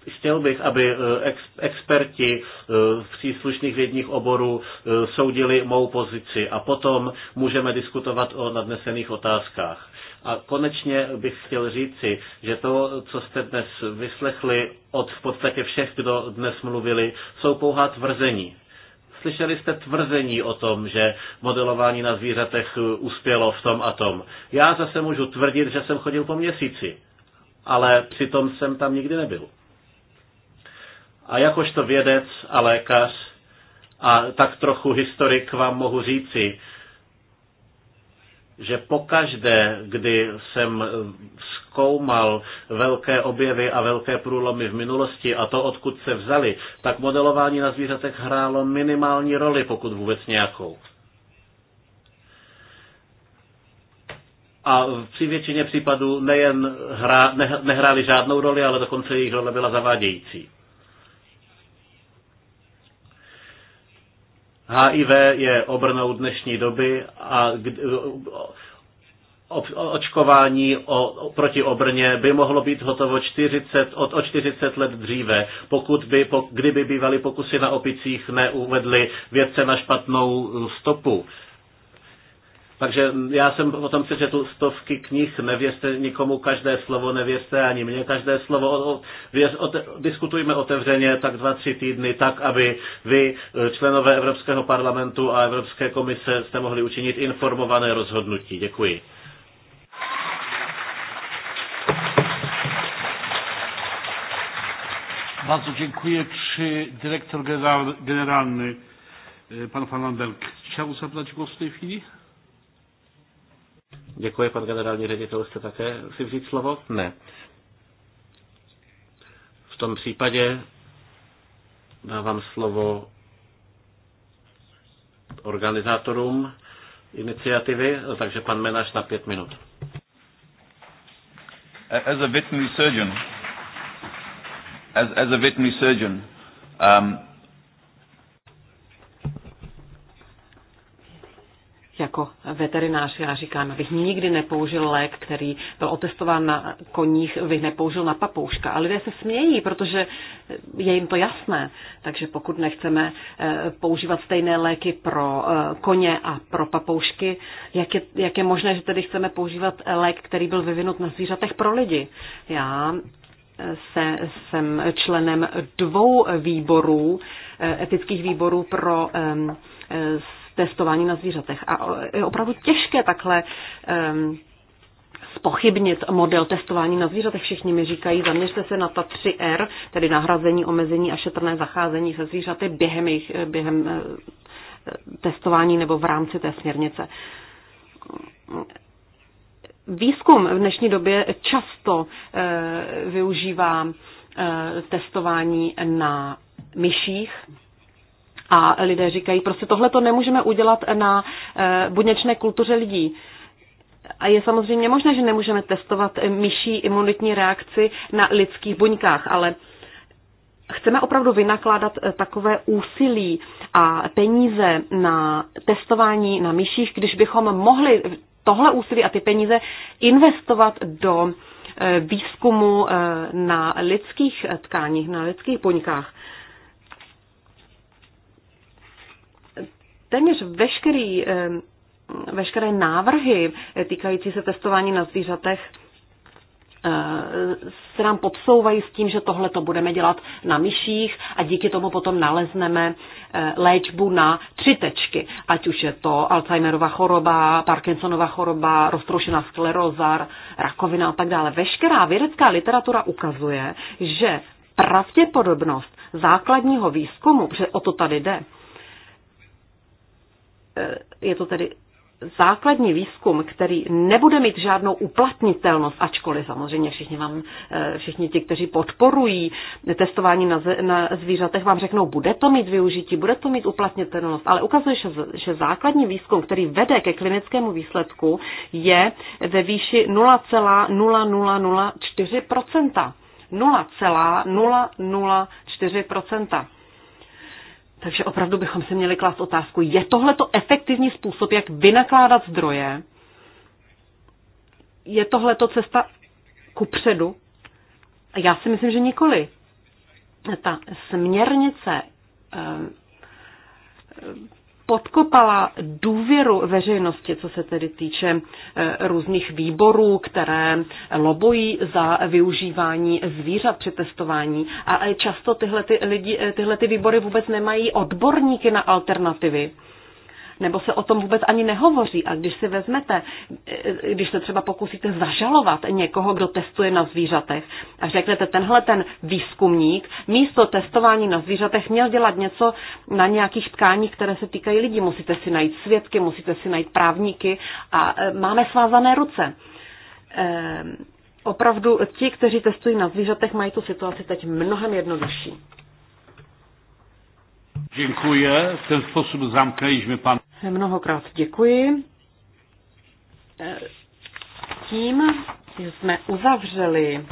chtěl bych, aby eh, ex, experti eh, příslušných vědních oborů eh, soudili mou pozici a potom můžeme diskutovat o nadnesených otázkách. A konečně bych chtěl říci, že to, co jste dnes vyslechli od v podstatě všech, kdo dnes mluvili, jsou pouhá tvrzení. Slyšeli jste tvrzení o tom, že modelování na zvířatech uspělo v tom a tom. Já zase můžu tvrdit, že jsem chodil po měsíci ale přitom jsem tam nikdy nebyl. A jakožto vědec a lékař a tak trochu historik vám mohu říci, že pokaždé, kdy jsem zkoumal velké objevy a velké průlomy v minulosti a to, odkud se vzali, tak modelování na zvířatech hrálo minimální roli, pokud vůbec nějakou. a při většině případů nejen hra, ne, nehráli žádnou roli, ale dokonce jejich role byla zavádějící. HIV je obrnou dnešní doby a očkování o, proti obrně by mohlo být hotovo 40, od, o 40 let dříve, pokud by, po, kdyby bývaly pokusy na opicích neuvedly vědce na špatnou stopu. Takže já jsem potom si četl stovky knih, nevěřte nikomu každé slovo, nevěřte ani mě každé slovo. O, o, věř, o, diskutujme otevřeně tak dva, tři týdny, tak, aby vy, eh, členové Evropského parlamentu a Evropské komise, jste mohli učinit informované rozhodnutí. Děkuji. Bardzo dziękuję. Czy dyrektor generalny, e, pan Van Landelk, chciał zabrać głos w tej chwili? Děkuji, pan generální ředitel. Jste také si vzít slovo? Ne. V tom případě dávám slovo organizátorům iniciativy, takže pan Menaš na pět minut. As a veterinary surgeon, as, as a veterinary surgeon, um, Jako veterinář já říkám, abych nikdy nepoužil lék, který byl otestován na koních, bych nepoužil na papouška. A lidé se smějí, protože je jim to jasné. Takže pokud nechceme eh, používat stejné léky pro eh, koně a pro papoušky, jak je, jak je možné, že tedy chceme používat lék, který byl vyvinut na zvířatech pro lidi? Já eh, se, jsem členem dvou výborů, etických výborů pro testování na zvířatech. A je opravdu těžké takhle um, spochybnit model testování na zvířatech. Všichni mi říkají, zaměřte se na ta 3R, tedy nahrazení, omezení a šetrné zacházení se zvířaty během, jejich, eh, během eh, testování nebo v rámci té směrnice. Výzkum v dnešní době často eh, využívá testování na myších, a lidé říkají, prostě tohle to nemůžeme udělat na eh, buněčné kultuře lidí. A je samozřejmě možné, že nemůžeme testovat eh, myší imunitní reakci na lidských buňkách, ale chceme opravdu vynakládat eh, takové úsilí a peníze na testování na myších, když bychom mohli tohle úsilí a ty peníze investovat do výzkumu na lidských tkáních, na lidských buňkách. téměř veškerý, eh, veškeré návrhy týkající se testování na zvířatech eh, se nám podsouvají s tím, že tohle to budeme dělat na myších a díky tomu potom nalezneme eh, léčbu na tři tečky. Ať už je to Alzheimerova choroba, Parkinsonova choroba, roztroušená skleróza, rakovina a tak dále. Veškerá vědecká literatura ukazuje, že pravděpodobnost základního výzkumu, že o to tady jde, Eh, je to tedy základní výzkum, který nebude mít žádnou uplatnitelnost, ačkoliv samozřejmě všichni, vám, eh, všichni ti, kteří podporují testování na, ze, na zvířatech, vám řeknou, bude to mít využití, bude to mít uplatnitelnost, ale ukazuje, že, že základní výzkum, který vede ke klinickému výsledku, je ve výši 0,0004%. 0,004%. Takže opravdu bychom si měli klást otázku, je tohle to efektivní způsob, jak vynakládat zdroje? Je tohle to cesta ku předu? Já si myslím, že nikoli. Ta směrnice eh, podkopala důvěru veřejnosti, co se tedy týče eh, různých výborů, které lobují za využívání zvířat při testování. A často tyhle, ty lidi, eh, tyhle ty výbory vůbec nemají odborníky na alternativy nebo se o tom vůbec ani nehovoří. A když si vezmete, eh, když se třeba pokusíte zažalovat někoho, kdo testuje na zvířatech a řeknete, tenhle ten výzkumník místo testování na zvířatech měl dělat něco na nějakých tkáních, které se týkají lidí. Musíte si najít svědky, musíte si najít právníky a eh, máme svázané ruce ehm, opravdu ti, kteří testují na zvířatech, mají tu situaci teď mnohem jednodušší. Děkuji. V ten způsob zamknęliśmy pan. Mnohokrát děkuji. Tím jsme uzavřeli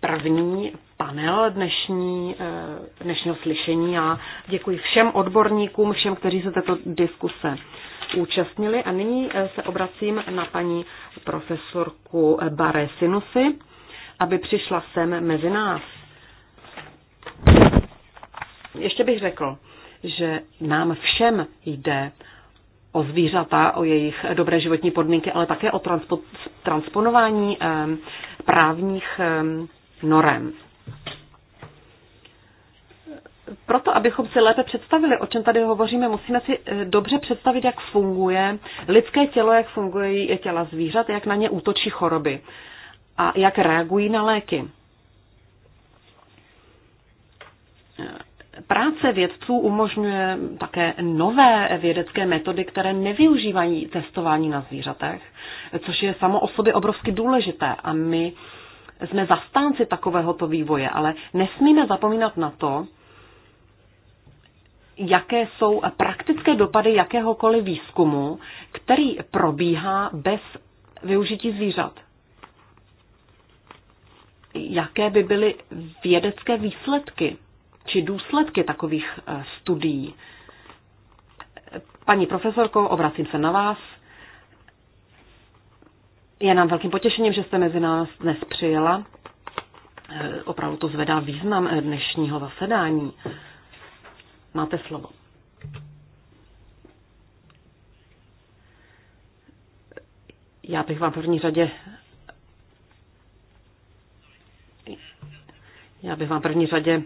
první panel dnešní, eh, dnešního slyšení a děkuji všem odborníkům, všem, kteří se této diskuse účastnili. A nyní eh, se obracím na paní profesorku Bare Sinusy, aby přišla sem mezi nás. Ještě bych řekl, že nám všem jde o zvířata, o jejich dobré životní podmínky, ale také o transpo, transponování eh, právních eh, norem. Proto, abychom si lépe představili, o čem tady hovoříme, musíme si eh, dobře představit, jak funguje lidské tělo, jak funguje těla zvířat, jak na ně útočí choroby a jak reagují na léky. Práce vědců umožňuje také nové vědecké metody, které nevyužívají testování na zvířatech, což je samo o sobě obrovsky důležité. A my jsme zastánci takovéhoto vývoje, ale nesmíme zapomínat na to, jaké jsou praktické dopady jakéhokoliv výzkumu, který probíhá bez využití zvířat. Jaké by byly vědecké výsledky či důsledky takových eh, studií. Paní profesorko, obracím se na vás. Je nám velkým potěšením, že jste mezi nás dnes přijela. Eh, opravdu to zvedá význam eh, dnešního zasedání. Máte slovo. Já bych vám v první řadě já bych vám v první řadě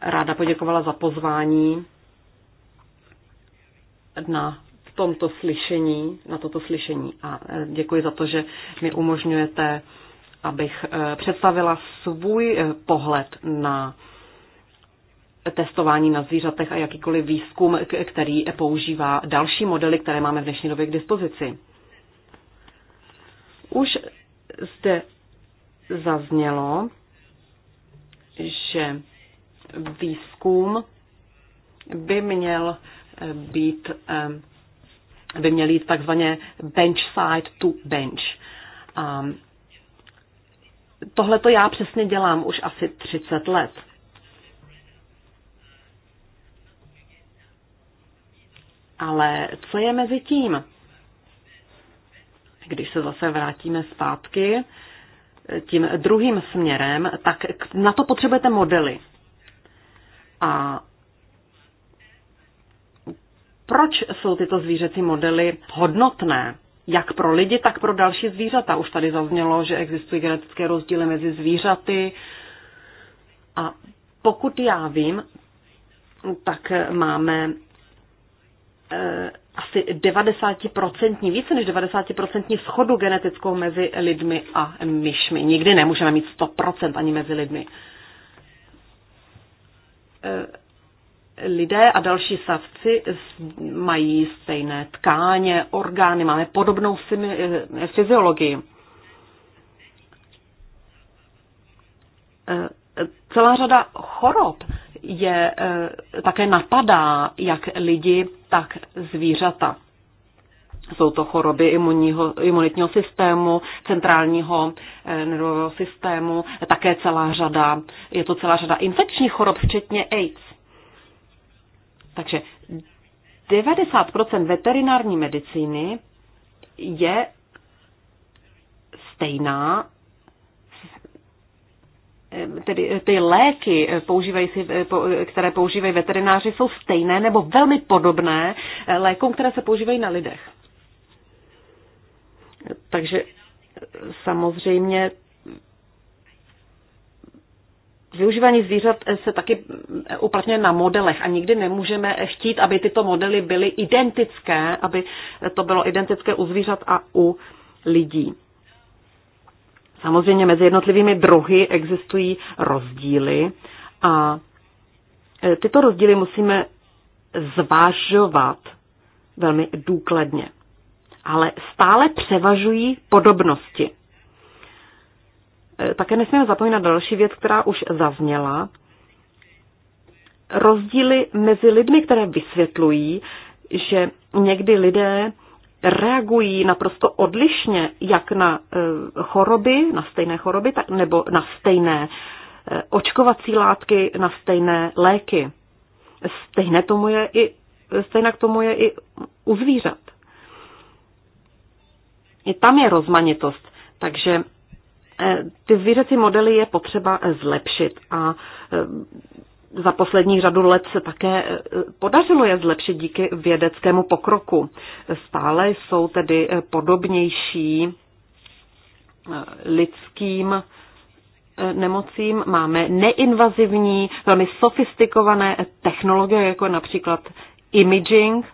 ráda poděkovala za pozvání na tomto slyšení, na toto slyšení a e, děkuji za to, že mi umožňujete, abych e, představila svůj e, pohled na testování na zvířatech a jakýkoliv výzkum, který používá další modely, které máme v dnešní době k dispozici. Už zde zaznělo, že výzkum by měl eh, být, eh, by měl jít takzvaně bench side to bench. tohle to já přesně dělám už asi 30 let. Ale co je mezi tím? Když se zase vrátíme zpátky eh, tím druhým směrem, tak na to potřebujete modely. A proč jsou tyto zvířecí modely hodnotné? Jak pro lidi, tak pro další zvířata. Už tady zaznělo, že existují genetické rozdíly mezi zvířaty. A pokud já vím, tak máme eh, asi 90%, více než 90% schodu genetickou mezi lidmi a myšmi. Nikdy nemůžeme mít 100% ani mezi lidmi. E, lidé a další savci mají stejné tkáně, orgány, máme podobnou e, fyziologii. E, celá řada chorob je také napadá jak lidi, tak zvířata. Jsou to choroby imunního, imunitního systému, centrálního eh, nervového systému, také celá řada, je to celá řada infekčních chorob, včetně AIDS. Takže 90% veterinární medicíny je stejná, eh, tedy eh, ty léky, používají si, které používají veterináři, jsou stejné nebo velmi podobné lékům, které se používají na lidech. Takže samozřejmě Využívání zvířat se taky uplatňuje na modelech a nikdy nemůžeme chtít, aby tyto modely byly identické, aby to bylo identické u zvířat a u lidí. Samozřejmě mezi jednotlivými druhy existují rozdíly a e, tyto rozdíly musíme zvážovat velmi důkladně ale stále převažují podobnosti. E, také nesmíme zapomínat další věc, která už zazněla. Rozdíly mezi lidmi, které vysvětlují, že někdy lidé reagují naprosto odlišně, jak na e, choroby, na stejné choroby, tak, nebo na stejné e, očkovací látky, na stejné léky. Stejné tomu je i, k tomu je i u zvířat tam je rozmanitost. Takže eh, ty zvířecí modely je potřeba eh, zlepšit a eh, za poslední řadu let se také podařilo je zlepšit díky vědeckému pokroku. Stále jsou tedy podobnější lidským nemocím. Máme neinvazivní, velmi sofistikované technologie, jako například imaging,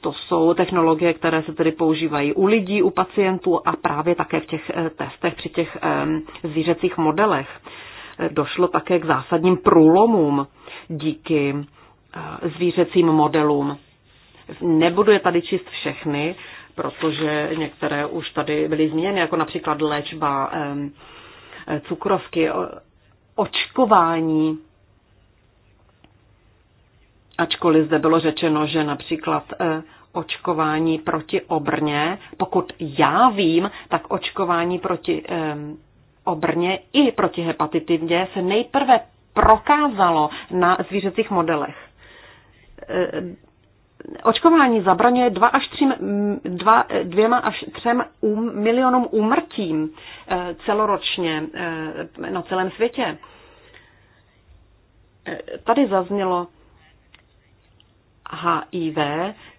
to jsou technologie, které se tedy používají u lidí, u pacientů a právě také v těch eh, testech při těch ehm, zvířecích modelech. Eh, došlo také k zásadním průlomům díky eh, zvířecím modelům. Nebudu je tady číst všechny, protože některé už tady byly změny, jako například léčba ehm, cukrovky, očkování, ačkoliv zde bylo řečeno, že například eh, očkování proti obrně, pokud já vím, tak očkování proti ehm, obrně i proti hepatitidě se nejprve prokázalo na zvířecích modelech. Eh, očkování zabraňuje 2 až 3, 2, 2 až 3 um, milionům úmrtím eh, celoročně na celém světě. Tady zaznělo, HIV.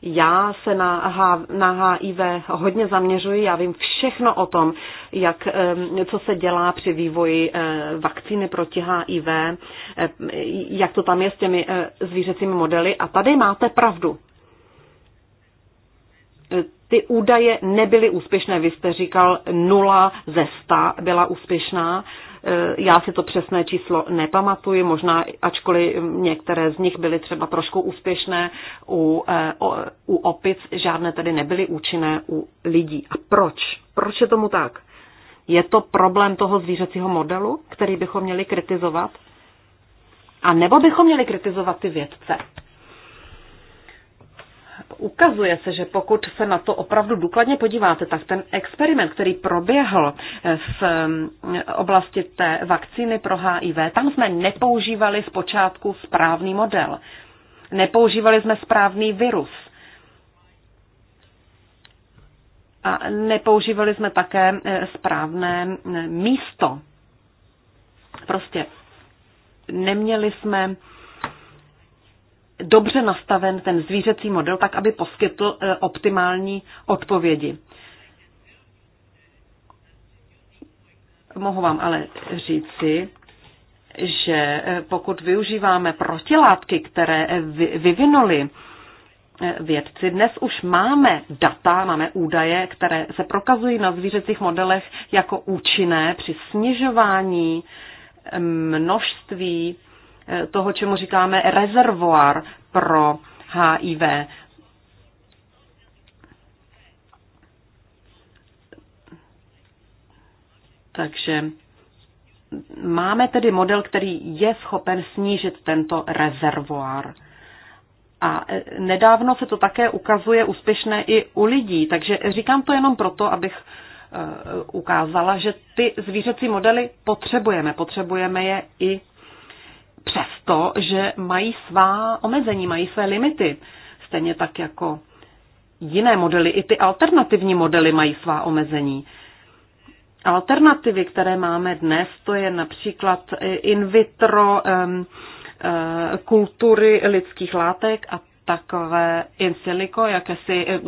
Já se na, H, na HIV hodně zaměřuji, já vím všechno o tom, jak, co se dělá při vývoji eh, vakcíny proti HIV, eh, jak to tam je s těmi eh, zvířecími modely. A tady máte pravdu. Ty údaje nebyly úspěšné. Vy jste říkal, nula ze sta byla úspěšná. Já si to přesné číslo nepamatuji, možná ačkoliv některé z nich byly třeba trošku úspěšné u, eh, u opic, žádné tedy nebyly účinné u lidí. A proč? Proč je tomu tak? Je to problém toho zvířecího modelu, který bychom měli kritizovat? A nebo bychom měli kritizovat ty vědce? Ukazuje se, že pokud se na to opravdu důkladně podíváte, tak ten experiment, který proběhl v eh, oblasti té vakcíny pro HIV, tam jsme nepoužívali zpočátku správný model. Nepoužívali jsme správný virus. A nepoužívali jsme také eh, správné eh, místo. Prostě neměli jsme dobře nastaven ten zvířecí model tak, aby poskytl eh, optimální odpovědi. Mohu vám ale říci, že eh, pokud využíváme protilátky, které eh, vyvinuli vědci, dnes už máme data, máme údaje, které se prokazují na zvířecích modelech jako účinné při snižování množství toho, čemu říkáme rezervoár pro HIV. Takže máme tedy model, který je schopen snížit tento rezervoár. A e, nedávno se to také ukazuje úspěšné i u lidí. Takže říkám to jenom proto, abych e, ukázala, že ty zvířecí modely potřebujeme. Potřebujeme je i přesto, že mají svá omezení, mají své limity. Stejně tak jako jiné modely, i ty alternativní modely mají svá omezení. Alternativy, které máme dnes, to je například eh, in vitro um, uh, kultury lidských látek a takové in silico, jakési eh,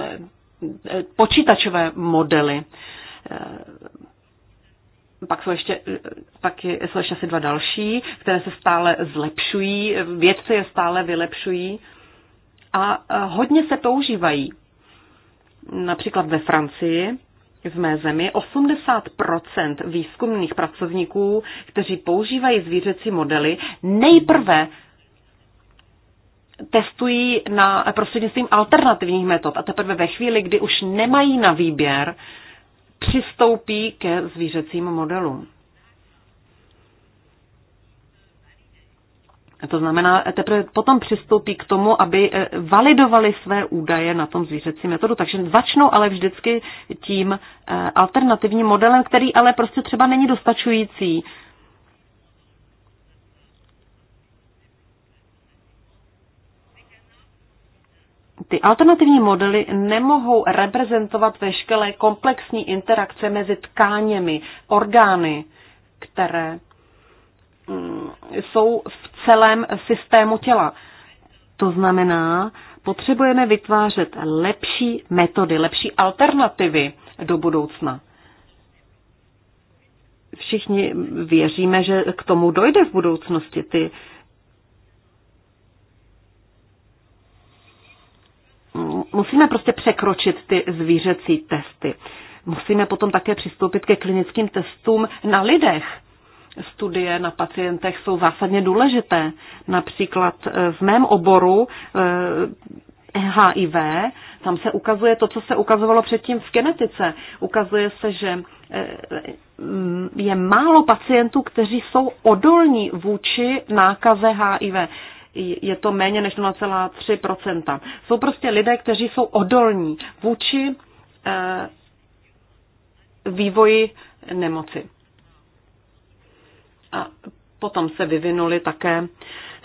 počítačové modely pak jsou, ještě, pak jsou ještě asi dva další, které se stále zlepšují, vědci je stále vylepšují a hodně se používají. Například ve Francii, v mé zemi, 80% výzkumných pracovníků, kteří používají zvířecí modely, nejprve testují na prostřednictvím alternativních metod a teprve ve chvíli, kdy už nemají na výběr, uh, přistoupí ke zvířecím modelům. To znamená, teprve potom přistoupí k tomu, aby eh, validovali své údaje na tom zvířecí metodu. Takže začnou ale vždycky tím eh, alternativním modelem, který ale prostě třeba není dostačující ty alternativní modely nemohou reprezentovat veškeré komplexní interakce mezi tkáněmi, orgány, které mm, jsou v celém systému těla. To znamená, potřebujeme vytvářet lepší metody, lepší alternativy do budoucna. Všichni věříme, že k tomu dojde v budoucnosti. Ty musíme prostě překročit ty zvířecí testy. Musíme potom také přistoupit ke klinickým testům na lidech. Studie na pacientech jsou zásadně důležité. Například eh, v mém oboru HIV, eh, tam se ukazuje to, co se ukazovalo předtím v genetice. Ukazuje se, že eh, je málo pacientů, kteří jsou odolní vůči nákaze HIV je to méně než 0,3%. Jsou prostě lidé, kteří jsou odolní vůči eh, vývoji nemoci. A potom se vyvinuly také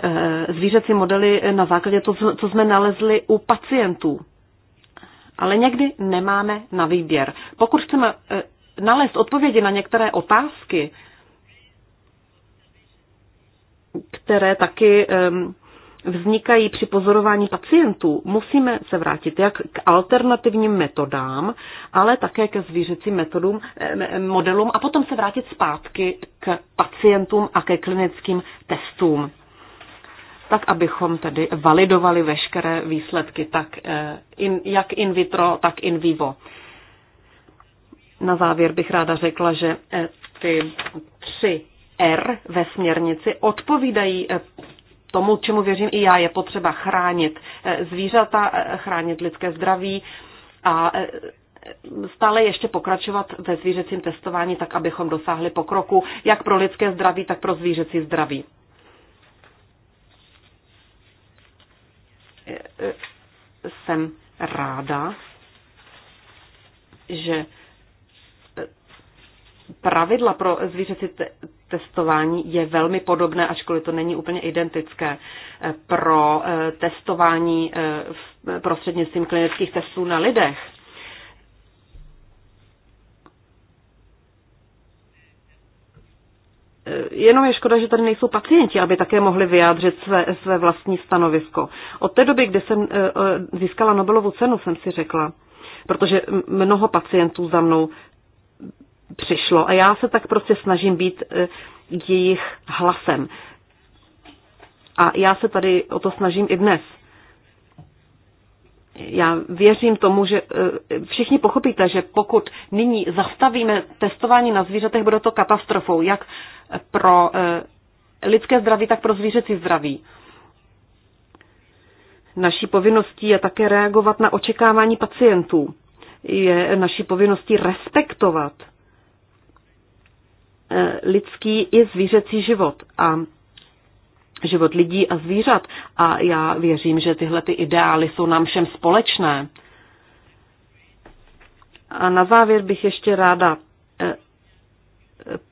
eh, zvířecí modely na základě toho, co jsme nalezli u pacientů. Ale někdy nemáme na výběr. Pokud chceme eh, nalézt odpovědi na některé otázky, které taky um, vznikají při pozorování pacientů, musíme se vrátit jak k alternativním metodám, ale také ke zvířecím metodům, eh, modelům a potom se vrátit zpátky k pacientům a ke klinickým testům tak abychom tedy validovali veškeré výsledky, tak eh, in, jak in vitro, tak in vivo. Na závěr bych ráda řekla, že eh, ty tři R ve směrnici odpovídají tomu, čemu věřím i já, je potřeba chránit eh, zvířata, eh, chránit lidské zdraví a eh, stále ještě pokračovat ve zvířecím testování, tak abychom dosáhli pokroku jak pro lidské zdraví, tak pro zvířecí zdraví. Jsem ráda, že pravidla pro zvířecí testování je velmi podobné, ačkoliv to není úplně identické eh, pro eh, testování eh, prostřednictvím klinických testů na lidech. Jenom je škoda, že tady nejsou pacienti, aby také mohli vyjádřit své, své vlastní stanovisko. Od té doby, kdy jsem získala Nobelovu cenu, jsem si řekla, protože mnoho pacientů za mnou přišlo. A já se tak prostě snažím být e, jejich hlasem. A já se tady o to snažím i dnes. Já věřím tomu, že e, všichni pochopíte, že pokud nyní zastavíme testování na zvířatech, bude to katastrofou, jak pro e, lidské zdraví, tak pro zvířecí zdraví. Naší povinností je také reagovat na očekávání pacientů. Je naší povinností respektovat Eh, lidský i zvířecí život a život lidí a zvířat. A já věřím, že tyhle ty ideály jsou nám všem společné. A na závěr bych ještě ráda eh,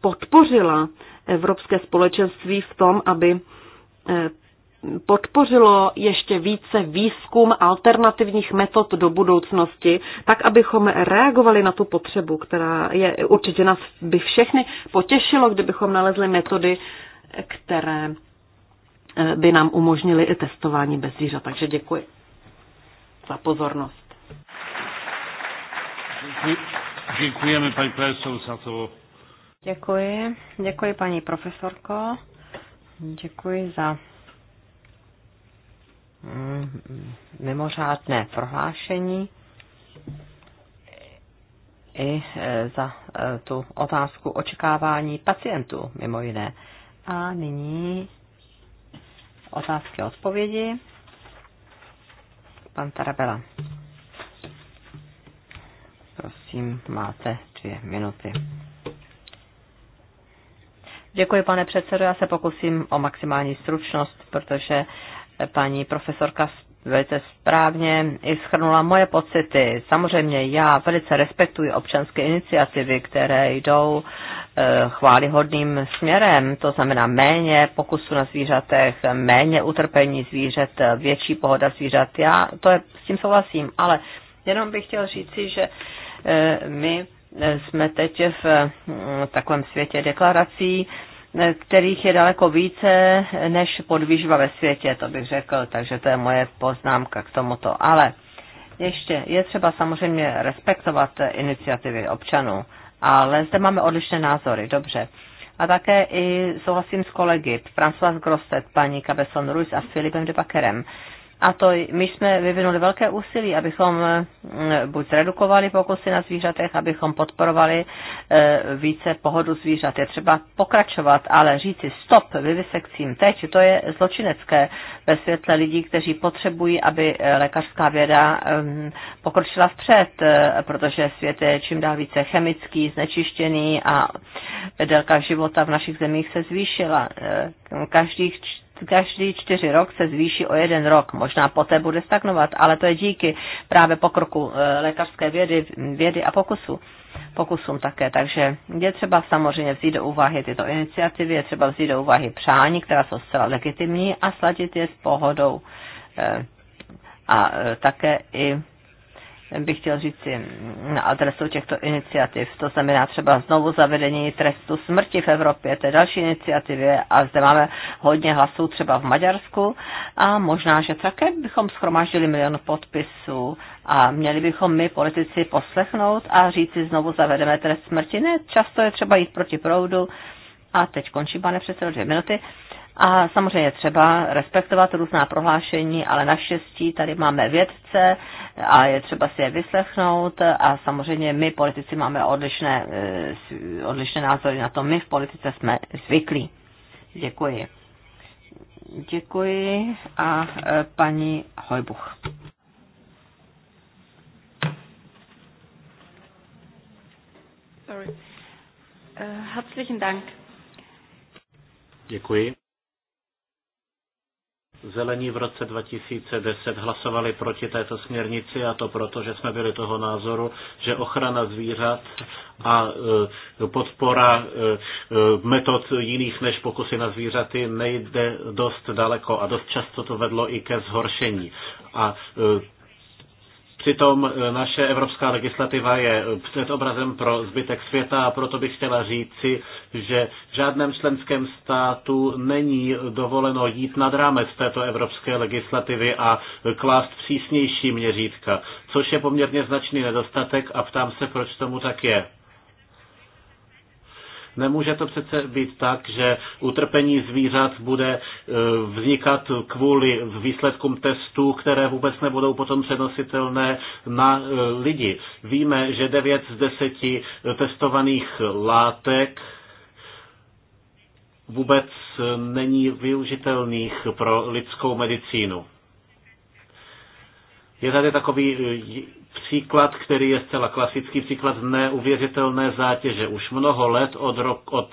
podpořila Evropské společenství v tom, aby eh, podpořilo ještě více výzkum alternativních metod do budoucnosti, tak abychom reagovali na tu potřebu, která je určitě nás by všechny potěšilo, kdybychom nalezli metody, které eh, by nám umožnily i testování bez zvířat. Takže děkuji za pozornost. Děkuji. Děkujeme, paní profesor, za to. Děkuji. Děkuji, paní profesorko. Děkuji za Mm, mimořádné prohlášení i e, za e, tu otázku očekávání pacientů, mimo jiné. A nyní otázky a odpovědi. Pan Tarabela. Prosím, máte dvě minuty. Děkuji, pane předsedo. Já se pokusím o maximální stručnost, protože paní profesorka velice správně i schrnula moje pocity. Samozřejmě já velice respektuji občanské iniciativy, které jdou eh, chválihodným směrem, to znamená méně pokusu na zvířatech, méně utrpení zvířat, větší pohoda zvířat. Já to je, s tím souhlasím, ale jenom bych chtěl říci, že eh, my eh, jsme teď v takovém světě deklarací, Eh, kterých je daleko více než podvýživa ve světě, to bych řekl, takže to je moje poznámka k tomuto. Ale ještě je třeba samozřejmě respektovat iniciativy občanů, ale zde máme odlišné názory, dobře. A také i souhlasím s kolegy François Grosset, paní Cabezon Ruiz a Filipem de Bakerem. A to my jsme vyvinuli velké úsilí, abychom eh, buď zredukovali pokusy na zvířatech, abychom podporovali eh, více pohodu zvířat. Je třeba pokračovat, ale říci stop vyvisekcím teď, to je zločinecké ve světle lidí, kteří potřebují, aby eh, lékařská věda ehm, pokročila vpřed, protože svět je čím dál více chemický, znečištěný a délka života v našich zemích se zvýšila. Každých každý čtyři rok se zvýší o jeden rok. Možná poté bude stagnovat, ale to je díky právě pokroku eh, lékařské vědy, vědy a pokusu, pokusům také. Takže je třeba samozřejmě vzít do úvahy tyto iniciativy, je třeba vzít do úvahy přání, která jsou zcela legitimní a sladit je s pohodou eh, a eh, také i bych chtěl říct si na adresu těchto iniciativ. To znamená třeba znovu zavedení trestu smrti v Evropě, to je další iniciativy a zde máme hodně hlasů třeba v Maďarsku a možná, že také bychom schromáždili milion podpisů a měli bychom my politici poslechnout a říci znovu zavedeme trest smrti. Ne, často je třeba jít proti proudu a teď končím, pane předsedo, dvě minuty. Uh, a samozřejmě je třeba respektovat různá prohlášení, ale naštěstí tady máme vědce a je třeba si je vyslechnout a samozřejmě my politici máme odlišné, eh, odlišné názory na to. My v politice jsme zvyklí. Děkuji. Děkuji a eh, paní Hojbuch. Sorry. Eh, herzlichen Dank. Děkuji. Zelení v roce 2010 hlasovali proti této směrnici a to proto, že jsme byli toho názoru, že ochrana zvířat a e, podpora e, e, metod jiných než pokusy na zvířaty nejde dost daleko a dost často to vedlo i ke zhoršení. A Přitom e, naše evropská legislativa je e, před obrazem pro zbytek světa a proto bych chtěla říci, že v žádném členském státu není dovoleno jít nad rámec této evropské legislativy a klást přísnější měřítka, což je poměrně značný nedostatek a ptám se, proč tomu tak je. Nemůže to přece být tak, že utrpení zvířat bude e, vznikat kvůli výsledkům testů, které vůbec nebudou potom přenositelné na e, lidi. Víme, že 9 z 10 e, testovaných látek vůbec není využitelných pro lidskou medicínu. Je tady takový příklad, který je zcela klasický příklad neuvěřitelné zátěže. Už mnoho let od, rok, od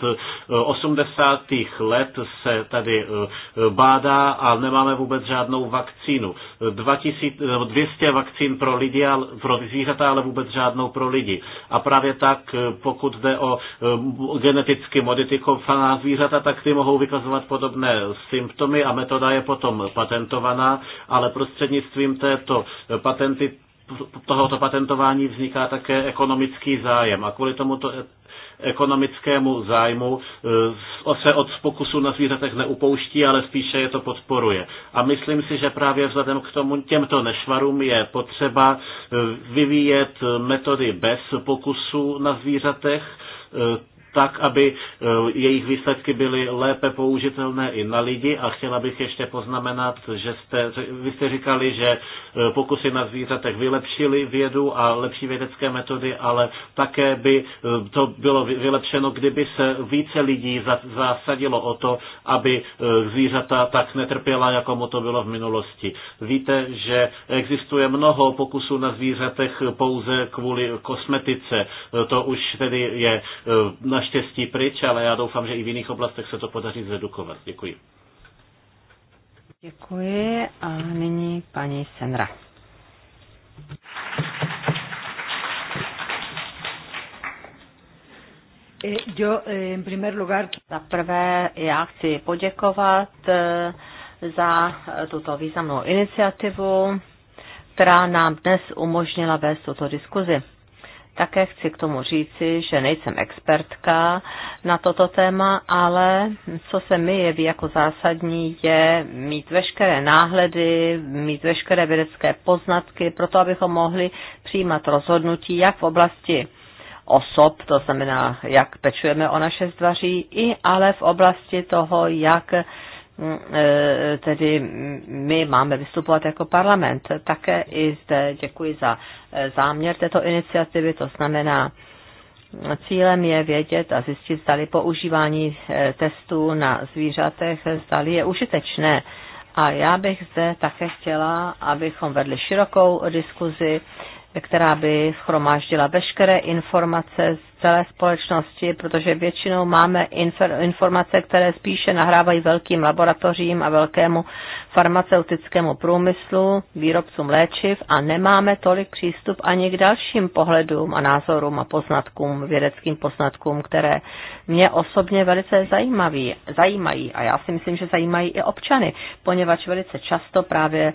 80. Eh, let se tady eh, bádá a nemáme vůbec žádnou vakcínu. 2000, 200 eh, vakcín pro lidi, pro zvířata, ale vůbec žádnou pro lidi. A právě tak, pokud jde o geneticky modifikovaná zvířata, tak ty mohou vykazovat podobné symptomy a metoda je potom patentovaná, ale prostřednictvím této patenty tohoto patentování vzniká také ekonomický zájem. A kvůli tomuto e- ekonomickému zájmu e- se od pokusu na zvířatech neupouští, ale spíše je to podporuje. A myslím si, že právě vzhledem k tomu těmto nešvarům je potřeba e- vyvíjet metody bez pokusu na zvířatech, tak, aby eh, jejich výsledky byly lépe použitelné i na lidi a chtěla bych ještě poznamenat, že jste, vy jste říkali, že eh, pokusy na zvířatech vylepšily vědu a lepší vědecké metody, ale také by eh, to bylo vylepšeno, kdyby se více lidí zasadilo o to, aby zvířata tak netrpěla, jako mu to bylo v minulosti. Víte, že existuje mnoho pokusů na zvířatech pouze kvůli kosmetice. To už tedy je naš naštěstí pryč, ale já doufám, že i v jiných oblastech se to podaří zredukovat. Děkuji. Děkuji a nyní paní Senra. Eh, eh, za prvé já chci poděkovat eh, za tuto významnou iniciativu, která nám dnes umožnila vést tuto diskuzi. Také chci k tomu říci, že nejsem expertka na toto téma, ale co se mi jeví jako zásadní, je mít veškeré náhledy, mít veškeré vědecké poznatky, proto abychom mohli přijímat rozhodnutí jak v oblasti osob, to znamená, jak pečujeme o naše zdraví, i ale v oblasti toho, jak Eh, tedy my máme vystupovat jako parlament. Také i zde děkuji za eh, záměr této iniciativy, to znamená, Cílem je vědět a zjistit, zda používání eh, testů na zvířatech, zda je užitečné. A já bych zde také chtěla, abychom vedli širokou diskuzi která by schromáždila veškeré informace z celé společnosti, protože většinou máme informace, které spíše nahrávají velkým laboratořím a velkému farmaceutickému průmyslu, výrobcům léčiv a nemáme tolik přístup ani k dalším pohledům a názorům a poznatkům, vědeckým poznatkům, které mě osobně velice zajímaví, zajímají a já si myslím, že zajímají i občany, poněvadž velice často právě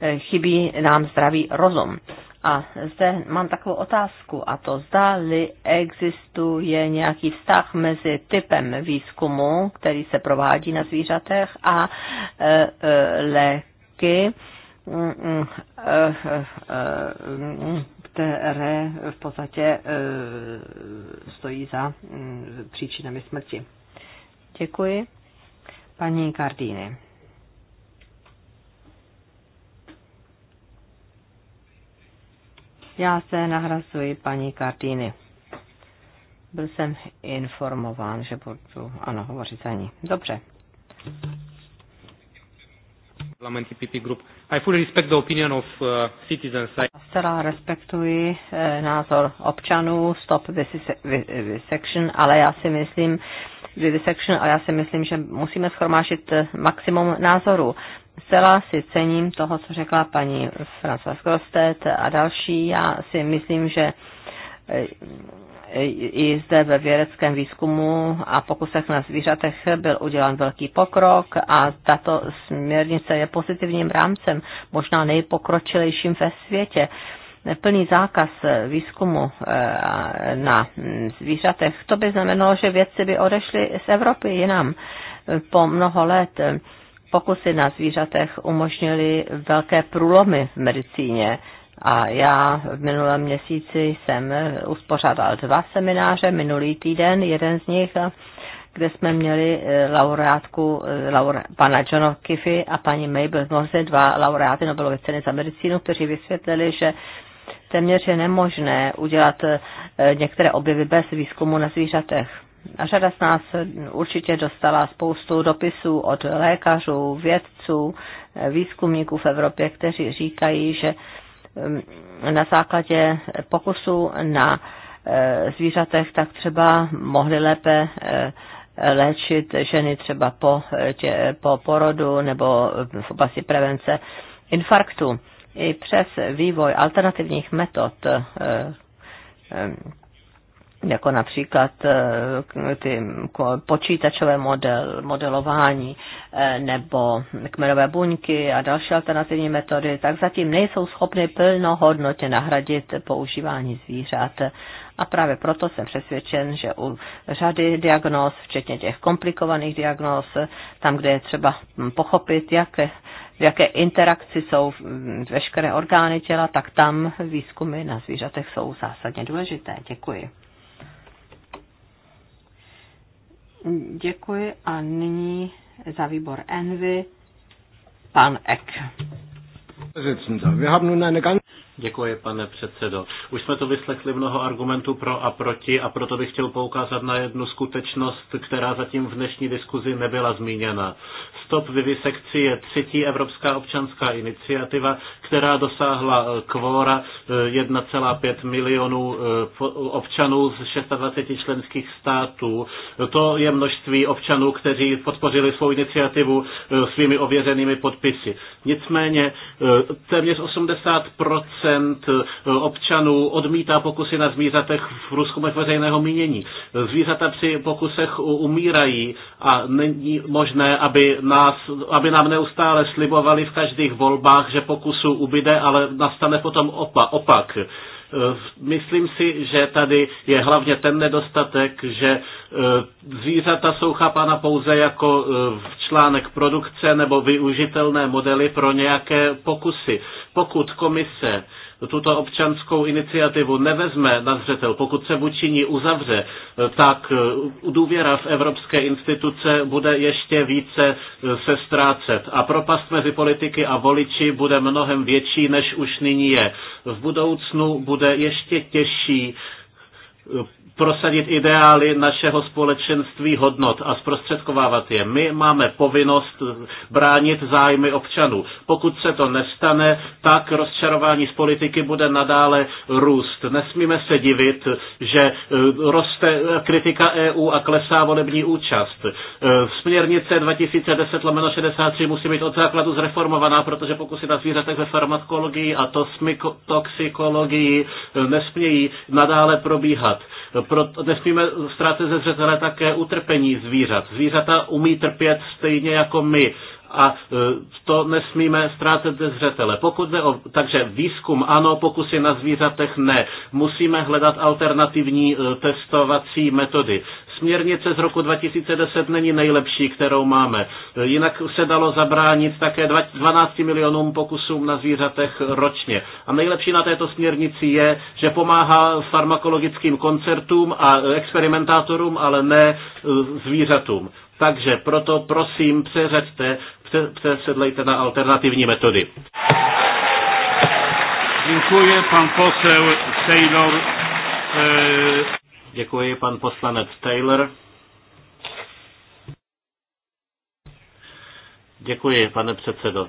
Eh, chybí nám zdravý rozum. A zde mám takovou otázku, a to zda-li existuje nějaký vztah mezi typem výzkumu, který se provádí na zvířatech, a e, e, léky, mm, mm, které v podstatě stojí za mm, příčinami smrti. Děkuji. Paní Gardíny. Já se nahrazuji paní Kartýny. Byl jsem informován, že budu, ano, hovořit za ní. Dobře. I fully respect the opinion of uh, citizens. Zcela respektuji eh, názor občanů, stop vivisection, ale já si myslím, ale já si myslím, že musíme schromážit eh, maximum názorů zcela si cením toho, co řekla paní Franca Skrostet a další. Já si myslím, že eh, i zde ve vědeckém výzkumu a pokusech na zvířatech byl udělan velký pokrok a tato směrnice je pozitivním rámcem, možná nejpokročilejším ve světě. Plný zákaz výzkumu eh, na zvířatech, to by znamenalo, že vědci by odešli z Evropy jinam po mnoho let eh, pokusy na zvířatech umožnily velké průlomy v medicíně. A já v minulém měsíci jsem uspořádal dva semináře, minulý týden jeden z nich, kde jsme měli eh, laureátku eh, laure, pana Johna Kiffy a paní Mabel Morse, dva laureáty Nobelovy ceny za medicínu, kteří vysvětlili, že téměř je nemožné udělat eh, některé objevy bez výzkumu na zvířatech. Řada z nás určitě dostala spoustu dopisů od lékařů, vědců, výzkumníků v Evropě, kteří říkají, že mm, na základě pokusu na e, zvířatech tak třeba mohli lépe e, léčit ženy třeba po, e, tě, po porodu nebo v oblasti prevence infarktu. I přes vývoj alternativních metod jako například eh, ty počítačové model, modelování eh, nebo kmenové buňky a další alternativní metody, tak zatím nejsou schopny plnohodnotně nahradit používání zvířat. A právě proto jsem přesvědčen, že u řady diagnóz, včetně těch komplikovaných diagnóz, tam, kde je třeba pochopit, jak v jaké interakci jsou veškeré orgány těla, tak tam výzkumy na zvířatech jsou zásadně důležité. Děkuji. Děkuji a nyní za výbor Envy pan Eck. Děkuji, pane předsedo. Už jsme to vyslechli mnoho argumentů pro a proti a proto bych chtěl poukázat na jednu skutečnost, která zatím v dnešní diskuzi nebyla zmíněna. Stop vivisekci je třetí evropská občanská iniciativa, která dosáhla eh, kvóra 1,5 eh, milionů eh, občanů z 26 členských států. To je množství občanů, kteří podpořili svou iniciativu svými ověřenými podpisy. Nicméně téměř 80 Eh, občanů odmítá pokusy na zvířatech v průzkumech veřejného mínění. Zvířata při pokusech umírají a není možné, aby, nás, aby nám neustále slibovali v každých volbách, že pokusů ubyde, ale nastane potom opa, opak. Eh, myslím si, že tady je hlavně ten nedostatek, že eh, zvířata jsou chápána pouze jako eh, článek produkce nebo využitelné modely pro nějaké pokusy. Pokud komise tuto občanskou iniciativu nevezme na zřetel, pokud se vůči ní uzavře, tak e, důvěra v evropské instituce bude ještě více e, se ztrácet a propast mezi politiky a voliči bude mnohem větší, než už nyní je. V budoucnu bude ještě těžší prosadit ideály našeho společenství hodnot a zprostředkovávat je. My máme povinnost bránit zájmy občanů. Pokud se to nestane, tak rozčarování z politiky bude nadále růst. Nesmíme se divit, že e, roste kritika EU a klesá volební účast. E, směrnice 2010-63 musí být od základu zreformovaná, protože pokusy na zvířatech ve farmakologii a toxikologii e, nesmějí nadále probíhat zvířat. Proto nesmíme ztrácet ze zřetele také utrpení zvířat. Zvířata umí trpět stejně jako my a e, to nesmíme ztrácet ze zřetele. Pokud o, takže výzkum ano, pokusy na zvířatech ne. Musíme hledat alternativní e, testovací metody. Směrnice z roku 2010 není nejlepší, kterou máme. Jinak se dalo zabránit také 12 milionům pokusům na zvířatech ročně. A nejlepší na této směrnici je, že pomáhá farmakologickým koncertům a experimentátorům, ale ne e, zvířatům. Takže proto prosím, přeřaďte, přesedlejte na alternativní metody. Dziękuję pan poseł Taylor. Děkuji, pan poslanec Taylor. Děkuji, pane předsedo.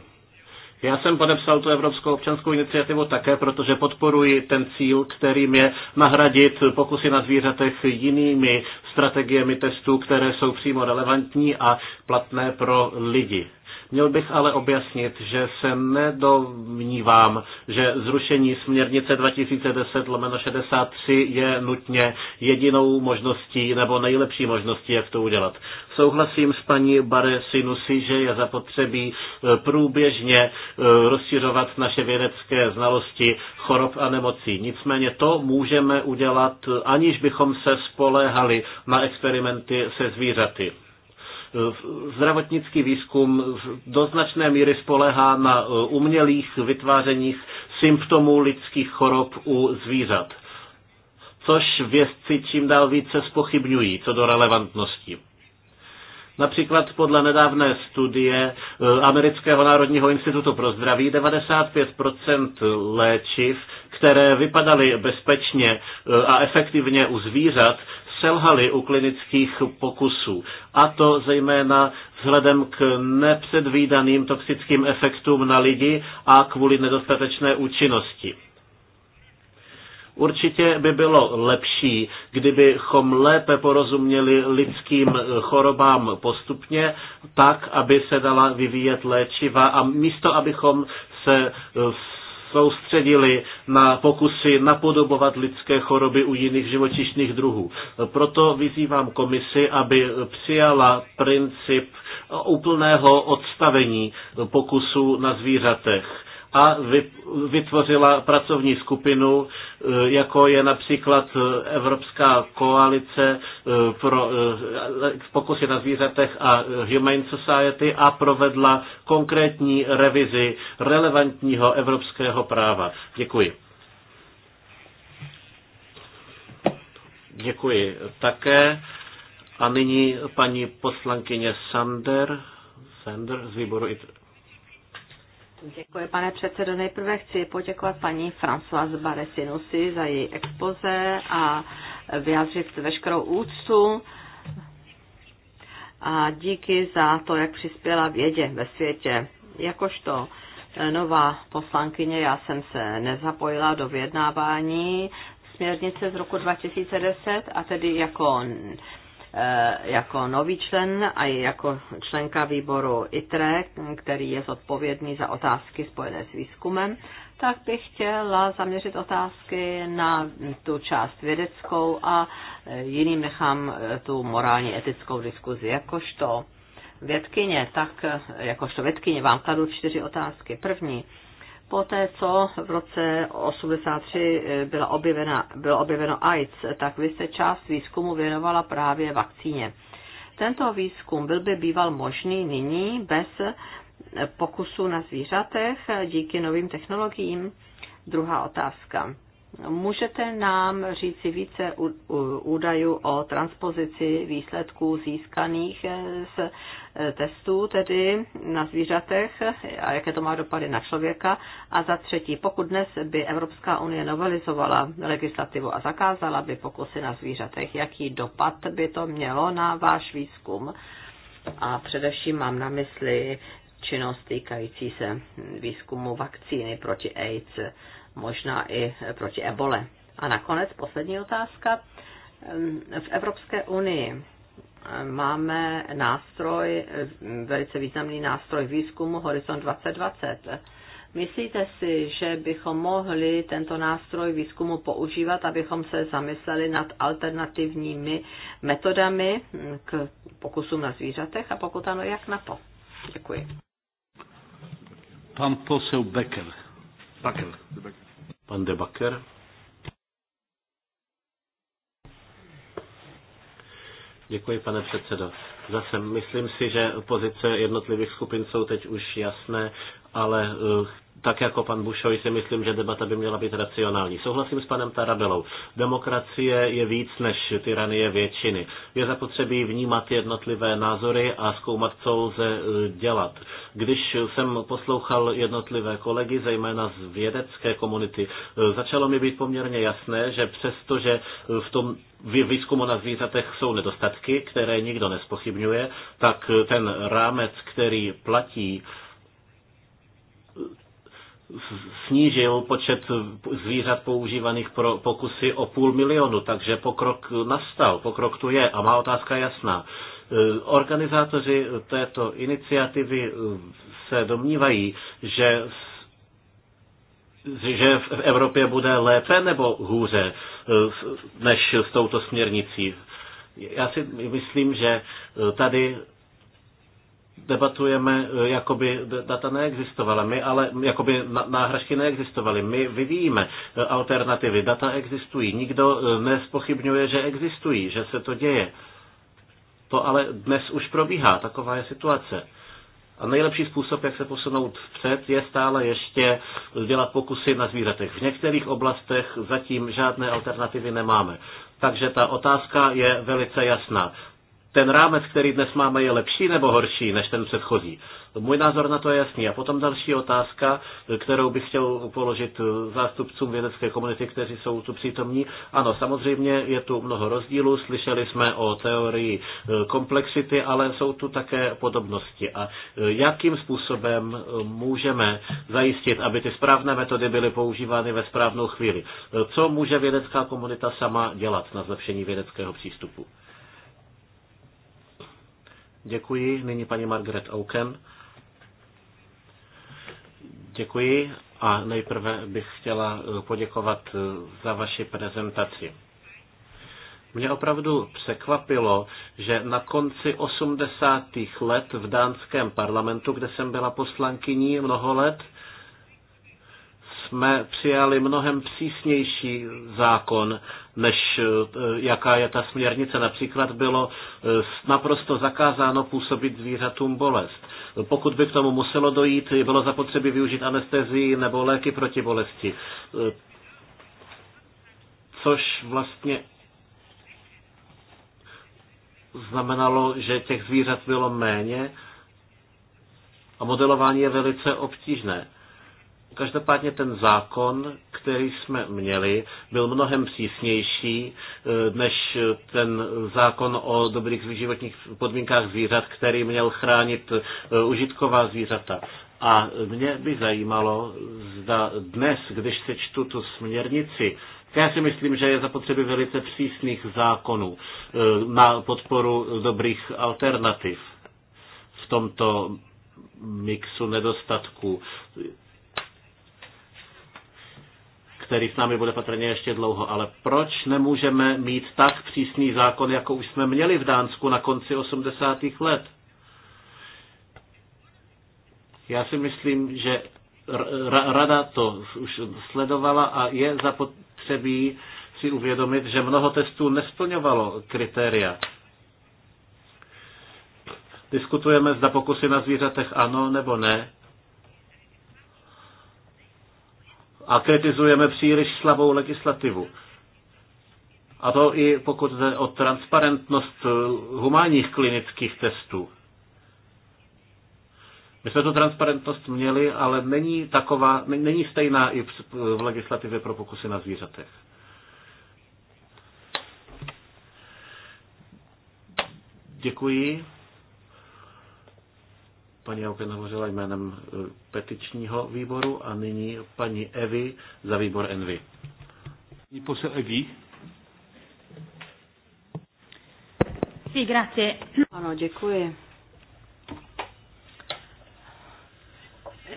Já jsem podepsal tu Evropskou občanskou iniciativu také, protože podporuji ten cíl, kterým je nahradit pokusy na zvířatech jinými strategiemi testů, které jsou přímo relevantní a platné pro lidi. Měl bych ale objasnit, že se nedovnívám, že zrušení směrnice 2010-63 je nutně jedinou možností nebo nejlepší možností, jak to udělat. Souhlasím s paní Bare Sinusi, že je zapotřebí eh, průběžně eh, rozšiřovat naše vědecké znalosti chorob a nemocí. Nicméně to můžeme udělat, eh, aniž bychom se spolehali na experimenty se zvířaty zdravotnický výzkum do značné míry spolehá na e, umělých vytvářeních symptomů lidských chorob u zvířat, což vědci čím dál více spochybňují co do relevantnosti. Například podle nedávné studie e, Amerického národního institutu pro zdraví 95% léčiv, které vypadaly bezpečně e, a efektivně u zvířat, selhaly u klinických pokusů. A to zejména vzhledem k nepředvídaným toxickým efektům na lidi a kvůli nedostatečné účinnosti. Určitě by bylo lepší, kdybychom lépe porozuměli lidským chorobám postupně, tak, aby se dala vyvíjet léčiva a místo, abychom se soustředili na pokusy napodobovat lidské choroby u jiných živočišných druhů. Proto vyzývám komisi, aby přijala princip úplného odstavení pokusů na zvířatech a vytvořila pracovní skupinu, e, jako je například e, Evropská koalice e, pro pokusy na zvířatech a Humane Society a provedla konkrétní revizi relevantního evropského práva. Děkuji. Děkuji také. A nyní paní poslankyně Sander, Sander z výboru Děkuji, pane předsedo. Nejprve chci poděkovat paní Françoise Baresinusi za její expoze a vyjádřit veškerou úctu a díky za to, jak přispěla vědě ve světě. Jakožto nová poslankyně, já jsem se nezapojila do vyjednávání směrnice z roku 2010 a tedy jako Eh, jako nový člen a jako členka výboru ITRE, který je zodpovědný za otázky spojené s výzkumem, tak bych chtěla zaměřit otázky na tu část vědeckou a eh, jiným nechám eh, tu morálně etickou diskuzi. Jakožto vědkyně, tak jakožto vědkyně vám kladu čtyři otázky. První, Poté, co v roce 83 eh, bylo bylo objeveno AIDS, tak vy se část výzkumu věnovala právě vakcíně. Tento výzkum byl by býval možný nyní bez eh, pokusů na zvířatech eh, díky novým technologiím? Druhá otázka. Můžete nám říci více údajů o transpozici výsledků získaných eh, z eh, testů, tedy na zvířatech, a jaké to má dopady na člověka? A za třetí, pokud dnes by Evropská unie novelizovala legislativu a zakázala by pokusy na zvířatech, jaký dopad by to mělo na váš výzkum? A především mám na mysli činnost týkající se výzkumu vakcíny proti AIDS možná i proti ebole. A nakonec poslední otázka. V Evropské unii máme nástroj, velice významný nástroj výzkumu Horizon 2020. Myslíte si, že bychom mohli tento nástroj výzkumu používat, abychom se zamysleli nad alternativními metodami k pokusům na zvířatech a pokud ano, jak na to? Děkuji. Pan posel Becker. Becker. Becker. Pan Bakker. Děkuji, pane předsedo. Zase myslím si, že pozice jednotlivých skupin jsou teď už jasné, ale eh, tak jako pan Bušoj si myslím, že debata by měla být racionální. Souhlasím s panem Tarabelou. Demokracie je víc než tyranie většiny. Je zapotřebí vnímat jednotlivé názory a zkoumat, co lze e, dělat. Když jsem poslouchal jednotlivé kolegy, zejména z vědecké komunity, e, začalo mi být poměrně jasné, že že v tom výzkumu na zvířatech jsou nedostatky, které nikdo nespochybňuje, tak ten rámec, který platí, snížil počet zvířat používaných pro pokusy o půl milionu, takže pokrok nastal, pokrok tu je a má otázka jasná. E, organizátoři této iniciativy e, se domnívají, že že v Evropě bude lépe nebo hůře e, než s touto směrnicí. Já si myslím, že tady debatujeme, eh, jakoby data neexistovala. My ale, jakoby náhražky neexistovaly. My vyvíjíme eh, alternativy. Data existují. Nikdo eh, nespochybňuje, že existují, že se to děje. To ale dnes už probíhá. Taková je situace. A nejlepší způsob, jak se posunout vpřed, je stále ještě dělat pokusy na zvířatech. V některých oblastech zatím žádné alternativy nemáme. Takže ta otázka je velice jasná ten rámec, který dnes máme, je lepší nebo horší než ten předchozí? Můj názor na to je jasný. A potom další otázka, kterou bych chtěl položit zástupcům vědecké komunity, kteří jsou tu přítomní. Ano, samozřejmě je tu mnoho rozdílů, slyšeli jsme o teorii eh, komplexity, ale jsou tu také podobnosti. A eh, jakým způsobem eh, můžeme zajistit, aby ty správné metody byly používány ve správnou chvíli? Co může vědecká komunita sama dělat na zlepšení vědeckého přístupu? Děkuji. Nyní paní Margaret Oaken. Děkuji a nejprve bych chtěla eh, poděkovat eh, za vaši prezentaci. Mě opravdu překvapilo, že na konci 80. let v dánském parlamentu, kde jsem byla poslankyní mnoho let, jsme přijali mnohem přísnější zákon, než eh, jaká je ta směrnice. Například bylo eh, naprosto zakázáno působit zvířatům bolest. Pokud by k tomu muselo dojít, bylo zapotřebí využít anestezii nebo léky proti bolesti. Eh, což vlastně znamenalo, že těch zvířat bylo méně a modelování je velice obtížné. Každopádně ten zákon, který jsme měli, byl mnohem přísnější eh, než ten zákon o dobrých životních podmínkách zvířat, který měl chránit eh, užitková zvířata. A mě by zajímalo, zda dnes, když se čtu tu směrnici, já si myslím, že je zapotřebí velice přísných zákonů eh, na podporu dobrých alternativ v tomto mixu nedostatků který s námi bude patrně ještě dlouho. Ale proč nemůžeme mít tak přísný zákon, jako už jsme měli v Dánsku na konci 80. let? Já si myslím, že rada to už sledovala a je zapotřebí si uvědomit, že mnoho testů nesplňovalo kritéria. Diskutujeme, zda pokusy na zvířatech ano nebo ne, a kritizujeme příliš slabou legislativu. A to i pokud jde o transparentnost humánních klinických testů. My jsme tu transparentnost měli, ale není taková, není stejná i v legislativě pro pokusy na zvířatech. Děkuji. Paní Auken Navořila jménem eh, petičního výboru a nyní paní Evy za výbor Envy. Paní posel Evy. Sí, grazie. Ano, děkuji.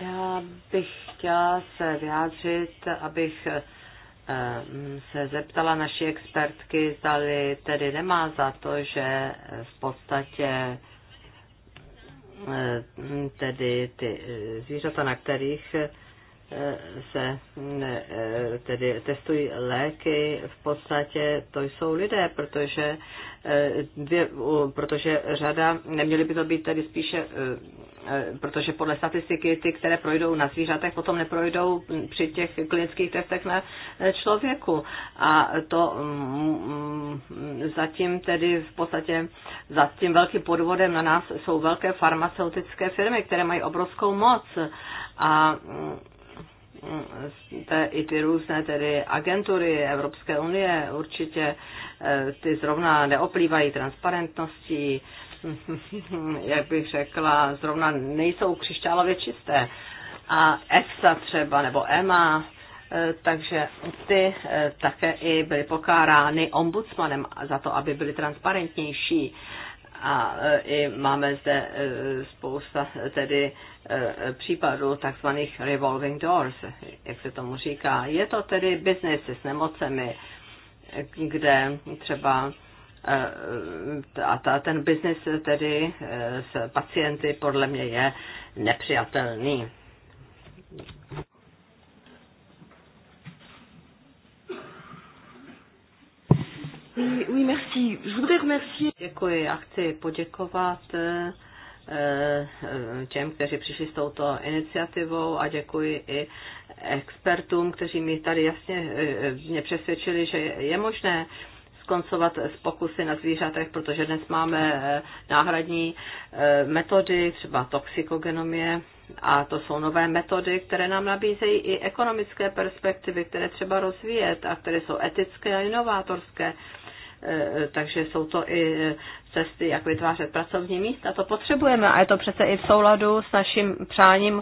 Já bych chtěla se vyjádřit, abych eh, mm, se zeptala naší expertky, zdali tedy nemá za to, že v podstatě Eh, tedy ty eh, zvířata, na kterých eh, se eh, tedy testují léky, v podstatě to jsou lidé, protože, eh, dvě, protože řada, neměly by to být tedy spíše, eh, protože podle statistiky ty, které projdou na zvířatech, potom neprojdou při těch klinických testech na člověku. A to mm, mm, zatím tedy v podstatě za tím velkým podvodem na nás jsou velké farmaceutické firmy, které mají obrovskou moc. A mm, i ty různé tedy agentury Evropské unie určitě e, ty zrovna neoplývají transparentností, jak bych řekla, zrovna nejsou křišťálově čisté. A EFSA třeba, nebo EMA, e, takže ty e, také i byly pokárány ombudsmanem za to, aby byly transparentnější a e, i máme zde e, spousta tedy e, případů takzvaných revolving doors, jak se tomu říká. Je to tedy biznis s nemocemi, kde třeba a ta, ten biznis tedy s pacienty podle mě je nepřijatelný. Oui, merci. Je voudrais remercier. Děkuji a chci poděkovat eh, eh, těm, kteří přišli s touto iniciativou a děkuji i expertům, kteří mi tady jasně eh, mě přesvědčili, že je možné skoncovat s pokusy na zvířatech, protože dnes máme náhradní metody, třeba toxikogenomie, a to jsou nové metody, které nám nabízejí i ekonomické perspektivy, které třeba rozvíjet a které jsou etické a inovátorské. Eh, takže jsou to i eh, cesty, jak vytvářet pracovní místa. To potřebujeme a je to přece i v souladu s naším přáním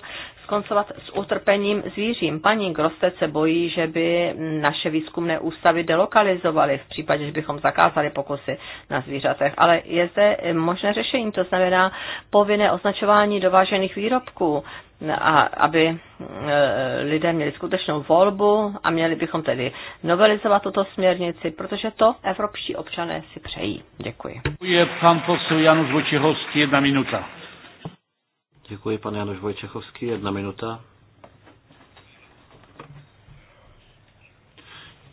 skoncovat s utrpením zvířím. Paní Grostec se bojí, že by naše výzkumné ústavy delokalizovaly v případě, že bychom zakázali pokusy na zvířatech. Ale je zde možné řešení, to znamená povinné označování dovážených výrobků, a aby e, lidé měli skutečnou volbu a měli bychom tedy novelizovat tuto směrnici, protože to evropští občané si přejí. Děkuji. Děkuji, pan poslu Janu Zvočehovský, jedna minuta. Děkuji, pan Janoš Vojčechovský. Jedna minuta.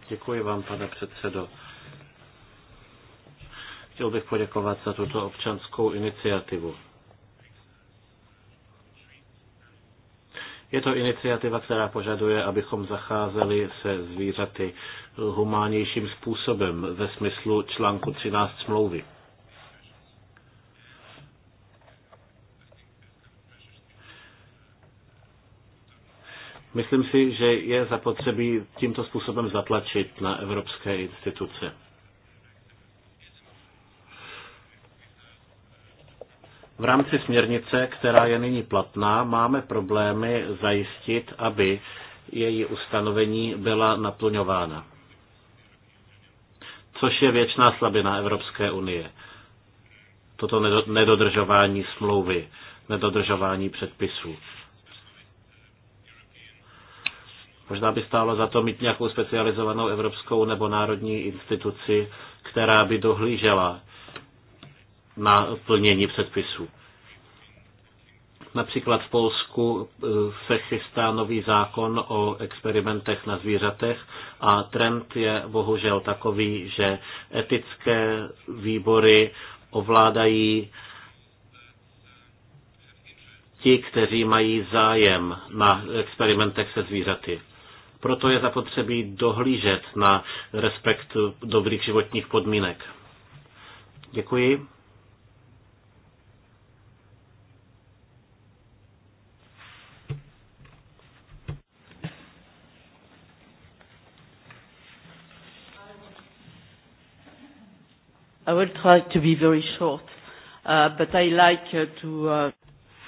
Děkuji vám, pane předsedo. Chtěl bych poděkovat za tuto občanskou iniciativu. Je to iniciativa, která požaduje, abychom zacházeli se zvířaty humánějším způsobem ve smyslu článku 13 smlouvy. Myslím si, že je zapotřebí tímto způsobem zatlačit na evropské instituce. V rámci směrnice, která je nyní platná, máme problémy zajistit, aby její ustanovení byla naplňována. Což je věčná slabina Evropské unie. Toto nedodržování smlouvy, nedodržování předpisů. Možná by stálo za to mít nějakou specializovanou evropskou nebo národní instituci, která by dohlížela na plnění předpisů. Například v Polsku e, se chystá nový zákon o experimentech na zvířatech a trend je bohužel takový, že etické výbory ovládají ti, kteří mají zájem na experimentech se zvířaty. Proto je zapotřebí dohlížet na respekt dobrých životních podmínek. Děkuji. I will try to be very short, uh, but I like uh, to. Uh...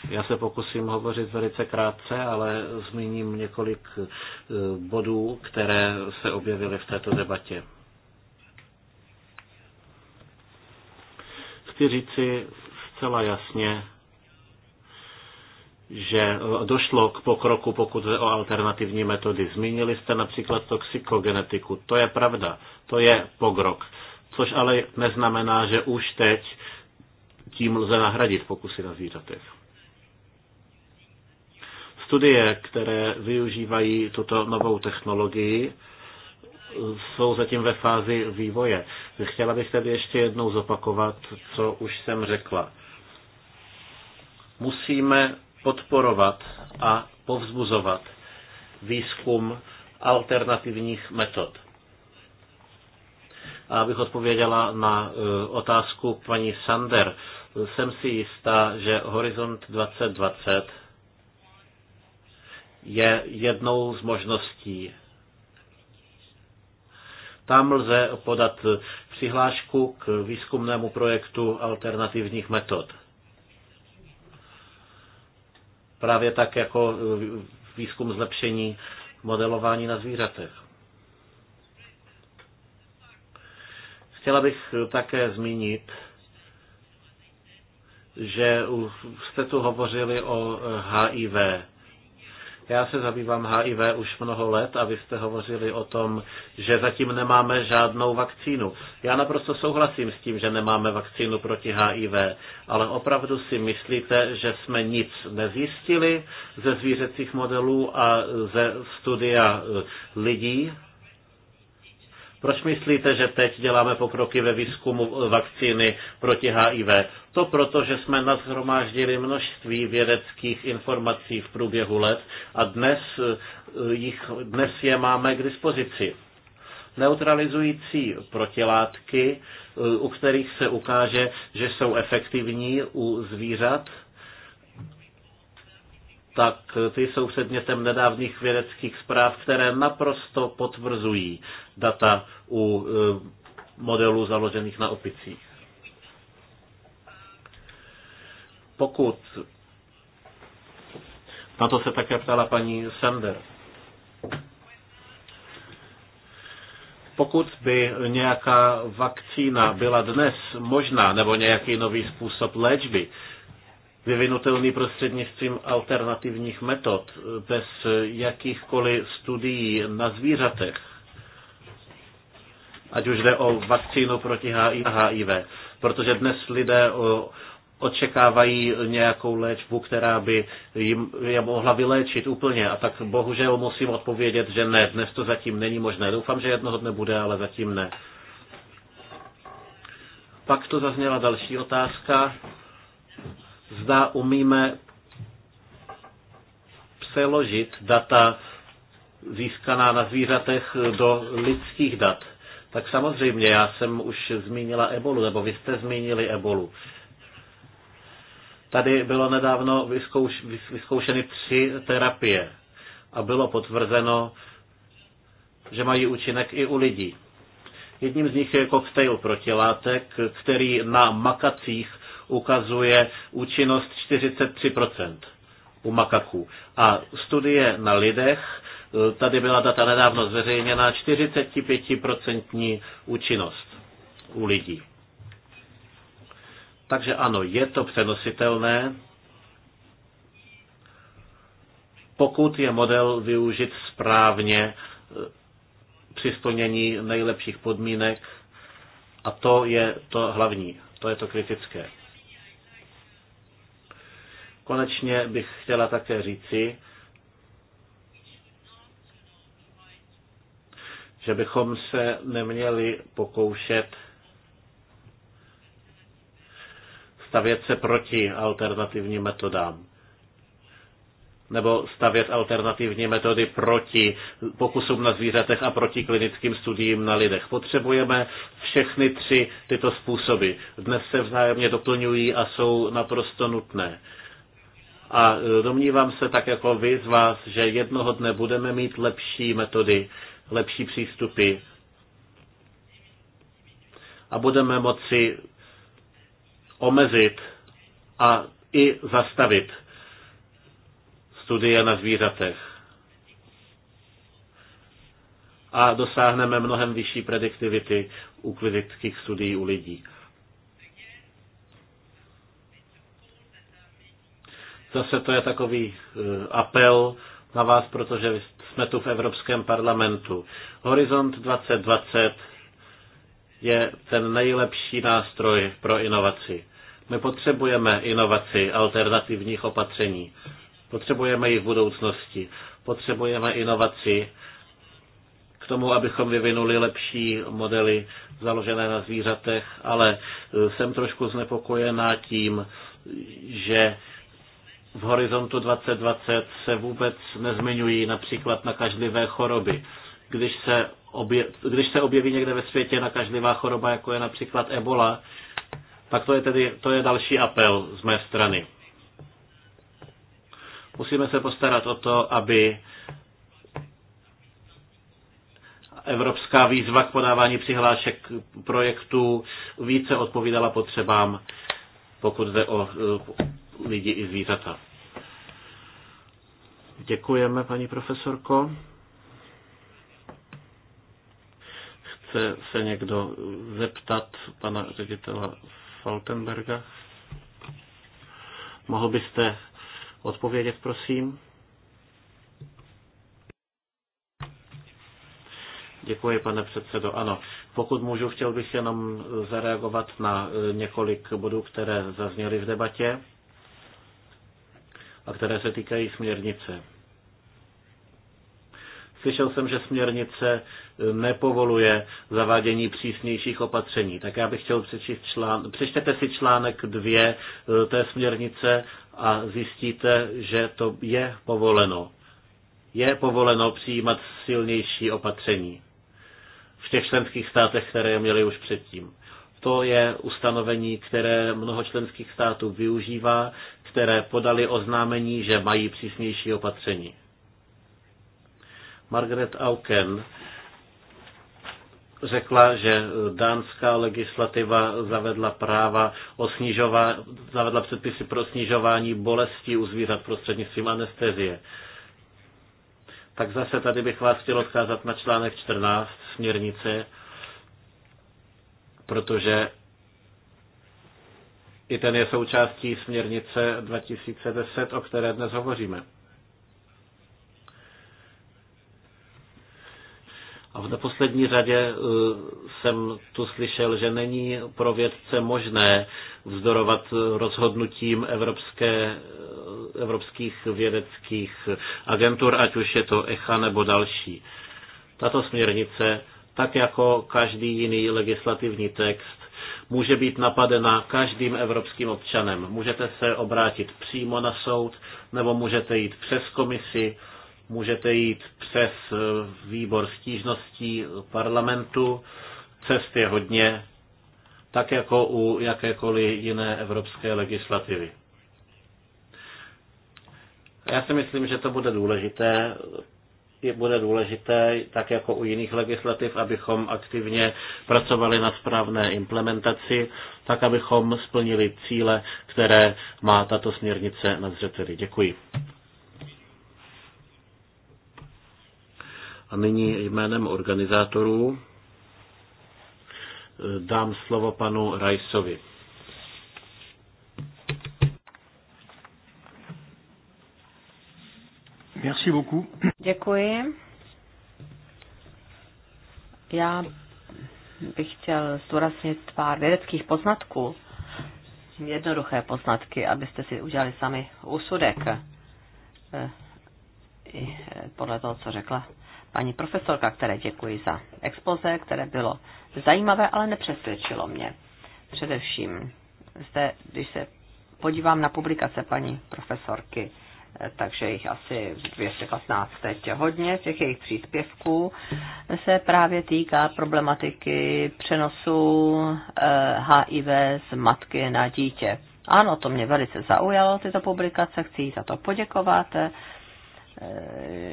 Já se pokusím hovořit velice krátce, ale zmíním několik eh, bodů, které se objevily v této debatě. Chci říci zcela jasně, že eh, došlo k pokroku, pokud jde o alternativní metody. Zmínili jste například toxikogenetiku. To je pravda, to je pokrok. Což ale neznamená, že už teď tím lze nahradit pokusy na zvířatech. Studie, které využívají tuto novou technologii, jsou zatím ve fázi vývoje. Chtěla bych tedy ještě jednou zopakovat, co už jsem řekla. Musíme podporovat a povzbuzovat výzkum alternativních metod. A abych odpověděla na e, otázku paní Sander, jsem si jistá, že Horizont 2020 je jednou z možností. Tam lze podat přihlášku k výzkumnému projektu alternativních metod. Právě tak jako výzkum zlepšení modelování na zvířatech. Chtěla bych také zmínit, že jste tu hovořili o HIV. Já se zabývám HIV už mnoho let a vy jste hovořili o tom, že zatím nemáme žádnou vakcínu. Já naprosto souhlasím s tím, že nemáme vakcínu proti HIV, ale opravdu si myslíte, že jsme nic nezjistili ze zvířecích modelů a ze studia lidí? Proč myslíte, že teď děláme pokroky ve výzkumu vakcíny proti HIV? To proto, že jsme nashromáždili množství vědeckých informací v průběhu let a dnes, eh, jich, dnes je máme k dispozici. Neutralizující protilátky, eh, u kterých se ukáže, že jsou efektivní u zvířat, tak ty jsou předmětem nedávných vědeckých zpráv, které naprosto potvrzují data u e, modelů založených na opicích. Pokud na to se také ptala paní Sender, Pokud by nějaká vakcína byla dnes možná, nebo nějaký nový způsob léčby, vyvinutelný prostřednictvím alternativních metod, bez jakýchkoliv studií na zvířatech, ať už jde o vakcínu proti HIV, protože dnes lidé očekávají nějakou léčbu, která by jim je mohla vyléčit úplně. A tak bohužel musím odpovědět, že ne, dnes to zatím není možné. Doufám, že jednoho dne bude, ale zatím ne. Pak tu zazněla další otázka zda umíme přeložit data získaná na zvířatech do lidských dat. Tak samozřejmě, já jsem už zmínila ebolu, nebo vy jste zmínili ebolu. Tady bylo nedávno vyzkouš, vyzkoušeny tři terapie a bylo potvrzeno, že mají účinek i u lidí. Jedním z nich je koktejl protilátek, který na makacích ukazuje účinnost 43% u makaků. A studie na lidech, e, tady byla data nedávno zveřejněna, 45% účinnost u lidí. Takže ano, je to přenositelné, pokud je model využit správně e, při splnění nejlepších podmínek a to je to hlavní, to je to kritické. Konečně bych chtěla také říci, že bychom se neměli pokoušet stavět se proti alternativním metodám nebo stavět alternativní metody proti pokusům na zvířatech a proti klinickým studiím na lidech. Potřebujeme všechny tři tyto způsoby. Dnes se vzájemně doplňují a jsou naprosto nutné. A e, domnívám se tak jako vy z vás, že jednoho dne budeme mít lepší metody, lepší přístupy a budeme moci omezit a i zastavit studie na zvířatech. A dosáhneme mnohem vyšší prediktivity u klinických studií u lidí. Zase to je takový e, apel na vás, protože jsme tu v Evropském parlamentu. Horizont 2020 je ten nejlepší nástroj pro inovaci. My potřebujeme inovaci alternativních opatření. Potřebujeme ji v budoucnosti. Potřebujeme inovaci k tomu, abychom vyvinuli lepší modely založené na zvířatech, ale e, jsem trošku znepokojená tím, že v horizontu 2020 se vůbec nezmiňují například nakažlivé choroby. Když se, obje, když se objeví někde ve světě nakažlivá choroba, jako je například ebola, tak to je tedy to je další apel z mé strany. Musíme se postarat o to, aby evropská výzva k podávání přihlášek projektů více odpovídala potřebám, pokud jde o e, lidi i zvířata. Děkujeme, paní profesorko. Chce se někdo zeptat pana ředitela Faltenberga? Mohl byste odpovědět, prosím? Děkuji, pane předsedo. Ano, pokud můžu, chtěl bych jenom zareagovat na několik bodů, které zazněly v debatě a které se týkají směrnice. Slyšel jsem, že směrnice eh, nepovoluje zavádění přísnějších opatření. Tak já bych chtěl přečíst člán... Přečtěte si článek 2 eh, té směrnice a zjistíte, že to je povoleno. Je povoleno přijímat silnější opatření v těch členských státech, které měly už předtím. To je ustanovení, které mnoho členských států využívá, které podali oznámení, že mají přísnější opatření. Margaret Auken řekla, že dánská legislativa zavedla práva o snižová, zavedla předpisy pro snižování bolesti u zvířat prostřednictvím anestezie. Tak zase tady bych vás chtěl odkázat na článek 14 směrnice, protože i ten je součástí směrnice 2010, o které dnes hovoříme. A v neposlední řadě eh, jsem tu slyšel, že není pro vědce možné vzdorovat rozhodnutím evropské, eh, evropských vědeckých agentur, ať už je to ECHA nebo další. Tato směrnice tak jako každý jiný legislativní text může být napadena každým evropským občanem. Můžete se obrátit přímo na soud, nebo můžete jít přes komisi, můžete jít přes eh, výbor stížností parlamentu, cest je hodně, tak jako u jakékoliv jiné evropské legislativy. Já si myslím, že to bude důležité je, bude důležité, tak jako u jiných legislativ, abychom aktivně pracovali na správné implementaci, tak abychom splnili cíle, které má tato směrnice na zřeteli. Děkuji. A nyní jménem organizátorů eh, dám slovo panu Rajsovi. Merci beaucoup. Děkuji. Já bych chtěl zdůraznit pár vědeckých poznatků, jednoduché poznatky, abyste si udělali sami úsudek eh, i eh, podle toho, co řekla paní profesorka, které děkuji za expoze, které bylo zajímavé, ale nepřesvědčilo mě. Především zde, když se podívám na publikace paní profesorky, takže jich asi 215 teď hodně. Těch jejich příspěvků se právě týká problematiky přenosu HIV eh, z matky na dítě. Ano, to mě velice zaujalo, tyto publikace, chci jí za to poděkovat, eh,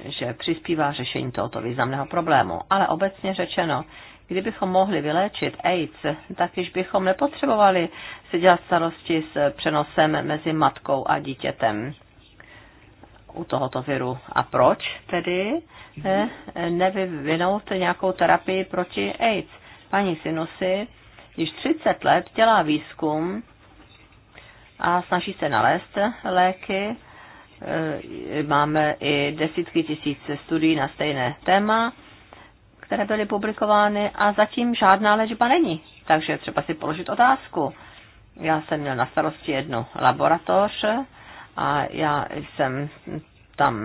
že přispívá řešení tohoto významného problému. Ale obecně řečeno, kdybychom mohli vyléčit AIDS, tak již bychom nepotřebovali si dělat starosti s přenosem mezi matkou a dítětem u tohoto viru. A proč tedy eh, nevyvinout nějakou terapii proti AIDS? Paní Sinusy již 30 let dělá výzkum a snaží se nalézt léky. Eh, máme i desítky tisíc studií na stejné téma, které byly publikovány a zatím žádná léčba není. Takže třeba si položit otázku. Já jsem měl na starosti jednu laboratoř a já jsem tam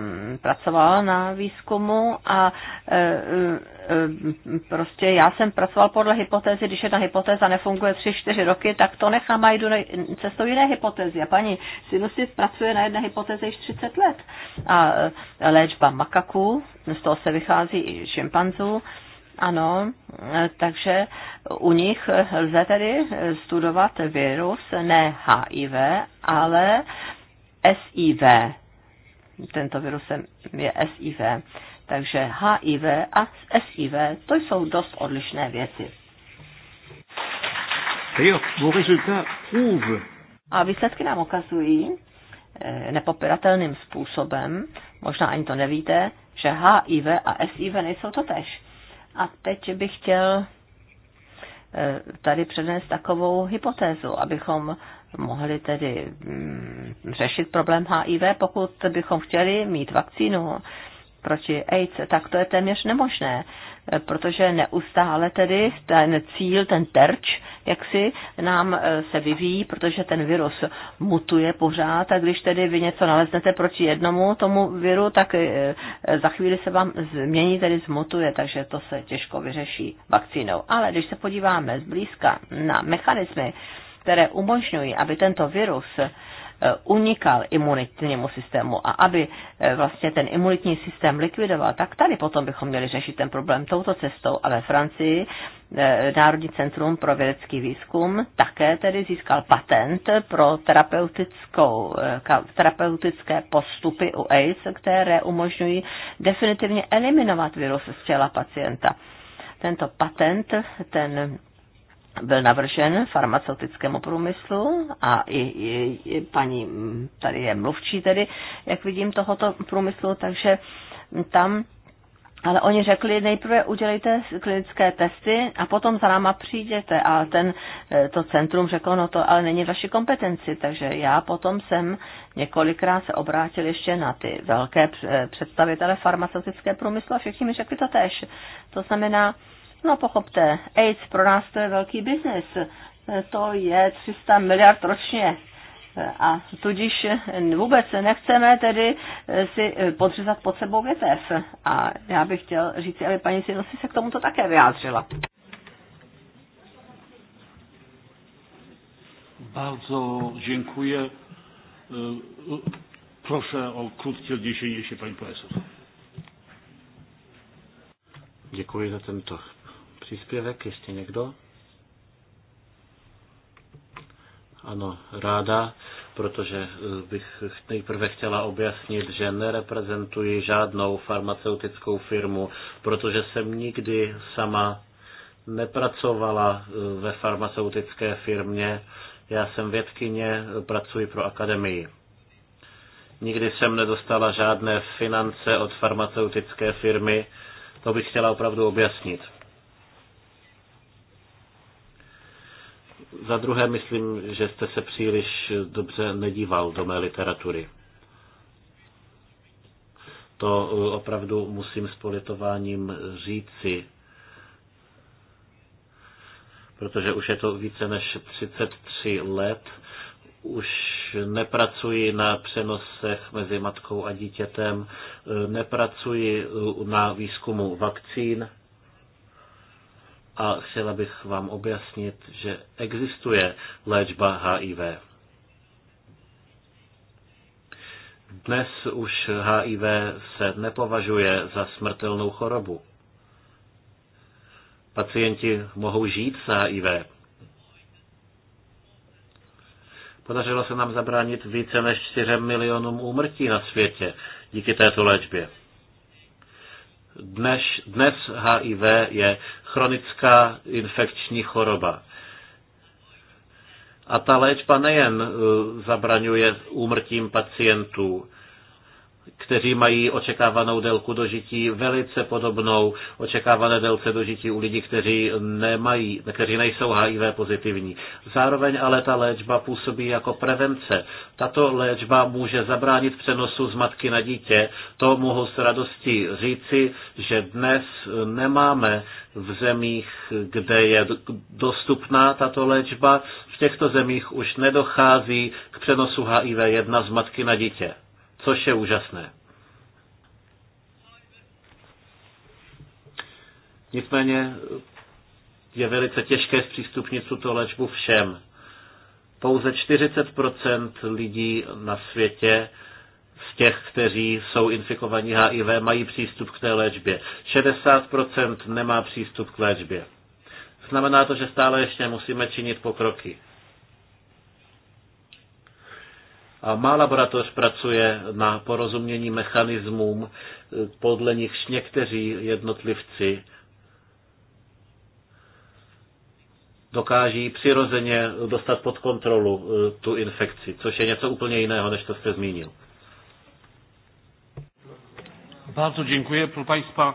pracovala na výzkumu a e, e, prostě já jsem pracoval podle hypotézy, když jedna hypotéza nefunguje 3-4 roky, tak to nechám a jdu cestou jiné hypotézy. A paní Sinusit pracuje na jedné hypotéze již 30 let. A e, léčba makaků, z toho se vychází i šimpanzů, ano, e, takže u nich lze tedy studovat virus, ne HIV, ale SIV. Tento virus je SIV. Takže HIV a SIV, to jsou dost odlišné věci. A výsledky nám ukazují eh, nepopiratelným způsobem, možná ani to nevíte, že HIV a SIV nejsou to tež. A teď bych chtěl eh, tady přednést takovou hypotézu, abychom mohli tedy mm, řešit problém HIV, pokud bychom chtěli mít vakcínu proti AIDS, tak to je téměř nemožné, protože neustále tedy ten cíl, ten terč, jak si nám e, se vyvíjí, protože ten virus mutuje pořád a když tedy vy něco naleznete proti jednomu tomu viru, tak e, e, za chvíli se vám změní, tedy zmutuje, takže to se těžko vyřeší vakcínou. Ale když se podíváme zblízka na mechanismy, které umožňují, aby tento virus eh, unikal imunitnímu systému a aby eh, vlastně ten imunitní systém likvidoval, tak tady potom bychom měli řešit ten problém touto cestou. A ve Francii eh, Národní centrum pro vědecký výzkum také tedy získal patent pro terapeutickou, terapeutické postupy u AIDS, které umožňují definitivně eliminovat virus z těla pacienta. Tento patent, ten byl navržen farmaceutickému průmyslu a i, i, i paní, tady je mluvčí tedy, jak vidím, tohoto průmyslu, takže tam ale oni řekli, nejprve udělejte klinické testy a potom za náma přijděte. A ten, eh, to centrum řeklo, no to ale není vaši kompetenci. Takže já potom jsem několikrát se obrátil ještě na ty velké eh, představitele farmaceutické průmyslu a všichni mi řekli to tež. To znamená, No pochopte, AIDS pro nás to je velký biznis. To je 300 miliard ročně. A tudíž vůbec nechceme tedy si podřezat pod sebou větev. A já bych chtěl říct, aby paní Sinosi se k tomuto také vyjádřila. Bardzo dziękuję. Proszę o krótkie odniesienie się pani profesor. Děkuji za tento příspěvek? Ještě někdo? Ano, ráda, protože eh, bych nejprve chtěla objasnit, že nereprezentuji žádnou farmaceutickou firmu, protože jsem nikdy sama nepracovala eh, ve farmaceutické firmě. Já jsem vědkyně, eh, pracuji pro akademii. Nikdy jsem nedostala žádné finance od farmaceutické firmy. To bych chtěla opravdu objasnit. Za druhé myslím, že jste se příliš dobře nedíval do mé literatury. To eh, opravdu musím s politováním říci, protože už je to více než 33 let. Už nepracuji na přenosech mezi matkou a dítětem, eh, nepracuji eh, na výzkumu vakcín, a chtěla bych vám objasnit, že existuje léčba HIV. Dnes už HIV se nepovažuje za smrtelnou chorobu. Pacienti mohou žít s HIV. Podařilo se nám zabránit více než 4 milionům úmrtí na světě díky této léčbě. Dnes, dnes HIV je chronická infekční choroba. A ta léčba nejen eh, zabraňuje úmrtím pacientů, kteří mají očekávanou délku dožití velice podobnou očekávané délce dožití u lidí, kteří nemají, kteří nejsou HIV pozitivní. Zároveň ale ta léčba působí jako prevence. Tato léčba může zabránit přenosu z matky na dítě. To mohu s radostí říci, že dnes nemáme v zemích, kde je dostupná tato léčba, v těchto zemích už nedochází k přenosu HIV 1 z matky na dítě což je úžasné. Nicméně je velice těžké zpřístupnit tuto léčbu všem. Pouze 40 lidí na světě z těch, kteří jsou infikovaní HIV, mají přístup k té léčbě. 60 nemá přístup k léčbě. Znamená to, že stále ještě musíme činit pokroky. A má laboratoř pracuje na porozumění mechanismům, eh, podle nichž někteří jednotlivci dokáží přirozeně dostat pod kontrolu eh, tu infekci, což je něco úplně jiného, než to jste zmínil. Bardzo dziękuję. Proszę Państwa,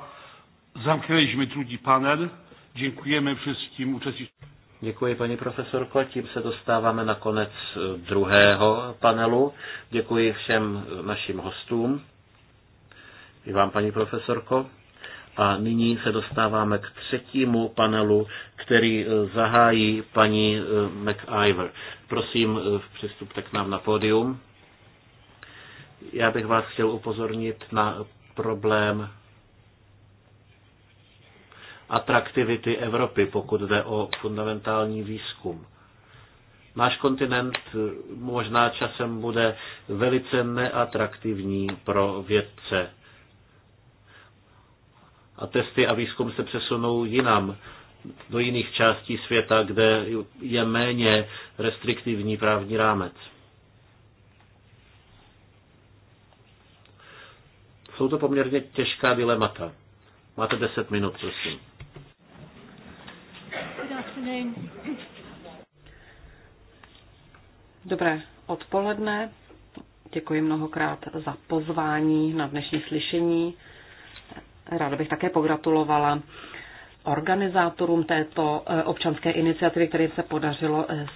zamknęliśmy drugi panel. Dziękujemy wszystkim uczestnikom. Děkuji, paní profesorko. Tím se dostáváme na konec eh, druhého panelu. Děkuji všem eh, našim hostům. I vám, paní profesorko. A nyní se dostáváme k třetímu panelu, který eh, zahájí paní McIver. Prosím, přistupte k nám na pódium. Já bych vás chtěl upozornit na problém atraktivity Evropy, pokud jde o fundamentální výzkum. Náš kontinent možná časem bude velice neatraktivní pro vědce. A testy a výzkum se přesunou jinam, do jiných částí světa, kde je méně restriktivní právní rámec. Jsou to poměrně těžká dilemata. Máte 10 minut, prosím. Dobré odpoledne. Děkuji mnohokrát za pozvání na dnešní slyšení. Ráda bych také pogratulovala organizátorům této eh, občanské iniciativy, které se podařilo eh,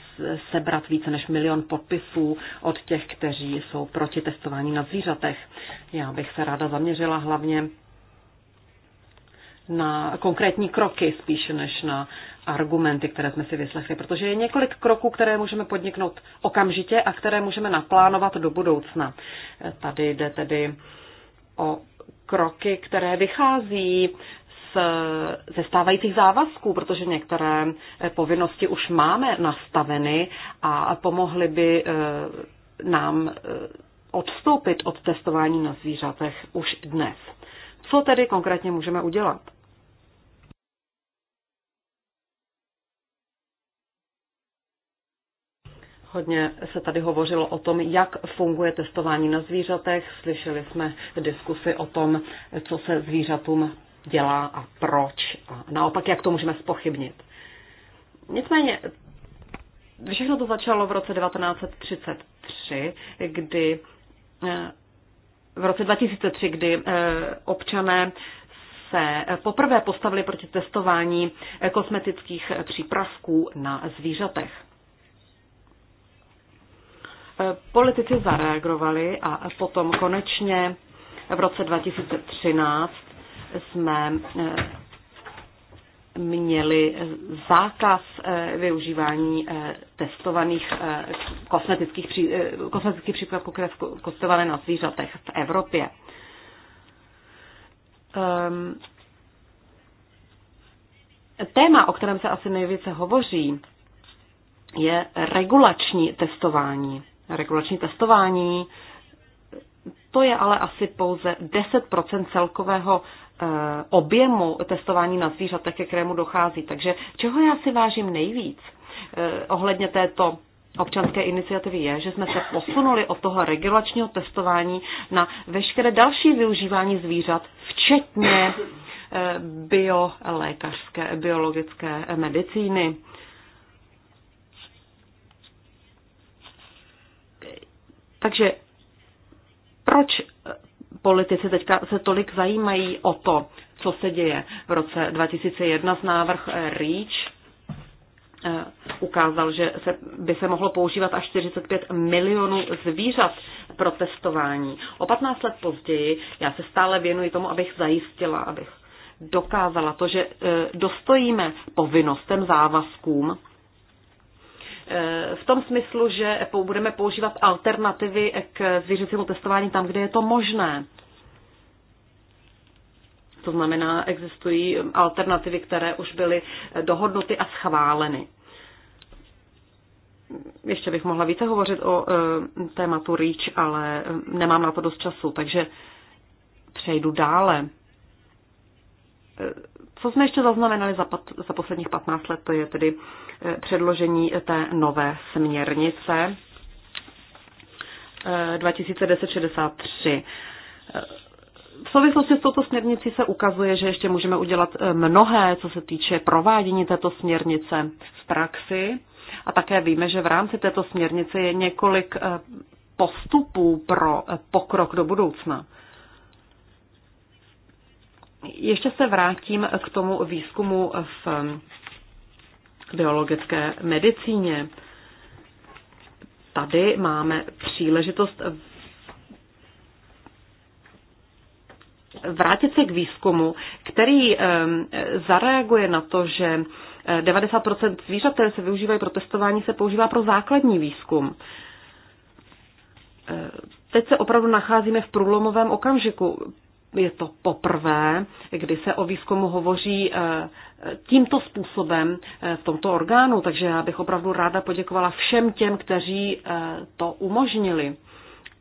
sebrat více než milion podpisů od těch, kteří jsou proti testování na zvířatech. Já bych se ráda zaměřila hlavně na konkrétní kroky spíše než na argumenty, které jsme si vyslechli, protože je několik kroků, které můžeme podniknout okamžitě a které můžeme naplánovat do budoucna. Tady jde tedy o kroky, které vychází z, ze stávajících závazků, protože některé eh, povinnosti už máme nastaveny a pomohly by eh, nám eh, odstoupit od testování na zvířatech už dnes. Co tedy konkrétně můžeme udělat? Hodně se tady hovořilo o tom, jak funguje testování na zvířatech. Slyšeli jsme diskusy o tom, co se zvířatům dělá a proč. A naopak, jak to můžeme spochybnit. Nicméně, všechno to začalo v roce 1933, kdy eh, v roce 2003, kdy eh, občané se poprvé postavili proti testování eh, kosmetických přípravků na zvířatech. Politici zareagovali a potom konečně v roce 2013 jsme eh, měli zákaz eh, využívání eh, testovaných kosmetických, kosmetických přípravků které kostované na zvířatech v Evropě. Ehm, téma, o kterém se asi nejvíce hovoří, je regulační testování regulační testování. To je ale asi pouze 10% celkového eh, objemu testování na zvířatech, ke kterému dochází. Takže čeho já si vážím nejvíc eh, ohledně této občanské iniciativy je, že jsme se posunuli od toho regulačního testování na veškeré další využívání zvířat, včetně eh, biolékařské, biologické medicíny. Takže proč politici teďka se tolik zajímají o to, co se děje. V roce 2001 z návrh REACH eh, ukázal, že se, by se mohlo používat až 45 milionů zvířat pro testování. O 15 let později já se stále věnuji tomu, abych zajistila, abych dokázala to, že eh, dostojíme povinnostem, závazkům v tom smyslu, že budeme používat alternativy k zvířecímu testování tam, kde je to možné. To znamená, existují alternativy, které už byly dohodnuty a schváleny. Ještě bych mohla více hovořit o e, tématu REACH, ale e, nemám na to dost času, takže přejdu dále e, co jsme ještě zaznamenali za, pat, za posledních 15 let, to je tedy eh, předložení té nové směrnice 2010-63. Eh, eh, v souvislosti s touto směrnicí se ukazuje, že ještě můžeme udělat mnohé, co se týče provádění této směrnice v praxi. A také víme, že v rámci této směrnice je několik postupů pro pokrok do budoucna. Ještě se vrátím k tomu výzkumu v biologické medicíně. Tady máme příležitost vrátit se k výzkumu, který eh, zareaguje na to, že 90 eh, zvířat, které se využívají pro testování, se používá pro základní výzkum. Eh, teď se opravdu nacházíme v průlomovém okamžiku je to poprvé, kdy se o výzkumu hovoří eh, tímto způsobem eh, v tomto orgánu, takže já bych opravdu ráda poděkovala všem těm, kteří eh, to umožnili.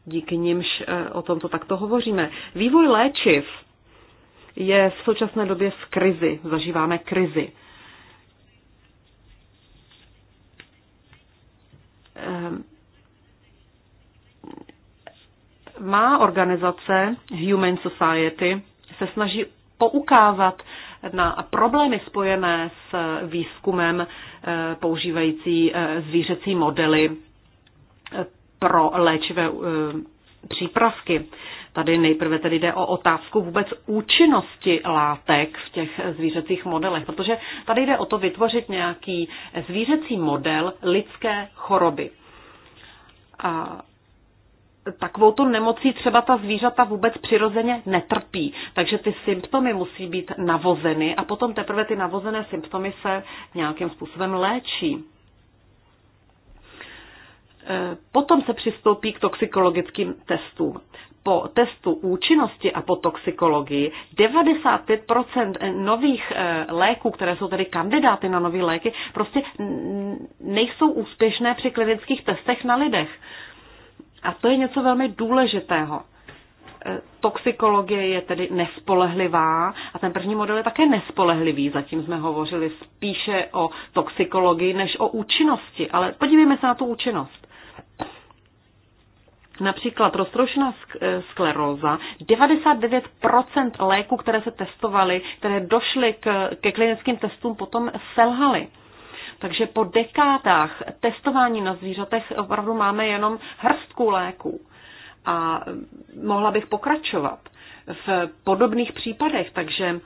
Díky nimž o tomto takto hovoříme. Vývoj léčiv je v současné době v krizi, zažíváme krizi. Um, má organizace Human Society se snaží poukázat na problémy spojené s výzkumem eh, používající eh, zvířecí modely eh, pro léčivé přípravky. Tady nejprve tedy jde o otázku vůbec účinnosti látek v těch zvířecích modelech, protože tady jde o to vytvořit nějaký zvířecí model lidské choroby. A takovou tu nemocí třeba ta zvířata vůbec přirozeně netrpí. Takže ty symptomy musí být navozeny a potom teprve ty navozené symptomy se nějakým způsobem léčí. E, potom se přistoupí k toxikologickým testům. Po testu účinnosti a po toxikologii 95 nových e, léků, které jsou tedy kandidáty na nové léky, prostě nejsou úspěšné při klinických testech na lidech. A to je něco velmi důležitého. E, toxikologie je tedy nespolehlivá a ten první model je také nespolehlivý. Zatím jsme hovořili spíše o toxikologii než o účinnosti, ale podívejme se na tu účinnost. Například roztroušená e, skleróza, 99% léků, které se testovaly, které došly k, ke klinickým testům, potom selhaly. Takže po dekádách testování na zvířatech opravdu máme jenom hrstku léků. A mohla bych pokračovat v podobných případech, takže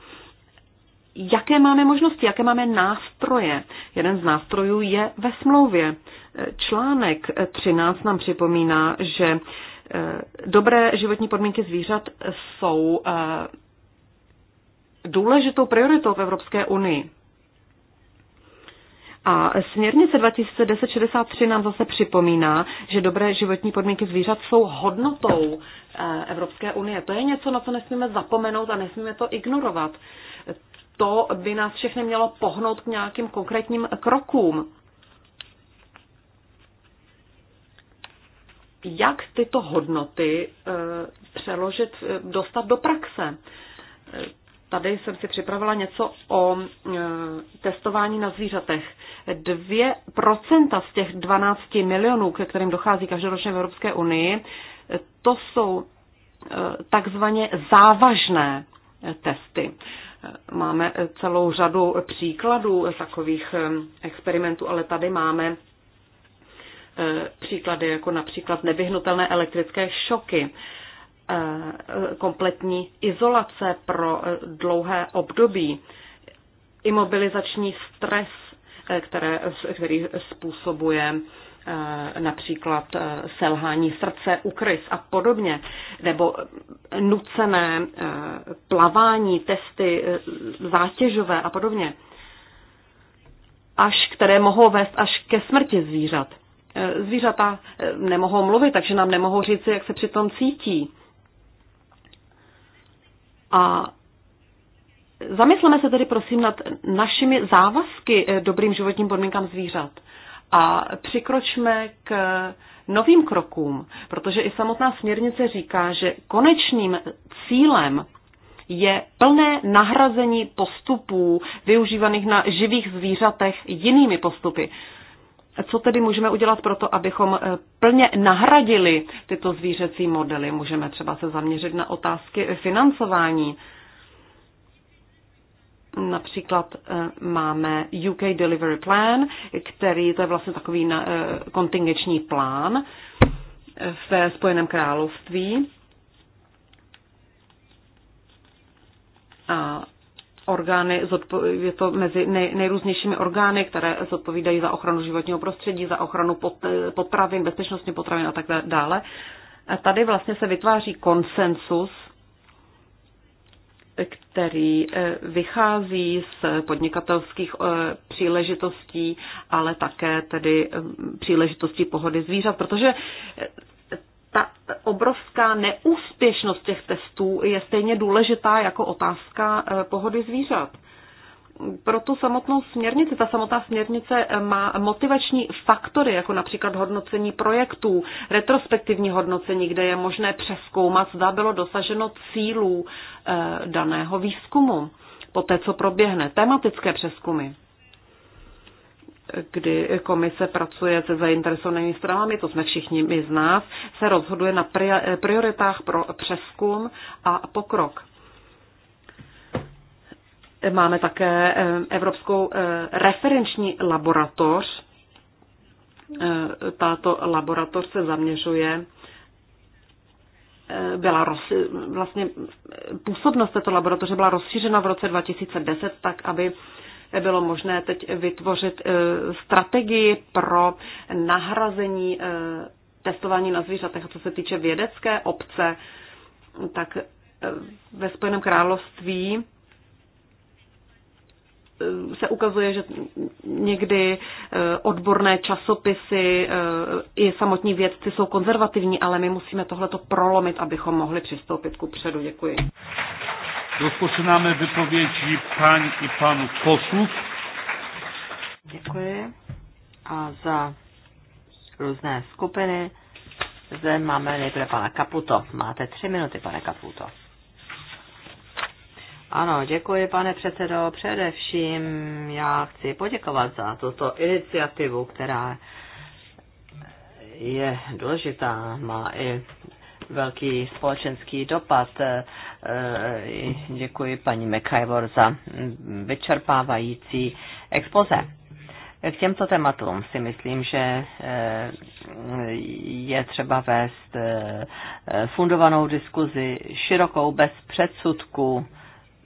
jaké máme možnosti, jaké máme nástroje. Jeden z nástrojů je ve smlouvě. Článek 13 nám připomíná, že eh, dobré životní podmínky zvířat jsou eh, důležitou prioritou v Evropské unii. A směrnice 2010-63 nám zase připomíná, že dobré životní podmínky zvířat jsou hodnotou eh, Evropské unie. To je něco, na co nesmíme zapomenout a nesmíme to ignorovat. To by nás všechny mělo pohnout k nějakým konkrétním krokům. Jak tyto hodnoty eh, přeložit, eh, dostat do praxe? tady jsem si připravila něco o e, testování na zvířatech. 2% z těch 12 milionů, ke kterým dochází každoročně v Evropské unii, to jsou e, takzvaně závažné testy. Máme celou řadu příkladů takových e, experimentů, ale tady máme příklady jako například nevyhnutelné elektrické šoky Eh, kompletní izolace pro eh, dlouhé období, imobilizační stres, eh, které, který způsobuje například selhání srdce, krys a podobně, nebo nucené plavání, testy zátěžové a podobně, až které mohou vést až ke smrti zvířat. Zvířata nemohou mluvit, takže nám nemohou říct, jak se přitom cítí a zamysleme se tedy prosím nad našimi závazky eh, dobrým životním podmínkám zvířat a přikročme k novým krokům, protože i samotná směrnice říká, že konečným cílem je plné nahrazení postupů využívaných na živých zvířatech jinými postupy. Co tedy můžeme udělat pro to, abychom eh, plně nahradili tyto zvířecí modely? Můžeme třeba se zaměřit na otázky eh, financování. Například eh, máme UK Delivery Plan, který to je vlastně takový kontingenční plán ve Spojeném království. A orgány, je to mezi nej, nejrůznějšími orgány, které zodpovídají za ochranu životního prostředí, za ochranu pot, potravin, bezpečnostní potravin a tak dále. A tady vlastně se vytváří konsensus, který e, vychází z podnikatelských e, příležitostí, ale také tedy e, příležitostí pohody zvířat, protože ta obrovská neúspěšnost těch testů je stejně důležitá jako otázka eh, pohody zvířat. Pro tu samotnou směrnici, ta samotná směrnice eh, má motivační faktory, jako například hodnocení projektů, retrospektivní hodnocení, kde je možné přeskoumat, zda bylo dosaženo cílů eh, daného výzkumu, poté co proběhne, tematické přeskumy kdy komise pracuje se zainteresovanými stranami, to jsme všichni my z nás, se rozhoduje na prioritách pro přeskum a pokrok. Máme také eh, Evropskou eh, referenční laboratoř. Eh, tato laboratoř se zaměřuje byla roz, vlastně působnost této laboratoře byla rozšířena v roce 2010 tak, aby bylo možné teď vytvořit eh, strategii pro nahrazení eh, testování na zvířatech. A co se týče vědecké obce, tak eh, ve Spojeném království se ukazuje, že někdy odborné časopisy i samotní vědci jsou konzervativní, ale my musíme tohleto prolomit, abychom mohli přistoupit ku předu. Děkuji. Rozpoczynamy wypowiedzi pań i panów posłów. Děkuji. A za různé skupiny zde máme nejprve pana Kaputo. Máte tři minuty, pane Kaputo. Ano, děkuji, pane předsedo. Především já chci poděkovat za tuto iniciativu, která je důležitá, má i velký společenský dopad. E, e, děkuji paní McIvor za vyčerpávající expoze. K těmto tématům si myslím, že e, je třeba vést fundovanou diskuzi, širokou, bez předsudků,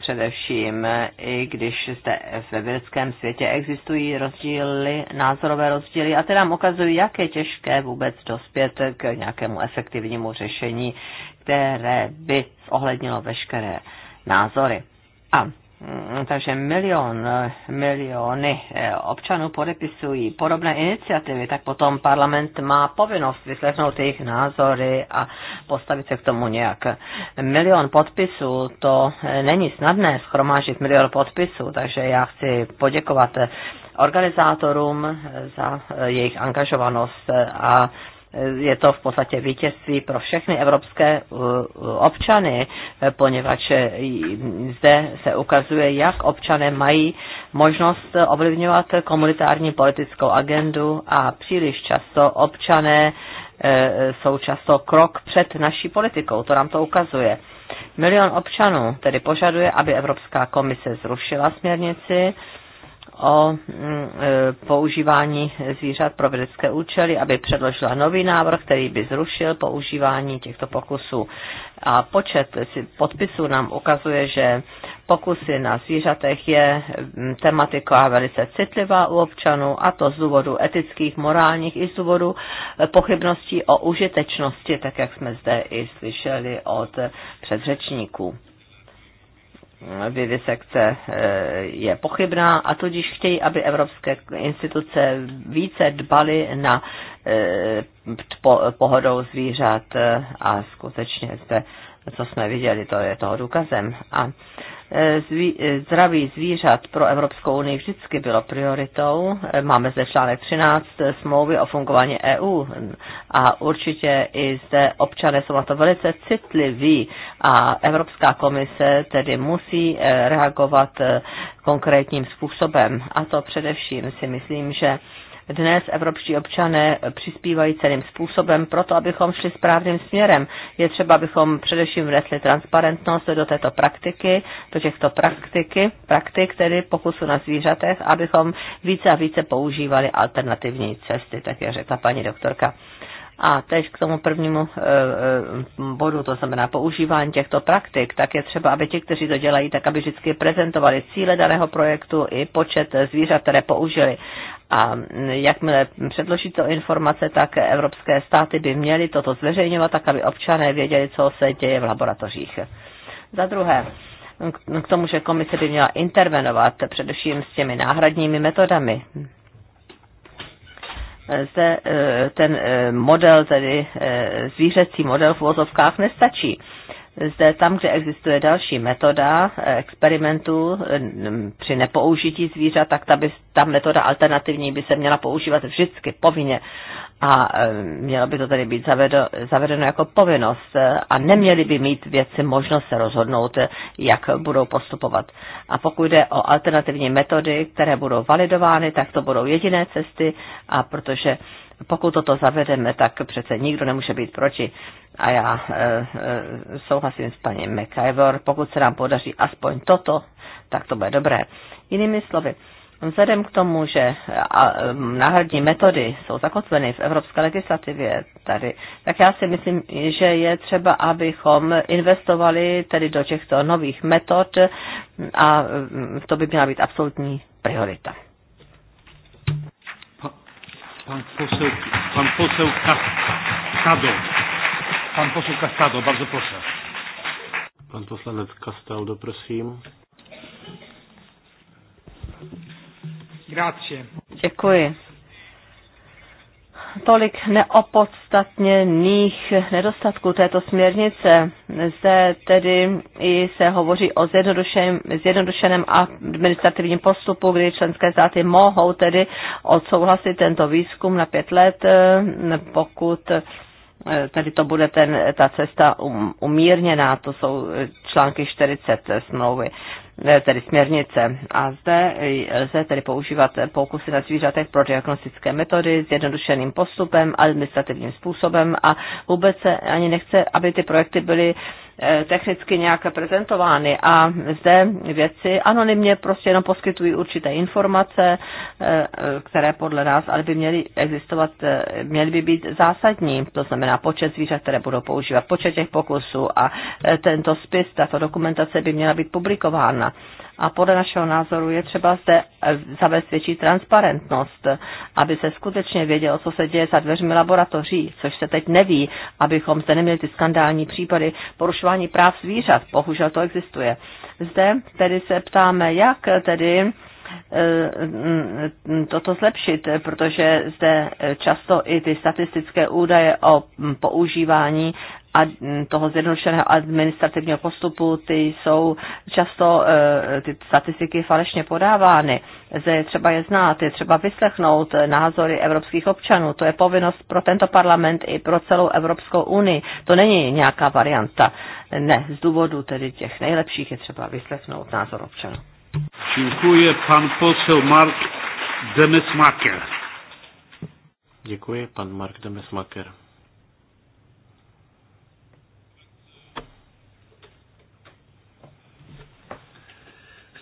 především, i když jste ve vědeckém světě existují rozdíly, názorové rozdíly a ty nám ukazují, jak je těžké vůbec dospět k nějakému efektivnímu řešení, které by zohlednilo veškeré názory. A Mm, takže milion, eh, miliony eh, občanů podepisují podobné iniciativy, tak potom parlament má povinnost vyslechnout jejich názory a postavit se k tomu nějak. Milion podpisů, to eh, není snadné schromážit milion podpisů, takže já chci poděkovat organizátorům za jejich angažovanost a je to v podstatě vítězství pro všechny evropské eh, občany, eh, poněvadž eh, zde se ukazuje, jak občané mají možnost ovlivňovat komunitární politickou agendu a příliš často občané jsou často krok před naší politikou, to nám to ukazuje. Milion občanů tedy požaduje, aby Evropská komise zrušila směrnici, o mm, e, používání zvířat pro vědecké účely, aby předložila nový návrh, který by zrušil používání těchto pokusů. A počet podpisů nám ukazuje, že pokusy na zvířatech je mm, tematika velice citlivá u občanů, a to z důvodu etických, morálních i z důvodu e, pochybností o užitečnosti, tak jak jsme zde i slyšeli od předřečníků vivisekce eh, je pochybná a tudíž chtějí, aby evropské instituce více dbaly na eh, pohodou zvířat eh, a skutečně zde co jsme viděli, to je toho důkazem. A e, zví, e, zdraví zvířat pro Evropskou unii vždycky bylo prioritou. E, máme zde článek 13 smlouvy o fungování EU a určitě i zde občané jsou na to velice citliví a Evropská komise tedy musí reagovat konkrétním způsobem. A to především si myslím, že dnes evropští občané přispívají celým způsobem proto, abychom šli správným směrem. Je třeba, abychom především vnesli transparentnost do této praktiky, do těchto praktiky, praktik, tedy pokusu na zvířatech, abychom více a více používali alternativní cesty, tak jak řekla paní doktorka. A teď k tomu prvnímu eh, eh, bodu, to znamená používání těchto praktik, tak je třeba, aby ti, kteří to dělají, tak aby vždycky prezentovali cíle daného projektu i počet zvířat, které použili. A jakmile předloží to informace, tak evropské státy by měly toto zveřejňovat, tak aby občané věděli, co se děje v laboratořích. Za druhé, k tomu, že komise by měla intervenovat především s těmi náhradními metodami. Zde eh, ten eh, model, tedy eh, zvířecí model v vozovkách nestačí zde tam, kde existuje další metoda experimentu při nepoužití zvířat, tak ta, by, ta metoda alternativní by se měla používat vždycky povinně a e, mělo by to tedy být zavedo, zavedeno jako povinnost e, a neměli by mít věci možnost se rozhodnout, e, jak budou postupovat. A pokud jde o alternativní metody, které budou validovány, tak to budou jediné cesty a protože pokud toto zavedeme, tak přece nikdo nemůže být proti. A já e, e, souhlasím s paní McIver, pokud se nám podaří aspoň toto, tak to bude dobré. Jinými slovy, Vzhledem k tomu, že e, náhradní metody jsou zakotveny v evropské legislativě tady, tak já si myslím, že je třeba, abychom investovali tedy do těchto nových metod a e, to by měla být absolutní priorita. Pan poseł, pan poseł Castaldo. Pan poseł Castaldo, bardzo proszę. Pan poslanec Castaldo, prosím. Grazie. Dziękuję tolik neopodstatněných nedostatků této směrnice. Zde tedy i se hovoří o zjednodušeném, administrativním postupu, kdy členské státy mohou tedy odsouhlasit tento výzkum na pět let, eh, pokud eh, tedy to bude ten, ta cesta um, umírněná, to jsou články 40 smlouvy tedy směrnice. A zde lze tedy používat pokusy na zvířatech pro diagnostické metody s jednodušeným postupem, administrativním způsobem a vůbec se ani nechce, aby ty projekty byly Eh, technicky nějak prezentovány a zde věci anonymně prostě jenom poskytují určité informace, eh, které podle nás ale by měly existovat, eh, měly by být zásadní, to znamená počet zvířat, které budou používat, počet těch pokusů a tento spis, tato dokumentace by měla být publikována. A podle našeho názoru je třeba zde eh, zavést větší transparentnost, aby se skutečně vědělo, co se děje za dveřmi laboratoří, což se teď neví, abychom zde neměli ty skandální případy porušování práv zvířat. Bohužel to existuje. Zde tedy se ptáme, jak tedy eh, mm, toto zlepšit, protože zde eh, často i ty statistické údaje o mm, používání toho zjednodušeného administrativního postupu, ty jsou často eh, ty statistiky falešně podávány. Zde je třeba je znát, je třeba vyslechnout názory evropských občanů. To je povinnost pro tento parlament i pro celou Evropskou unii. To není nějaká varianta. Ne, z důvodu tedy těch nejlepších je třeba vyslechnout názor občanů. Děkuji pan posel Mark Demesmaker. Děkuji pan Mark Demesmaker.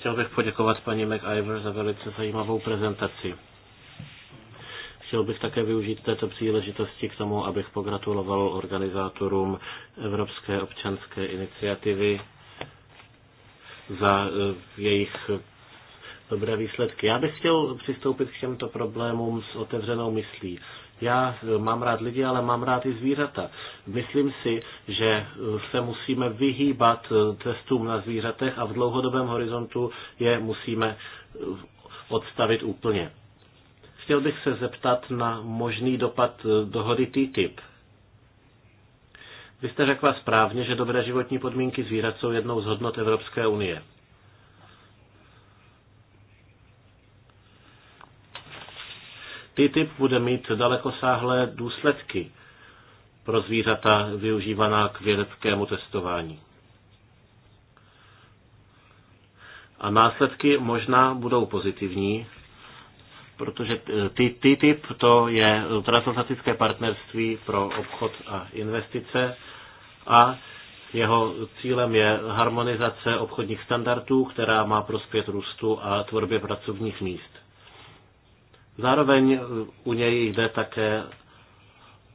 Chtěl bych poděkovat paní McIver za velice zajímavou prezentaci. Chtěl bych také využít této příležitosti k tomu, abych pogratuloval organizátorům Evropské občanské iniciativy za eh, jejich eh, dobré výsledky. Já bych chtěl přistoupit k těmto problémům s otevřenou myslí. Já mám rád lidi, ale mám rád i zvířata. Myslím si, že se musíme vyhýbat testům na zvířatech a v dlouhodobém horizontu je musíme odstavit úplně. Chtěl bych se zeptat na možný dopad dohody TTIP. Vy jste řekla správně, že dobré životní podmínky zvířat jsou jednou z hodnot Evropské unie. TTIP bude mít dalekosáhlé důsledky pro zvířata využívaná k vědeckému testování. A následky možná budou pozitivní, protože TTIP to je transatlantické partnerství pro obchod a investice a jeho cílem je harmonizace obchodních standardů, která má prospět růstu a tvorbě pracovních míst. Zároveň u něj jde také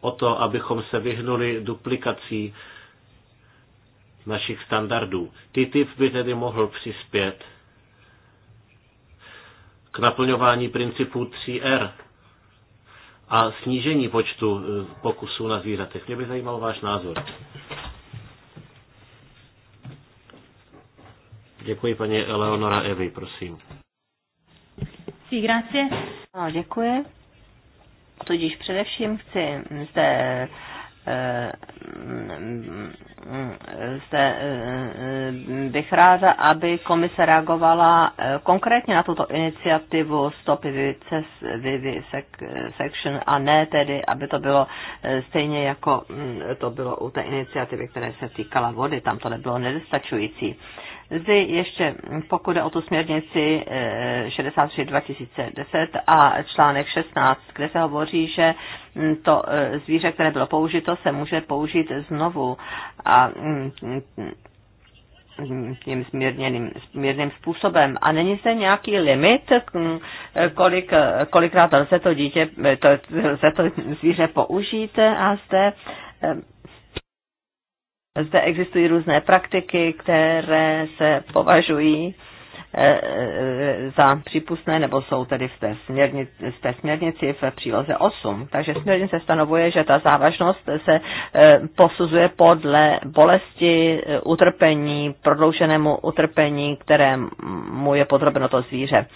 o to, abychom se vyhnuli duplikací našich standardů. TTIP by tedy mohl přispět k naplňování principů 3R a snížení počtu e, pokusů na zvířatech. Mě by zajímal váš názor. Děkuji paní Eleonora Evi, prosím. Sí, grazie. No, děkuji. Tudíž především chci zde eh, mm, zde eh, bych ráda, aby komise reagovala eh, konkrétně na tuto iniciativu Stop section a ne tedy, aby to bylo stejně jako mm, to bylo u té iniciativy, které se týkala vody, tam to nebylo nedostačující. Zde ještě, pokud o tu směrnici 63-2010 eh, a článek 16, kde se hovoří, že mm, to eh, zvíře, které bylo použito, se může použít znovu a mm, mm, tím směrněným, směrným způsobem. A není zde nějaký limit, kolik, kolikrát lze to dítě, to, lze to zvíře použít a zde eh, zde existují různé praktiky, které se považují eh, eh, za přípustné, nebo jsou tedy v té, směrnici, v té směrnici v příloze 8. Takže směrnice stanovuje, že ta závažnost se eh, posuzuje podle bolesti, utrpení, prodlouženému utrpení, kterému je podrobeno to zvíře.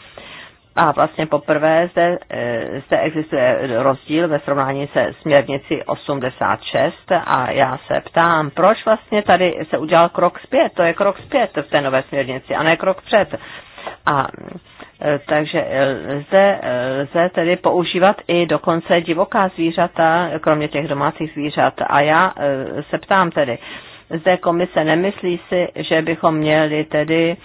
A vlastně poprvé zde, e, zde existuje rozdíl ve srovnání se směrnici 86 a já se ptám, proč vlastně tady se udělal krok zpět, to je krok zpět v té nové směrnici a ne krok před. A e, takže e, lze, lze tedy používat i dokonce divoká zvířata, kromě těch domácích zvířat. A já se ptám tedy, zde komise nemyslí si, že bychom měli tedy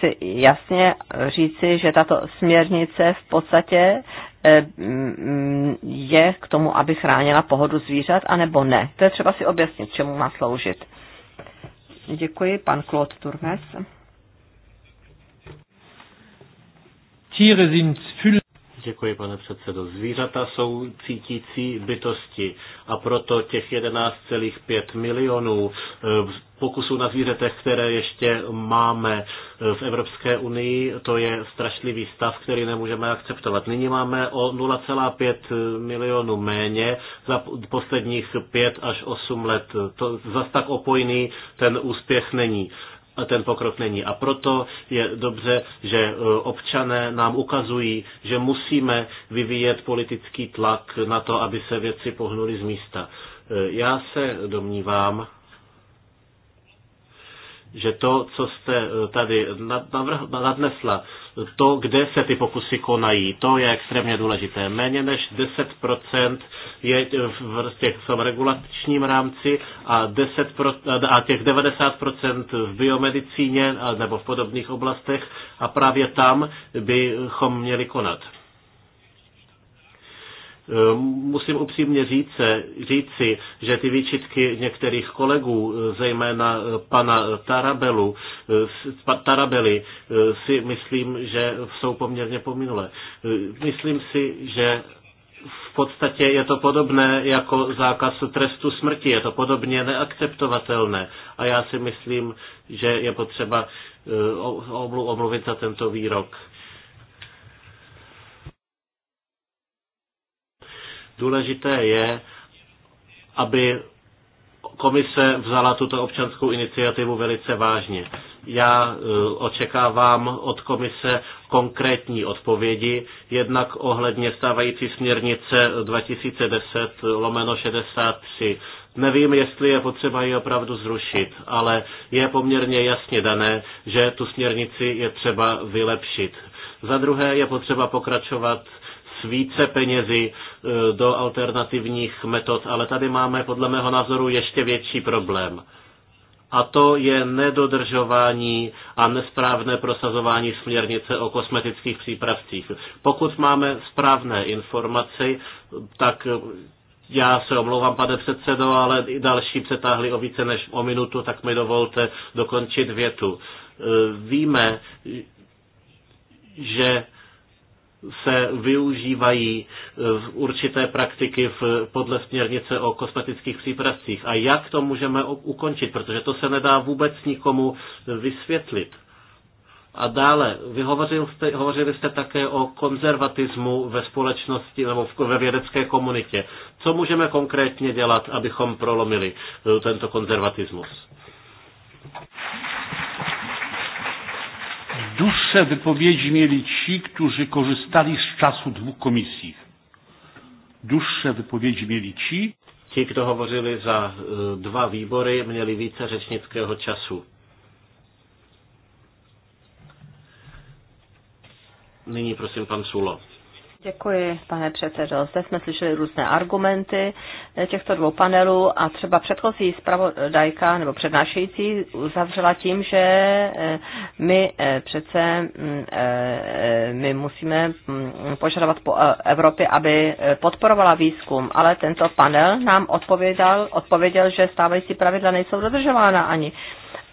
si jasně říci, že tato směrnice v podstatě eh, mm, je k tomu, aby chránila pohodu zvířat, anebo ne. To je třeba si objasnit, čemu má sloužit. Děkuji, pan Claude Turmes. Tiere sind Děkuji, pane předsedo. Zvířata jsou cítící bytosti a proto těch 11,5 milionů eh, pokusů na zvířetech, které ještě máme v Evropské unii, to je strašlivý stav, který nemůžeme akceptovat. Nyní máme o 0,5 milionů méně za posledních 5 až 8 let. To zas tak opojný ten úspěch není ten pokrok není. A proto je dobře, že e, občané nám ukazují, že musíme vyvíjet politický tlak na to, aby se věci pohnuly z místa. E, já se domnívám, že to, co jste eh, tady nadnesla, to, kde se ty pokusy konají, to je extrémně důležité. Méně než 10% je v, těch, v regulačním rámci a, 10%, a těch 90% v biomedicíně nebo v podobných oblastech a právě tam bychom měli konat. Eh, musím upřímně říct, říci, že ty výčitky některých kolegů, eh, zejména eh, pana Tarabelu, Tarabely, si myslím, že jsou poměrně pominulé. Myslím si, že v podstatě je to podobné jako zákaz trestu smrti, je to podobně neakceptovatelné. A já si myslím, že je potřeba omluvit za tento výrok. Důležité je, aby komise vzala tuto občanskou iniciativu velice vážně. Já e, očekávám od komise konkrétní odpovědi, jednak ohledně stávající směrnice 2010 lomeno 63. Nevím, jestli je potřeba ji opravdu zrušit, ale je poměrně jasně dané, že tu směrnici je třeba vylepšit. Za druhé je potřeba pokračovat s více penězi e, do alternativních metod, ale tady máme podle mého názoru ještě větší problém. A to je nedodržování a nesprávné prosazování směrnice o kosmetických přípravcích. Pokud máme správné informace, tak já se omlouvám, pane předsedo, ale i další přetáhli o více než o minutu, tak mi dovolte dokončit větu. E, víme, že se využívají e, určité praktiky v, podle směrnice o kosmetických přípravcích a jak to můžeme ukončit, protože to se nedá vůbec nikomu vysvětlit. A dále, vy hovořil jste, hovořili jste také o konzervatismu ve společnosti nebo v, ve vědecké komunitě. Co můžeme konkrétně dělat, abychom prolomili e, tento konzervatismus? Najlepsze wypowiedzi mieli ci, którzy korzystali z czasu dwóch komisji. Dłuższe wypowiedzi mieli ci. Ci, kdo mówili za e, dwa wybory, mieli więcej rzecznickiego czasu. Nyní prosím pan Sulo. Děkuji, pane předsedo. Zde jsme slyšeli různé argumenty těchto dvou panelů a třeba předchozí zpravodajka nebo přednášející uzavřela tím, že eh, my eh, přece mm, eh, my musíme mm, požadovat po Evropě, aby podporovala výzkum, ale tento panel nám odpověděl, odpověděl že stávající pravidla nejsou dodržována ani.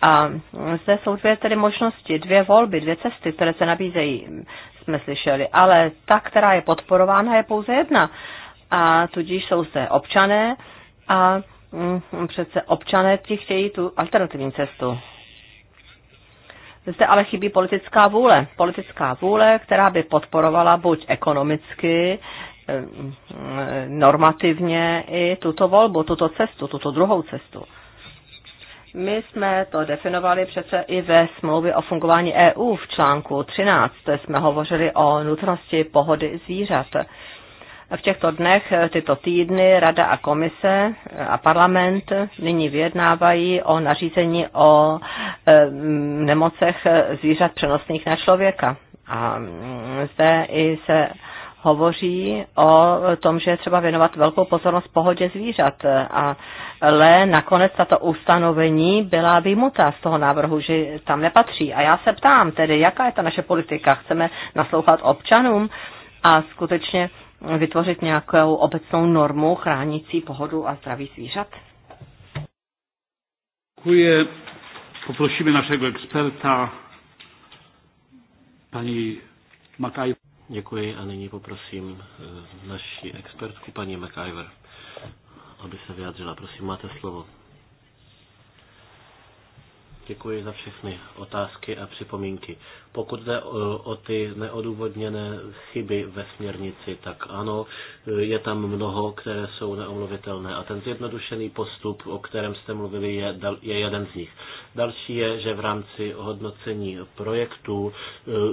A mm, zde jsou dvě tedy možnosti, dvě volby, dvě cesty, které se nabízejí jsme slyšeli, ale ta, která je podporována, je pouze jedna. A tudíž jsou se občané a mm, přece občané ti chtějí tu alternativní cestu. Zde ale chybí politická vůle. Politická vůle, která by podporovala buď ekonomicky, eh, mm, normativně i tuto volbu, tuto cestu, tuto druhou cestu. My jsme to definovali přece i ve smlouvě o fungování EU v článku 13. Jsme hovořili o nutnosti pohody zvířat. V těchto dnech, tyto týdny, Rada a Komise a parlament nyní vyjednávají o nařízení o eh, nemocech zvířat přenosných na člověka. A mm, zde i se hovoří o tom, že je třeba věnovat velkou pozornost pohodě zvířat. A ale nakonec tato ustanovení byla vymuta z toho návrhu, že tam nepatří. A já se ptám tedy, jaká je ta naše politika? Chceme naslouchat občanům a skutečně vytvořit nějakou obecnou normu chránící pohodu a zdraví zvířat? Děkuji. Poprosíme našeho experta, paní Makajová. Děkuji a nyní poprosím eh, naši expertku paní McIver, aby se vyjádřila. Prosím, máte slovo. Děkuji za všechny otázky a připomínky. Pokud jde o, o ty neodůvodněné chyby ve směrnici, tak ano, eh, je tam mnoho, které jsou neomluvitelné. A ten zjednodušený postup, o kterém jste mluvili, je, je jeden z nich. Další je, že v rámci hodnocení projektů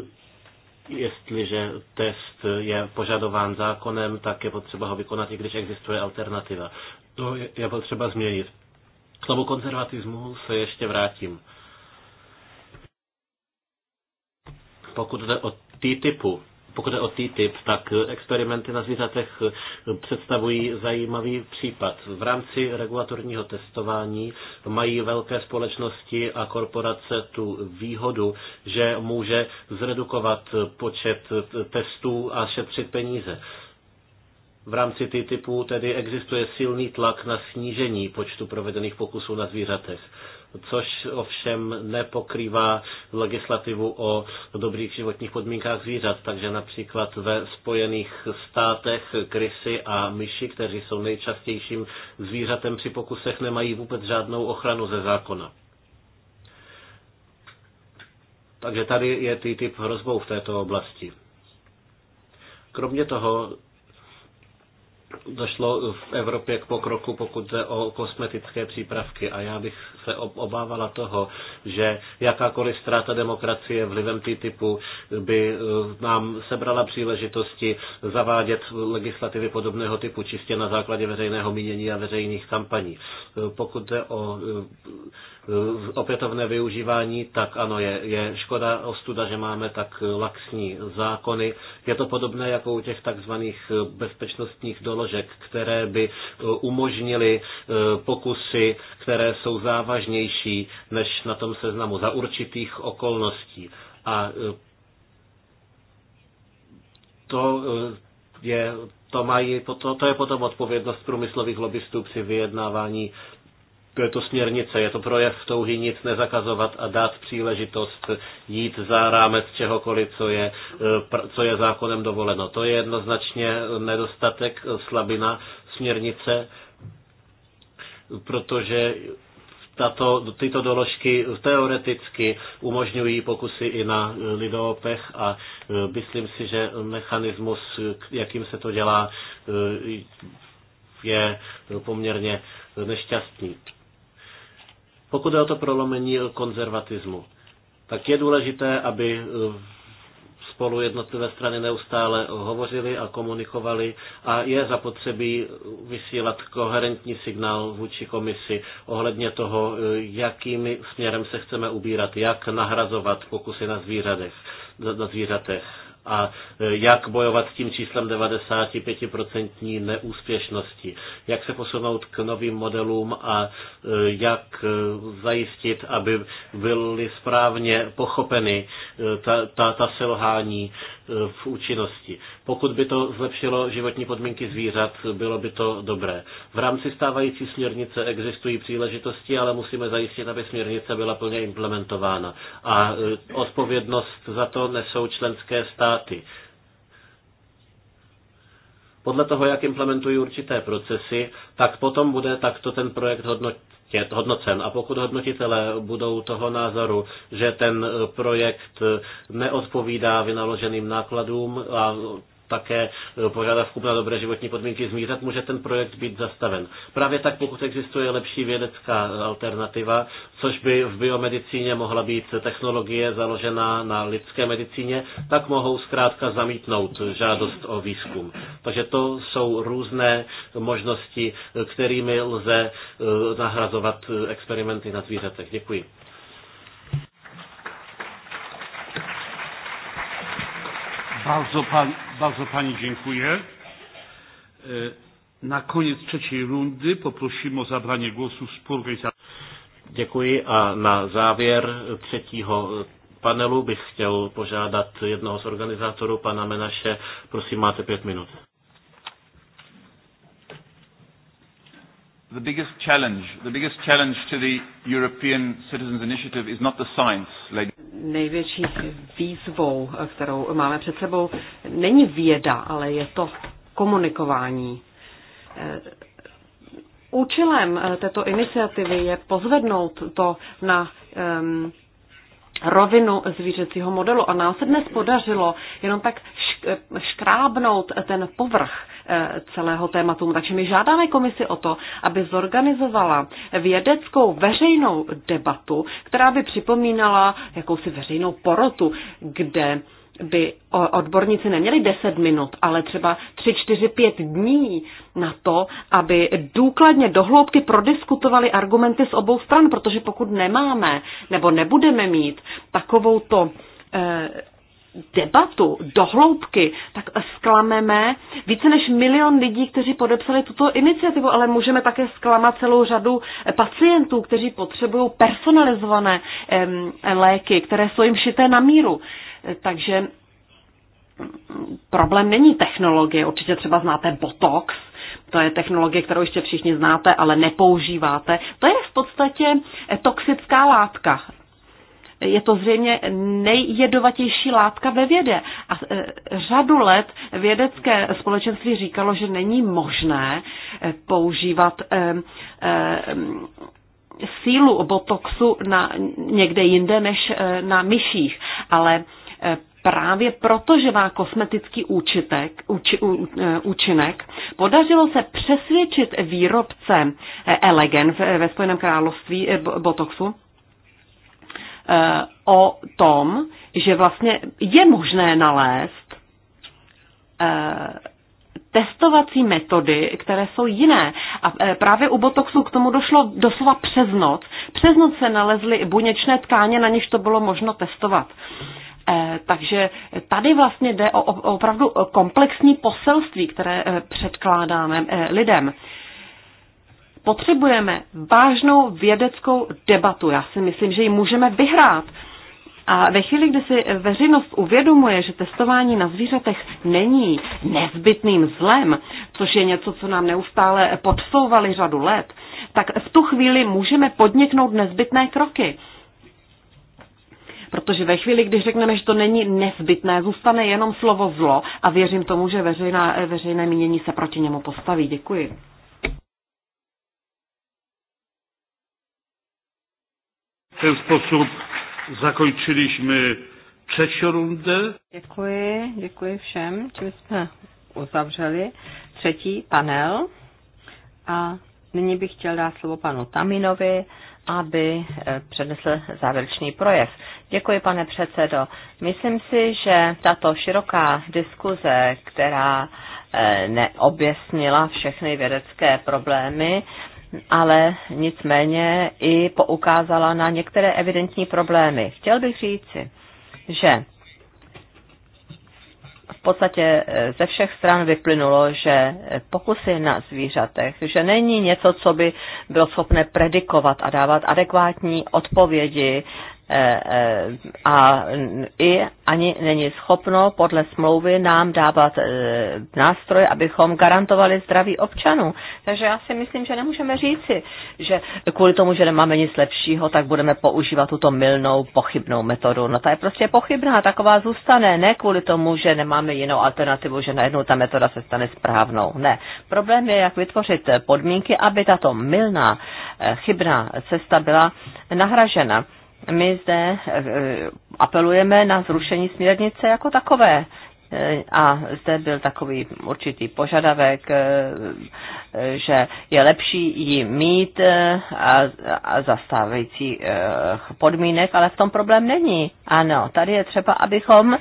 eh, jestliže test je požadován zákonem, tak je potřeba ho vykonat, i když existuje alternativa. To je potřeba změnit. K tomu konzervatismu se ještě vrátím. Pokud jde o T-typu, pokud je o tý typ, tak experimenty na zvířatech představují zajímavý případ. V rámci regulatorního testování mají velké společnosti a korporace tu výhodu, že může zredukovat počet testů a šetřit peníze. V rámci typu tedy existuje silný tlak na snížení počtu provedených pokusů na zvířatech což ovšem nepokrývá legislativu o dobrých životních podmínkách zvířat. Takže například ve Spojených státech krysy a myši, kteří jsou nejčastějším zvířatem při pokusech, nemají vůbec žádnou ochranu ze zákona. Takže tady je typ hrozbou v této oblasti. Kromě toho došlo v Evropě k pokroku, pokud jde o kosmetické přípravky. A já bych se obávala toho, že jakákoliv ztráta demokracie vlivem TTIPu by eh, nám sebrala příležitosti zavádět legislativy podobného typu čistě na základě veřejného mínění a veřejných kampaní. Eh, pokud jde o eh, Eh, opětovné využívání, tak ano, je, je škoda ostuda, že máme tak laxní zákony. Je to podobné jako u těch takzvaných eh, bezpečnostních doložek, které by eh, umožnily pokusy, které jsou závažnější než na tom seznamu za určitých okolností. A to je, to, mají, to, to je potom odpovědnost průmyslových lobbystů při vyjednávání je to směrnice, je to projev touhy nic nezakazovat a dát příležitost jít za rámec čehokoliv, co je, eh, co je zákonem dovoleno. To je jednoznačně nedostatek, eh, slabina směrnice, protože tato, tyto doložky teoreticky umožňují pokusy i na eh, lidopech a myslím si, že mechanismus, jakým se to dělá, je poměrně nešťastný. Pokud je o to prolomení konzervatismu, tak je důležité, aby eh, spolu jednotlivé strany neustále hovořili a komunikovali a je zapotřebí vysílat koherentní signál vůči komisi ohledně toho, eh, jakým směrem se chceme ubírat, jak nahrazovat pokusy na, zvířatech, na zvířatech a e, jak bojovat s tím číslem 95% neúspěšnosti, jak se posunout k novým modelům a e, jak e, zajistit, aby byly správně pochopeny ta, ta, ta selhání v účinnosti. Pokud by to zlepšilo životní podmínky zvířat, bylo by to dobré. V rámci stávající směrnice existují příležitosti, ale musíme zajistit, aby směrnice byla plně implementována. A odpovědnost za to nesou členské státy státy. Podle toho, jak implementují určité procesy, tak potom bude takto ten projekt hodnocen. A pokud hodnotitelé budou toho názoru, že ten projekt neodpovídá vynaloženým nákladům a také požadavkům na dobré životní podmínky zmířat, může ten projekt být zastaven. Právě tak, pokud existuje lepší vědecká alternativa, což by v biomedicíně mohla být technologie založená na lidské medicíně, tak mohou zkrátka zamítnout žádost o výzkum. Takže to jsou různé možnosti, kterými lze eh, nahrazovat eh, experimenty na zvířatech. Děkuji. Bardzo, pan, bardzo Pani dziękuję. E, na koniec trzeciej rundy poprosimy o zabranie głosu współorganizatora. Dziękuję a na závěr třetího panelu bych chtěl požádat jednoho z organizátorů, pana Menaše. Prosím, máte pět minut. the biggest challenge, the biggest challenge to the European Citizens Initiative is not the science, ladies. Největší výzvou, kterou máme před sebou, není věda, ale je to komunikování. Eh, účelem eh, této iniciativy je pozvednout to na um, rovinu zvířecího modelu a nám se dnes podařilo jenom tak eh, škrábnout ten povrch Eh, celého tématu. Takže my žádáme komisi o to, aby zorganizovala vědeckou veřejnou debatu, která by připomínala jakousi veřejnou porotu, kde by odborníci neměli 10 minut, ale třeba 3, 4, 5 dní na to, aby důkladně dohloubky prodiskutovali argumenty z obou stran, protože pokud nemáme nebo nebudeme mít takovouto eh, debatu do hloubky, tak zklameme více než milion lidí, kteří podepsali tuto iniciativu, ale můžeme také zklamat celou řadu eh, pacientů, kteří potřebují personalizované léky, které jsou jim šité na míru. Eh, takže mm, problém není technologie. Určitě třeba znáte Botox, to je technologie, kterou ještě všichni znáte, ale nepoužíváte. To je v podstatě eh, toxická látka je to zřejmě nejjedovatější látka ve vědě. A e, řadu let vědecké společenství říkalo, že není možné e, používat e, sílu botoxu na někde jinde než na myších, ale Právě proto, že má kosmetický účitek, úči, ú, účinek, podařilo se přesvědčit výrobce Elegen ve Spojeném království Botoxu, o tom, že vlastně je možné nalézt eh, testovací metody, které jsou jiné. A eh, právě u Botoxu k tomu došlo doslova přes noc. Přes noc se nalezly buněčné tkáně, na něž to bylo možno testovat. Eh, takže tady vlastně jde o opravdu komplexní poselství, které předkládáme lidem potřebujeme vážnou vědeckou debatu. Já si myslím, že ji můžeme vyhrát. A ve chvíli, kdy si veřejnost uvědomuje, že testování na zvířatech není nezbytným zlem, což je něco, co nám neustále podsouvali řadu let, tak v tu chvíli můžeme podniknout nezbytné kroky. Protože ve chvíli, kdy řekneme, že to není nezbytné, zůstane jenom slovo zlo a věřím tomu, že veřejná, veřejné mínění se proti němu postaví. Děkuji. ten sposób zakończyliśmy trzecią rundę. Děkuji, děkuji všem, čím jsme uzavřeli třetí panel. A nyní bych chtěl dát slovo panu Taminovi, aby eh, přednesl závěrečný projev. Děkuji, pane předsedo. Myslím si, že tato široká diskuze, která eh, neobjasnila všechny vědecké problémy, ale nicméně i poukázala na některé evidentní problémy. Chtěl bych říci, že v podstatě eh, ze všech stran vyplynulo, že pokusy na zvířatech, že není něco, co by bylo schopné predikovat a dávat adekvátní odpovědi Eh, eh, a i ani není schopno podle smlouvy nám dávat eh, nástroje, abychom garantovali zdraví občanů. Takže já si myslím, že nemůžeme říci, že kvůli tomu, že nemáme nic lepšího, tak budeme používat tuto milnou pochybnou metodu. No ta je prostě pochybná, taková zůstane, ne kvůli tomu, že nemáme jinou alternativu, že najednou ta metoda se stane správnou. Ne. Problém je, jak vytvořit podmínky, aby tato milná, chybná cesta byla nahražena my zde e, e, apelujeme na zrušení směrnice jako takové. E, a zde byl takový určitý požadavek, že je lepší ji mít a, a zastávající podmínek, ale v tom problém není. Ano, tady je třeba, abychom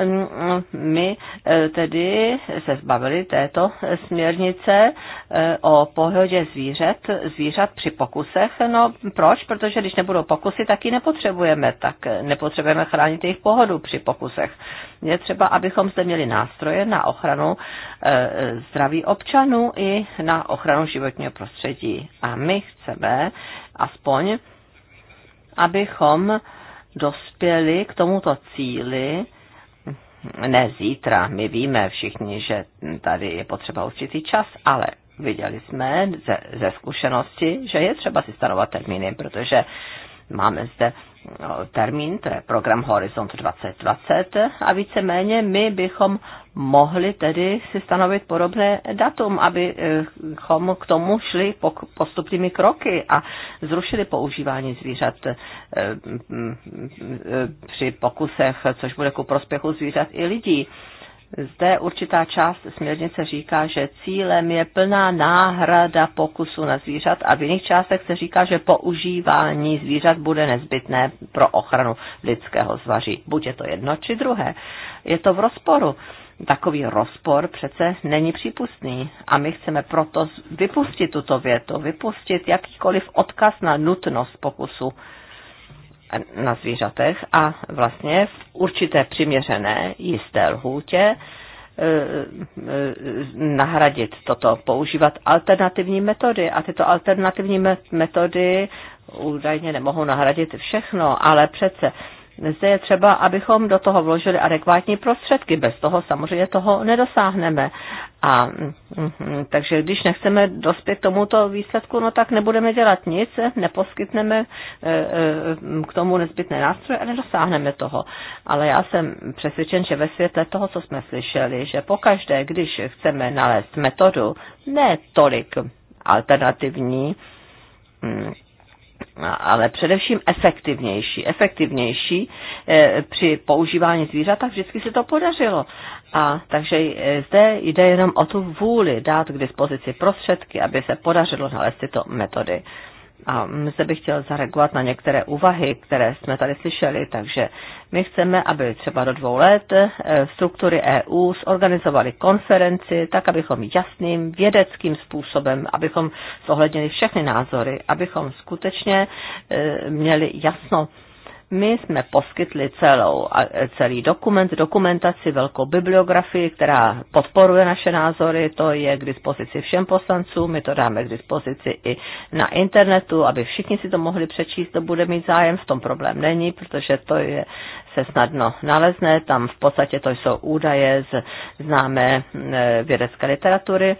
Ehm, my eh, tedy se zbavili této směrnice eh, o pohodě zvířat, zvířat při pokusech. No proč? Protože když nebudou pokusy, tak ji nepotřebujeme, tak eh, nepotřebujeme chránit jejich pohodu při pokusech. Je třeba, abychom zde měli nástroje na ochranu zdraví občanů i na ochranu životního prostředí. A my chceme aspoň, abychom dospěli k tomuto cíli, ne zítra. My víme všichni, že tady je potřeba určitý čas, ale viděli jsme ze, ze zkušenosti, že je třeba si stanovat termíny, protože máme zde termín, to je program Horizont 2020 a víceméně my bychom mohli tedy si stanovit podobné datum, abychom eh, k tomu šli postupnými kroky a zrušili používání zvířat eh, eh, při pokusech, což bude ku prospěchu zvířat i lidí. Zde určitá část směrnice říká, že cílem je plná náhrada pokusu na zvířat a v jiných částech se říká, že používání zvířat bude nezbytné pro ochranu lidského zvaří. Buď je to jedno, či druhé. Je to v rozporu takový rozpor přece není přípustný. A my chceme proto vypustit tuto větu, vypustit jakýkoliv odkaz na nutnost pokusu na zvířatech a vlastně v určité přiměřené jisté lhůtě e, e, nahradit toto, používat alternativní metody. A tyto alternativní metody údajně nemohou nahradit všechno, ale přece zde je třeba, abychom do toho vložili adekvátní prostředky. Bez toho samozřejmě toho nedosáhneme. A mm-hmm, takže když nechceme dospět k tomuto výsledku, no tak nebudeme dělat nic, neposkytneme e, e, k tomu nezbytné nástroje a nedosáhneme toho. Ale já jsem přesvědčen, že ve světle toho, co jsme slyšeli, že pokaždé, když chceme nalézt metodu, ne tolik alternativní, mm, ale především efektivnější. Efektivnější eh, při používání zvířat, tak vždycky se to podařilo. A takže eh, zde jde jenom o tu vůli dát k dispozici prostředky, aby se podařilo nalézt tyto metody. A zde bych chtěl zareagovat na některé úvahy, které jsme tady slyšeli. Takže my chceme, aby třeba do dvou let eh, struktury EU zorganizovaly konferenci, tak abychom jasným vědeckým způsobem, abychom zohlednili všechny názory, abychom skutečně eh, měli jasno my jsme poskytli celou, celý dokument, dokumentaci, velkou bibliografii, která podporuje naše názory, to je k dispozici všem poslancům, my to dáme k dispozici i na internetu, aby všichni si to mohli přečíst, to bude mít zájem, v tom problém není, protože to je se snadno nalezne, tam v podstatě to jsou údaje z známé vědecké literatury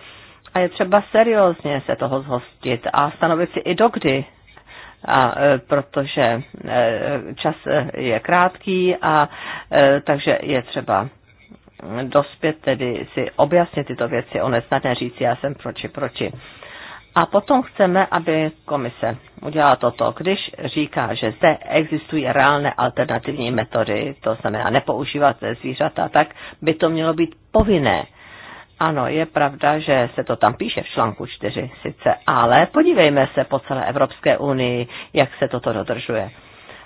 a je třeba seriózně se toho zhostit a stanovit si i dokdy a e, protože e, čas e, je krátký a takže je třeba dospět tedy si objasnit tyto věci, on je snadné říct, já jsem proči, proči. A potom chceme, aby komise udělala toto, když říká, že zde existují reálné alternativní metody, to znamená nepoužívat zvířata, tak by to mělo být povinné ano, je pravda, že se to tam píše v článku 4 sice, ale podívejme se po celé Evropské unii, jak se toto dodržuje.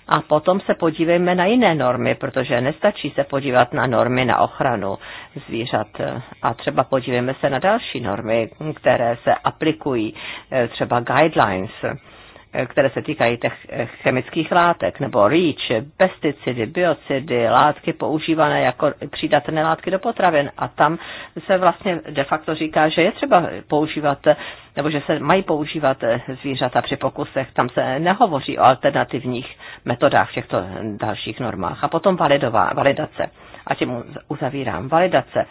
A potom se podívejme na jiné normy, protože nestačí se podívat na normy na ochranu zvířat. A třeba podívejme se na další normy, které se aplikují, eh, třeba guidelines Eh, které se týkají těch eh, chemických látek, nebo REACH, pesticidy, biocidy, látky používané jako přídatné látky do potravin. A tam se vlastně de facto říká, že je třeba používat, eh, nebo že se mají používat zvířata při pokusech. Tam se nehovoří o alternativních metodách v těchto dalších normách. A potom validová, validace a tím uzavírám, validace,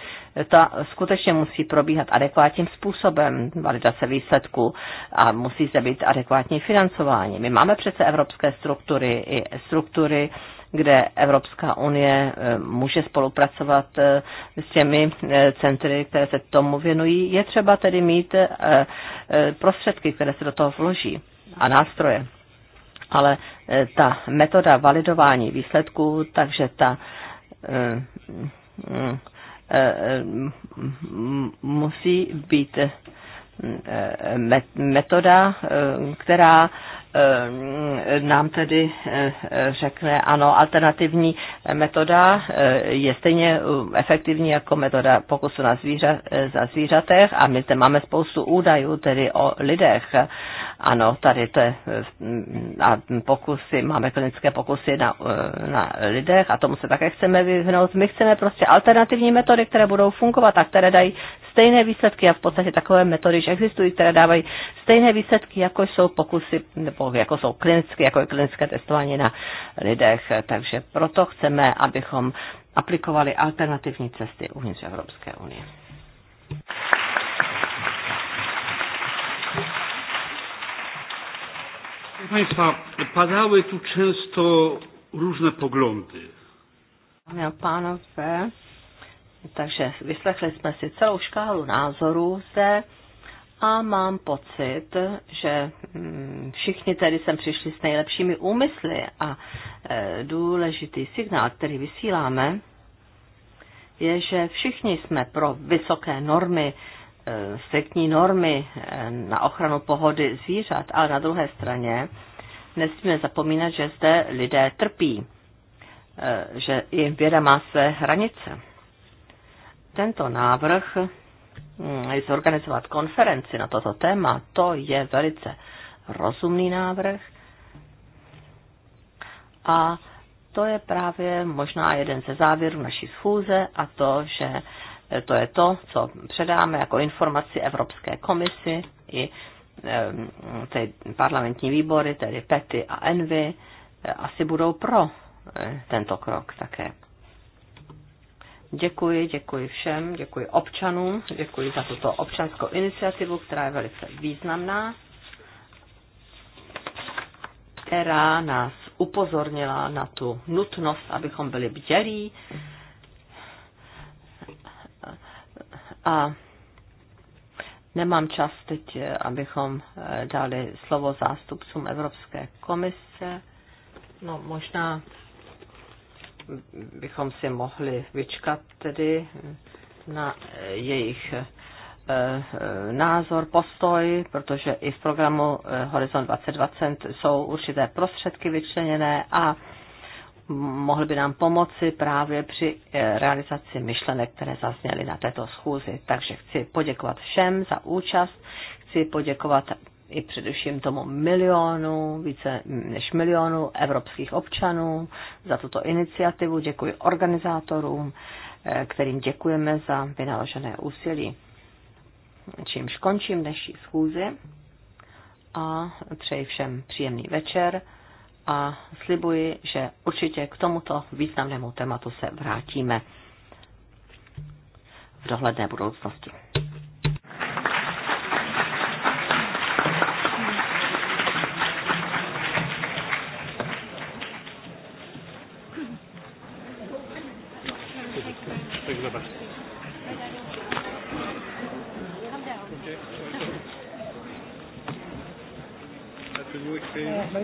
ta skutečně musí probíhat adekvátním způsobem, validace výsledků a musí zde být adekvátní financování. My máme přece evropské struktury i struktury, kde Evropská unie e, může spolupracovat e, s těmi e, centry, které se tomu věnují. Je třeba tedy mít prostředky, které se do toho vloží a nástroje. Ale ta metoda validování výsledků, takže ta musí být metoda, která Ehm, nám tedy eh, řekne, ano, alternativní metoda eh, je stejně eh, efektivní jako metoda pokusu na zvíře, za zvířatech a my zde máme spoustu údajů tedy o lidech. Ano, tady to je, a pokusy, máme klinické pokusy na, na lidech a tomu se také chceme vyhnout. My chceme prostě alternativní metody, které budou fungovat a které dají stejné výsledky a v podstatě takové metody, že existují, které dávají stejné výsledky, jako jsou pokusy nebo jako, jako jsou klinické, jako je klinické testování na lidech. Takže proto chceme, abychom aplikovali alternativní cesty uvnitř Evropské unie. Państwa, padały tu często różne poglądy. Panie panowie, także takže się całą szkalę celou škálu názorů a mám pocit, že mm, všichni tedy sem přišli s nejlepšími úmysly a e, důležitý signál, který vysíláme, je, že všichni jsme pro vysoké normy, e, striktní normy e, na ochranu pohody zvířat, ale na druhé straně nesmíme zapomínat, že zde lidé trpí, že jim věda má své hranice. Tento návrh Hmm, zorganizovat konferenci na toto téma, to je velice rozumný návrh. A to je právě možná jeden ze závěrů naší schůze a to, že to je to, co předáme jako informaci Evropské komisi i ty parlamentní výbory, tedy PETY a ENVY, e, asi budou pro e, tento krok také. Děkuji, děkuji všem, děkuji občanům, děkuji za tuto občanskou iniciativu, která je velice významná, která nás upozornila na tu nutnost, abychom byli bdělí a Nemám čas teď, abychom dali slovo zástupcům Evropské komise. No možná bychom si mohli vyčkat tedy na jejich eh, eh, názor, postoj, protože i v programu eh, Horizon 2020 jsou určité prostředky vyčleněné a mohly by nám pomoci právě při realizaci myšlenek, které zazněly na této schůzi. Takže chci poděkovat všem za účast, chci poděkovat i především tomu milionu, více než milionu evropských občanů za tuto iniciativu. Děkuji organizátorům, eh, kterým děkujeme za vynaložené úsilí. Čímž končím dnešní schůzi a přeji všem příjemný večer a slibuji, že určitě k tomuto významnému tématu se vrátíme v dohledné budoucnosti.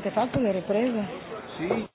Avete fatto le riprese? Sì.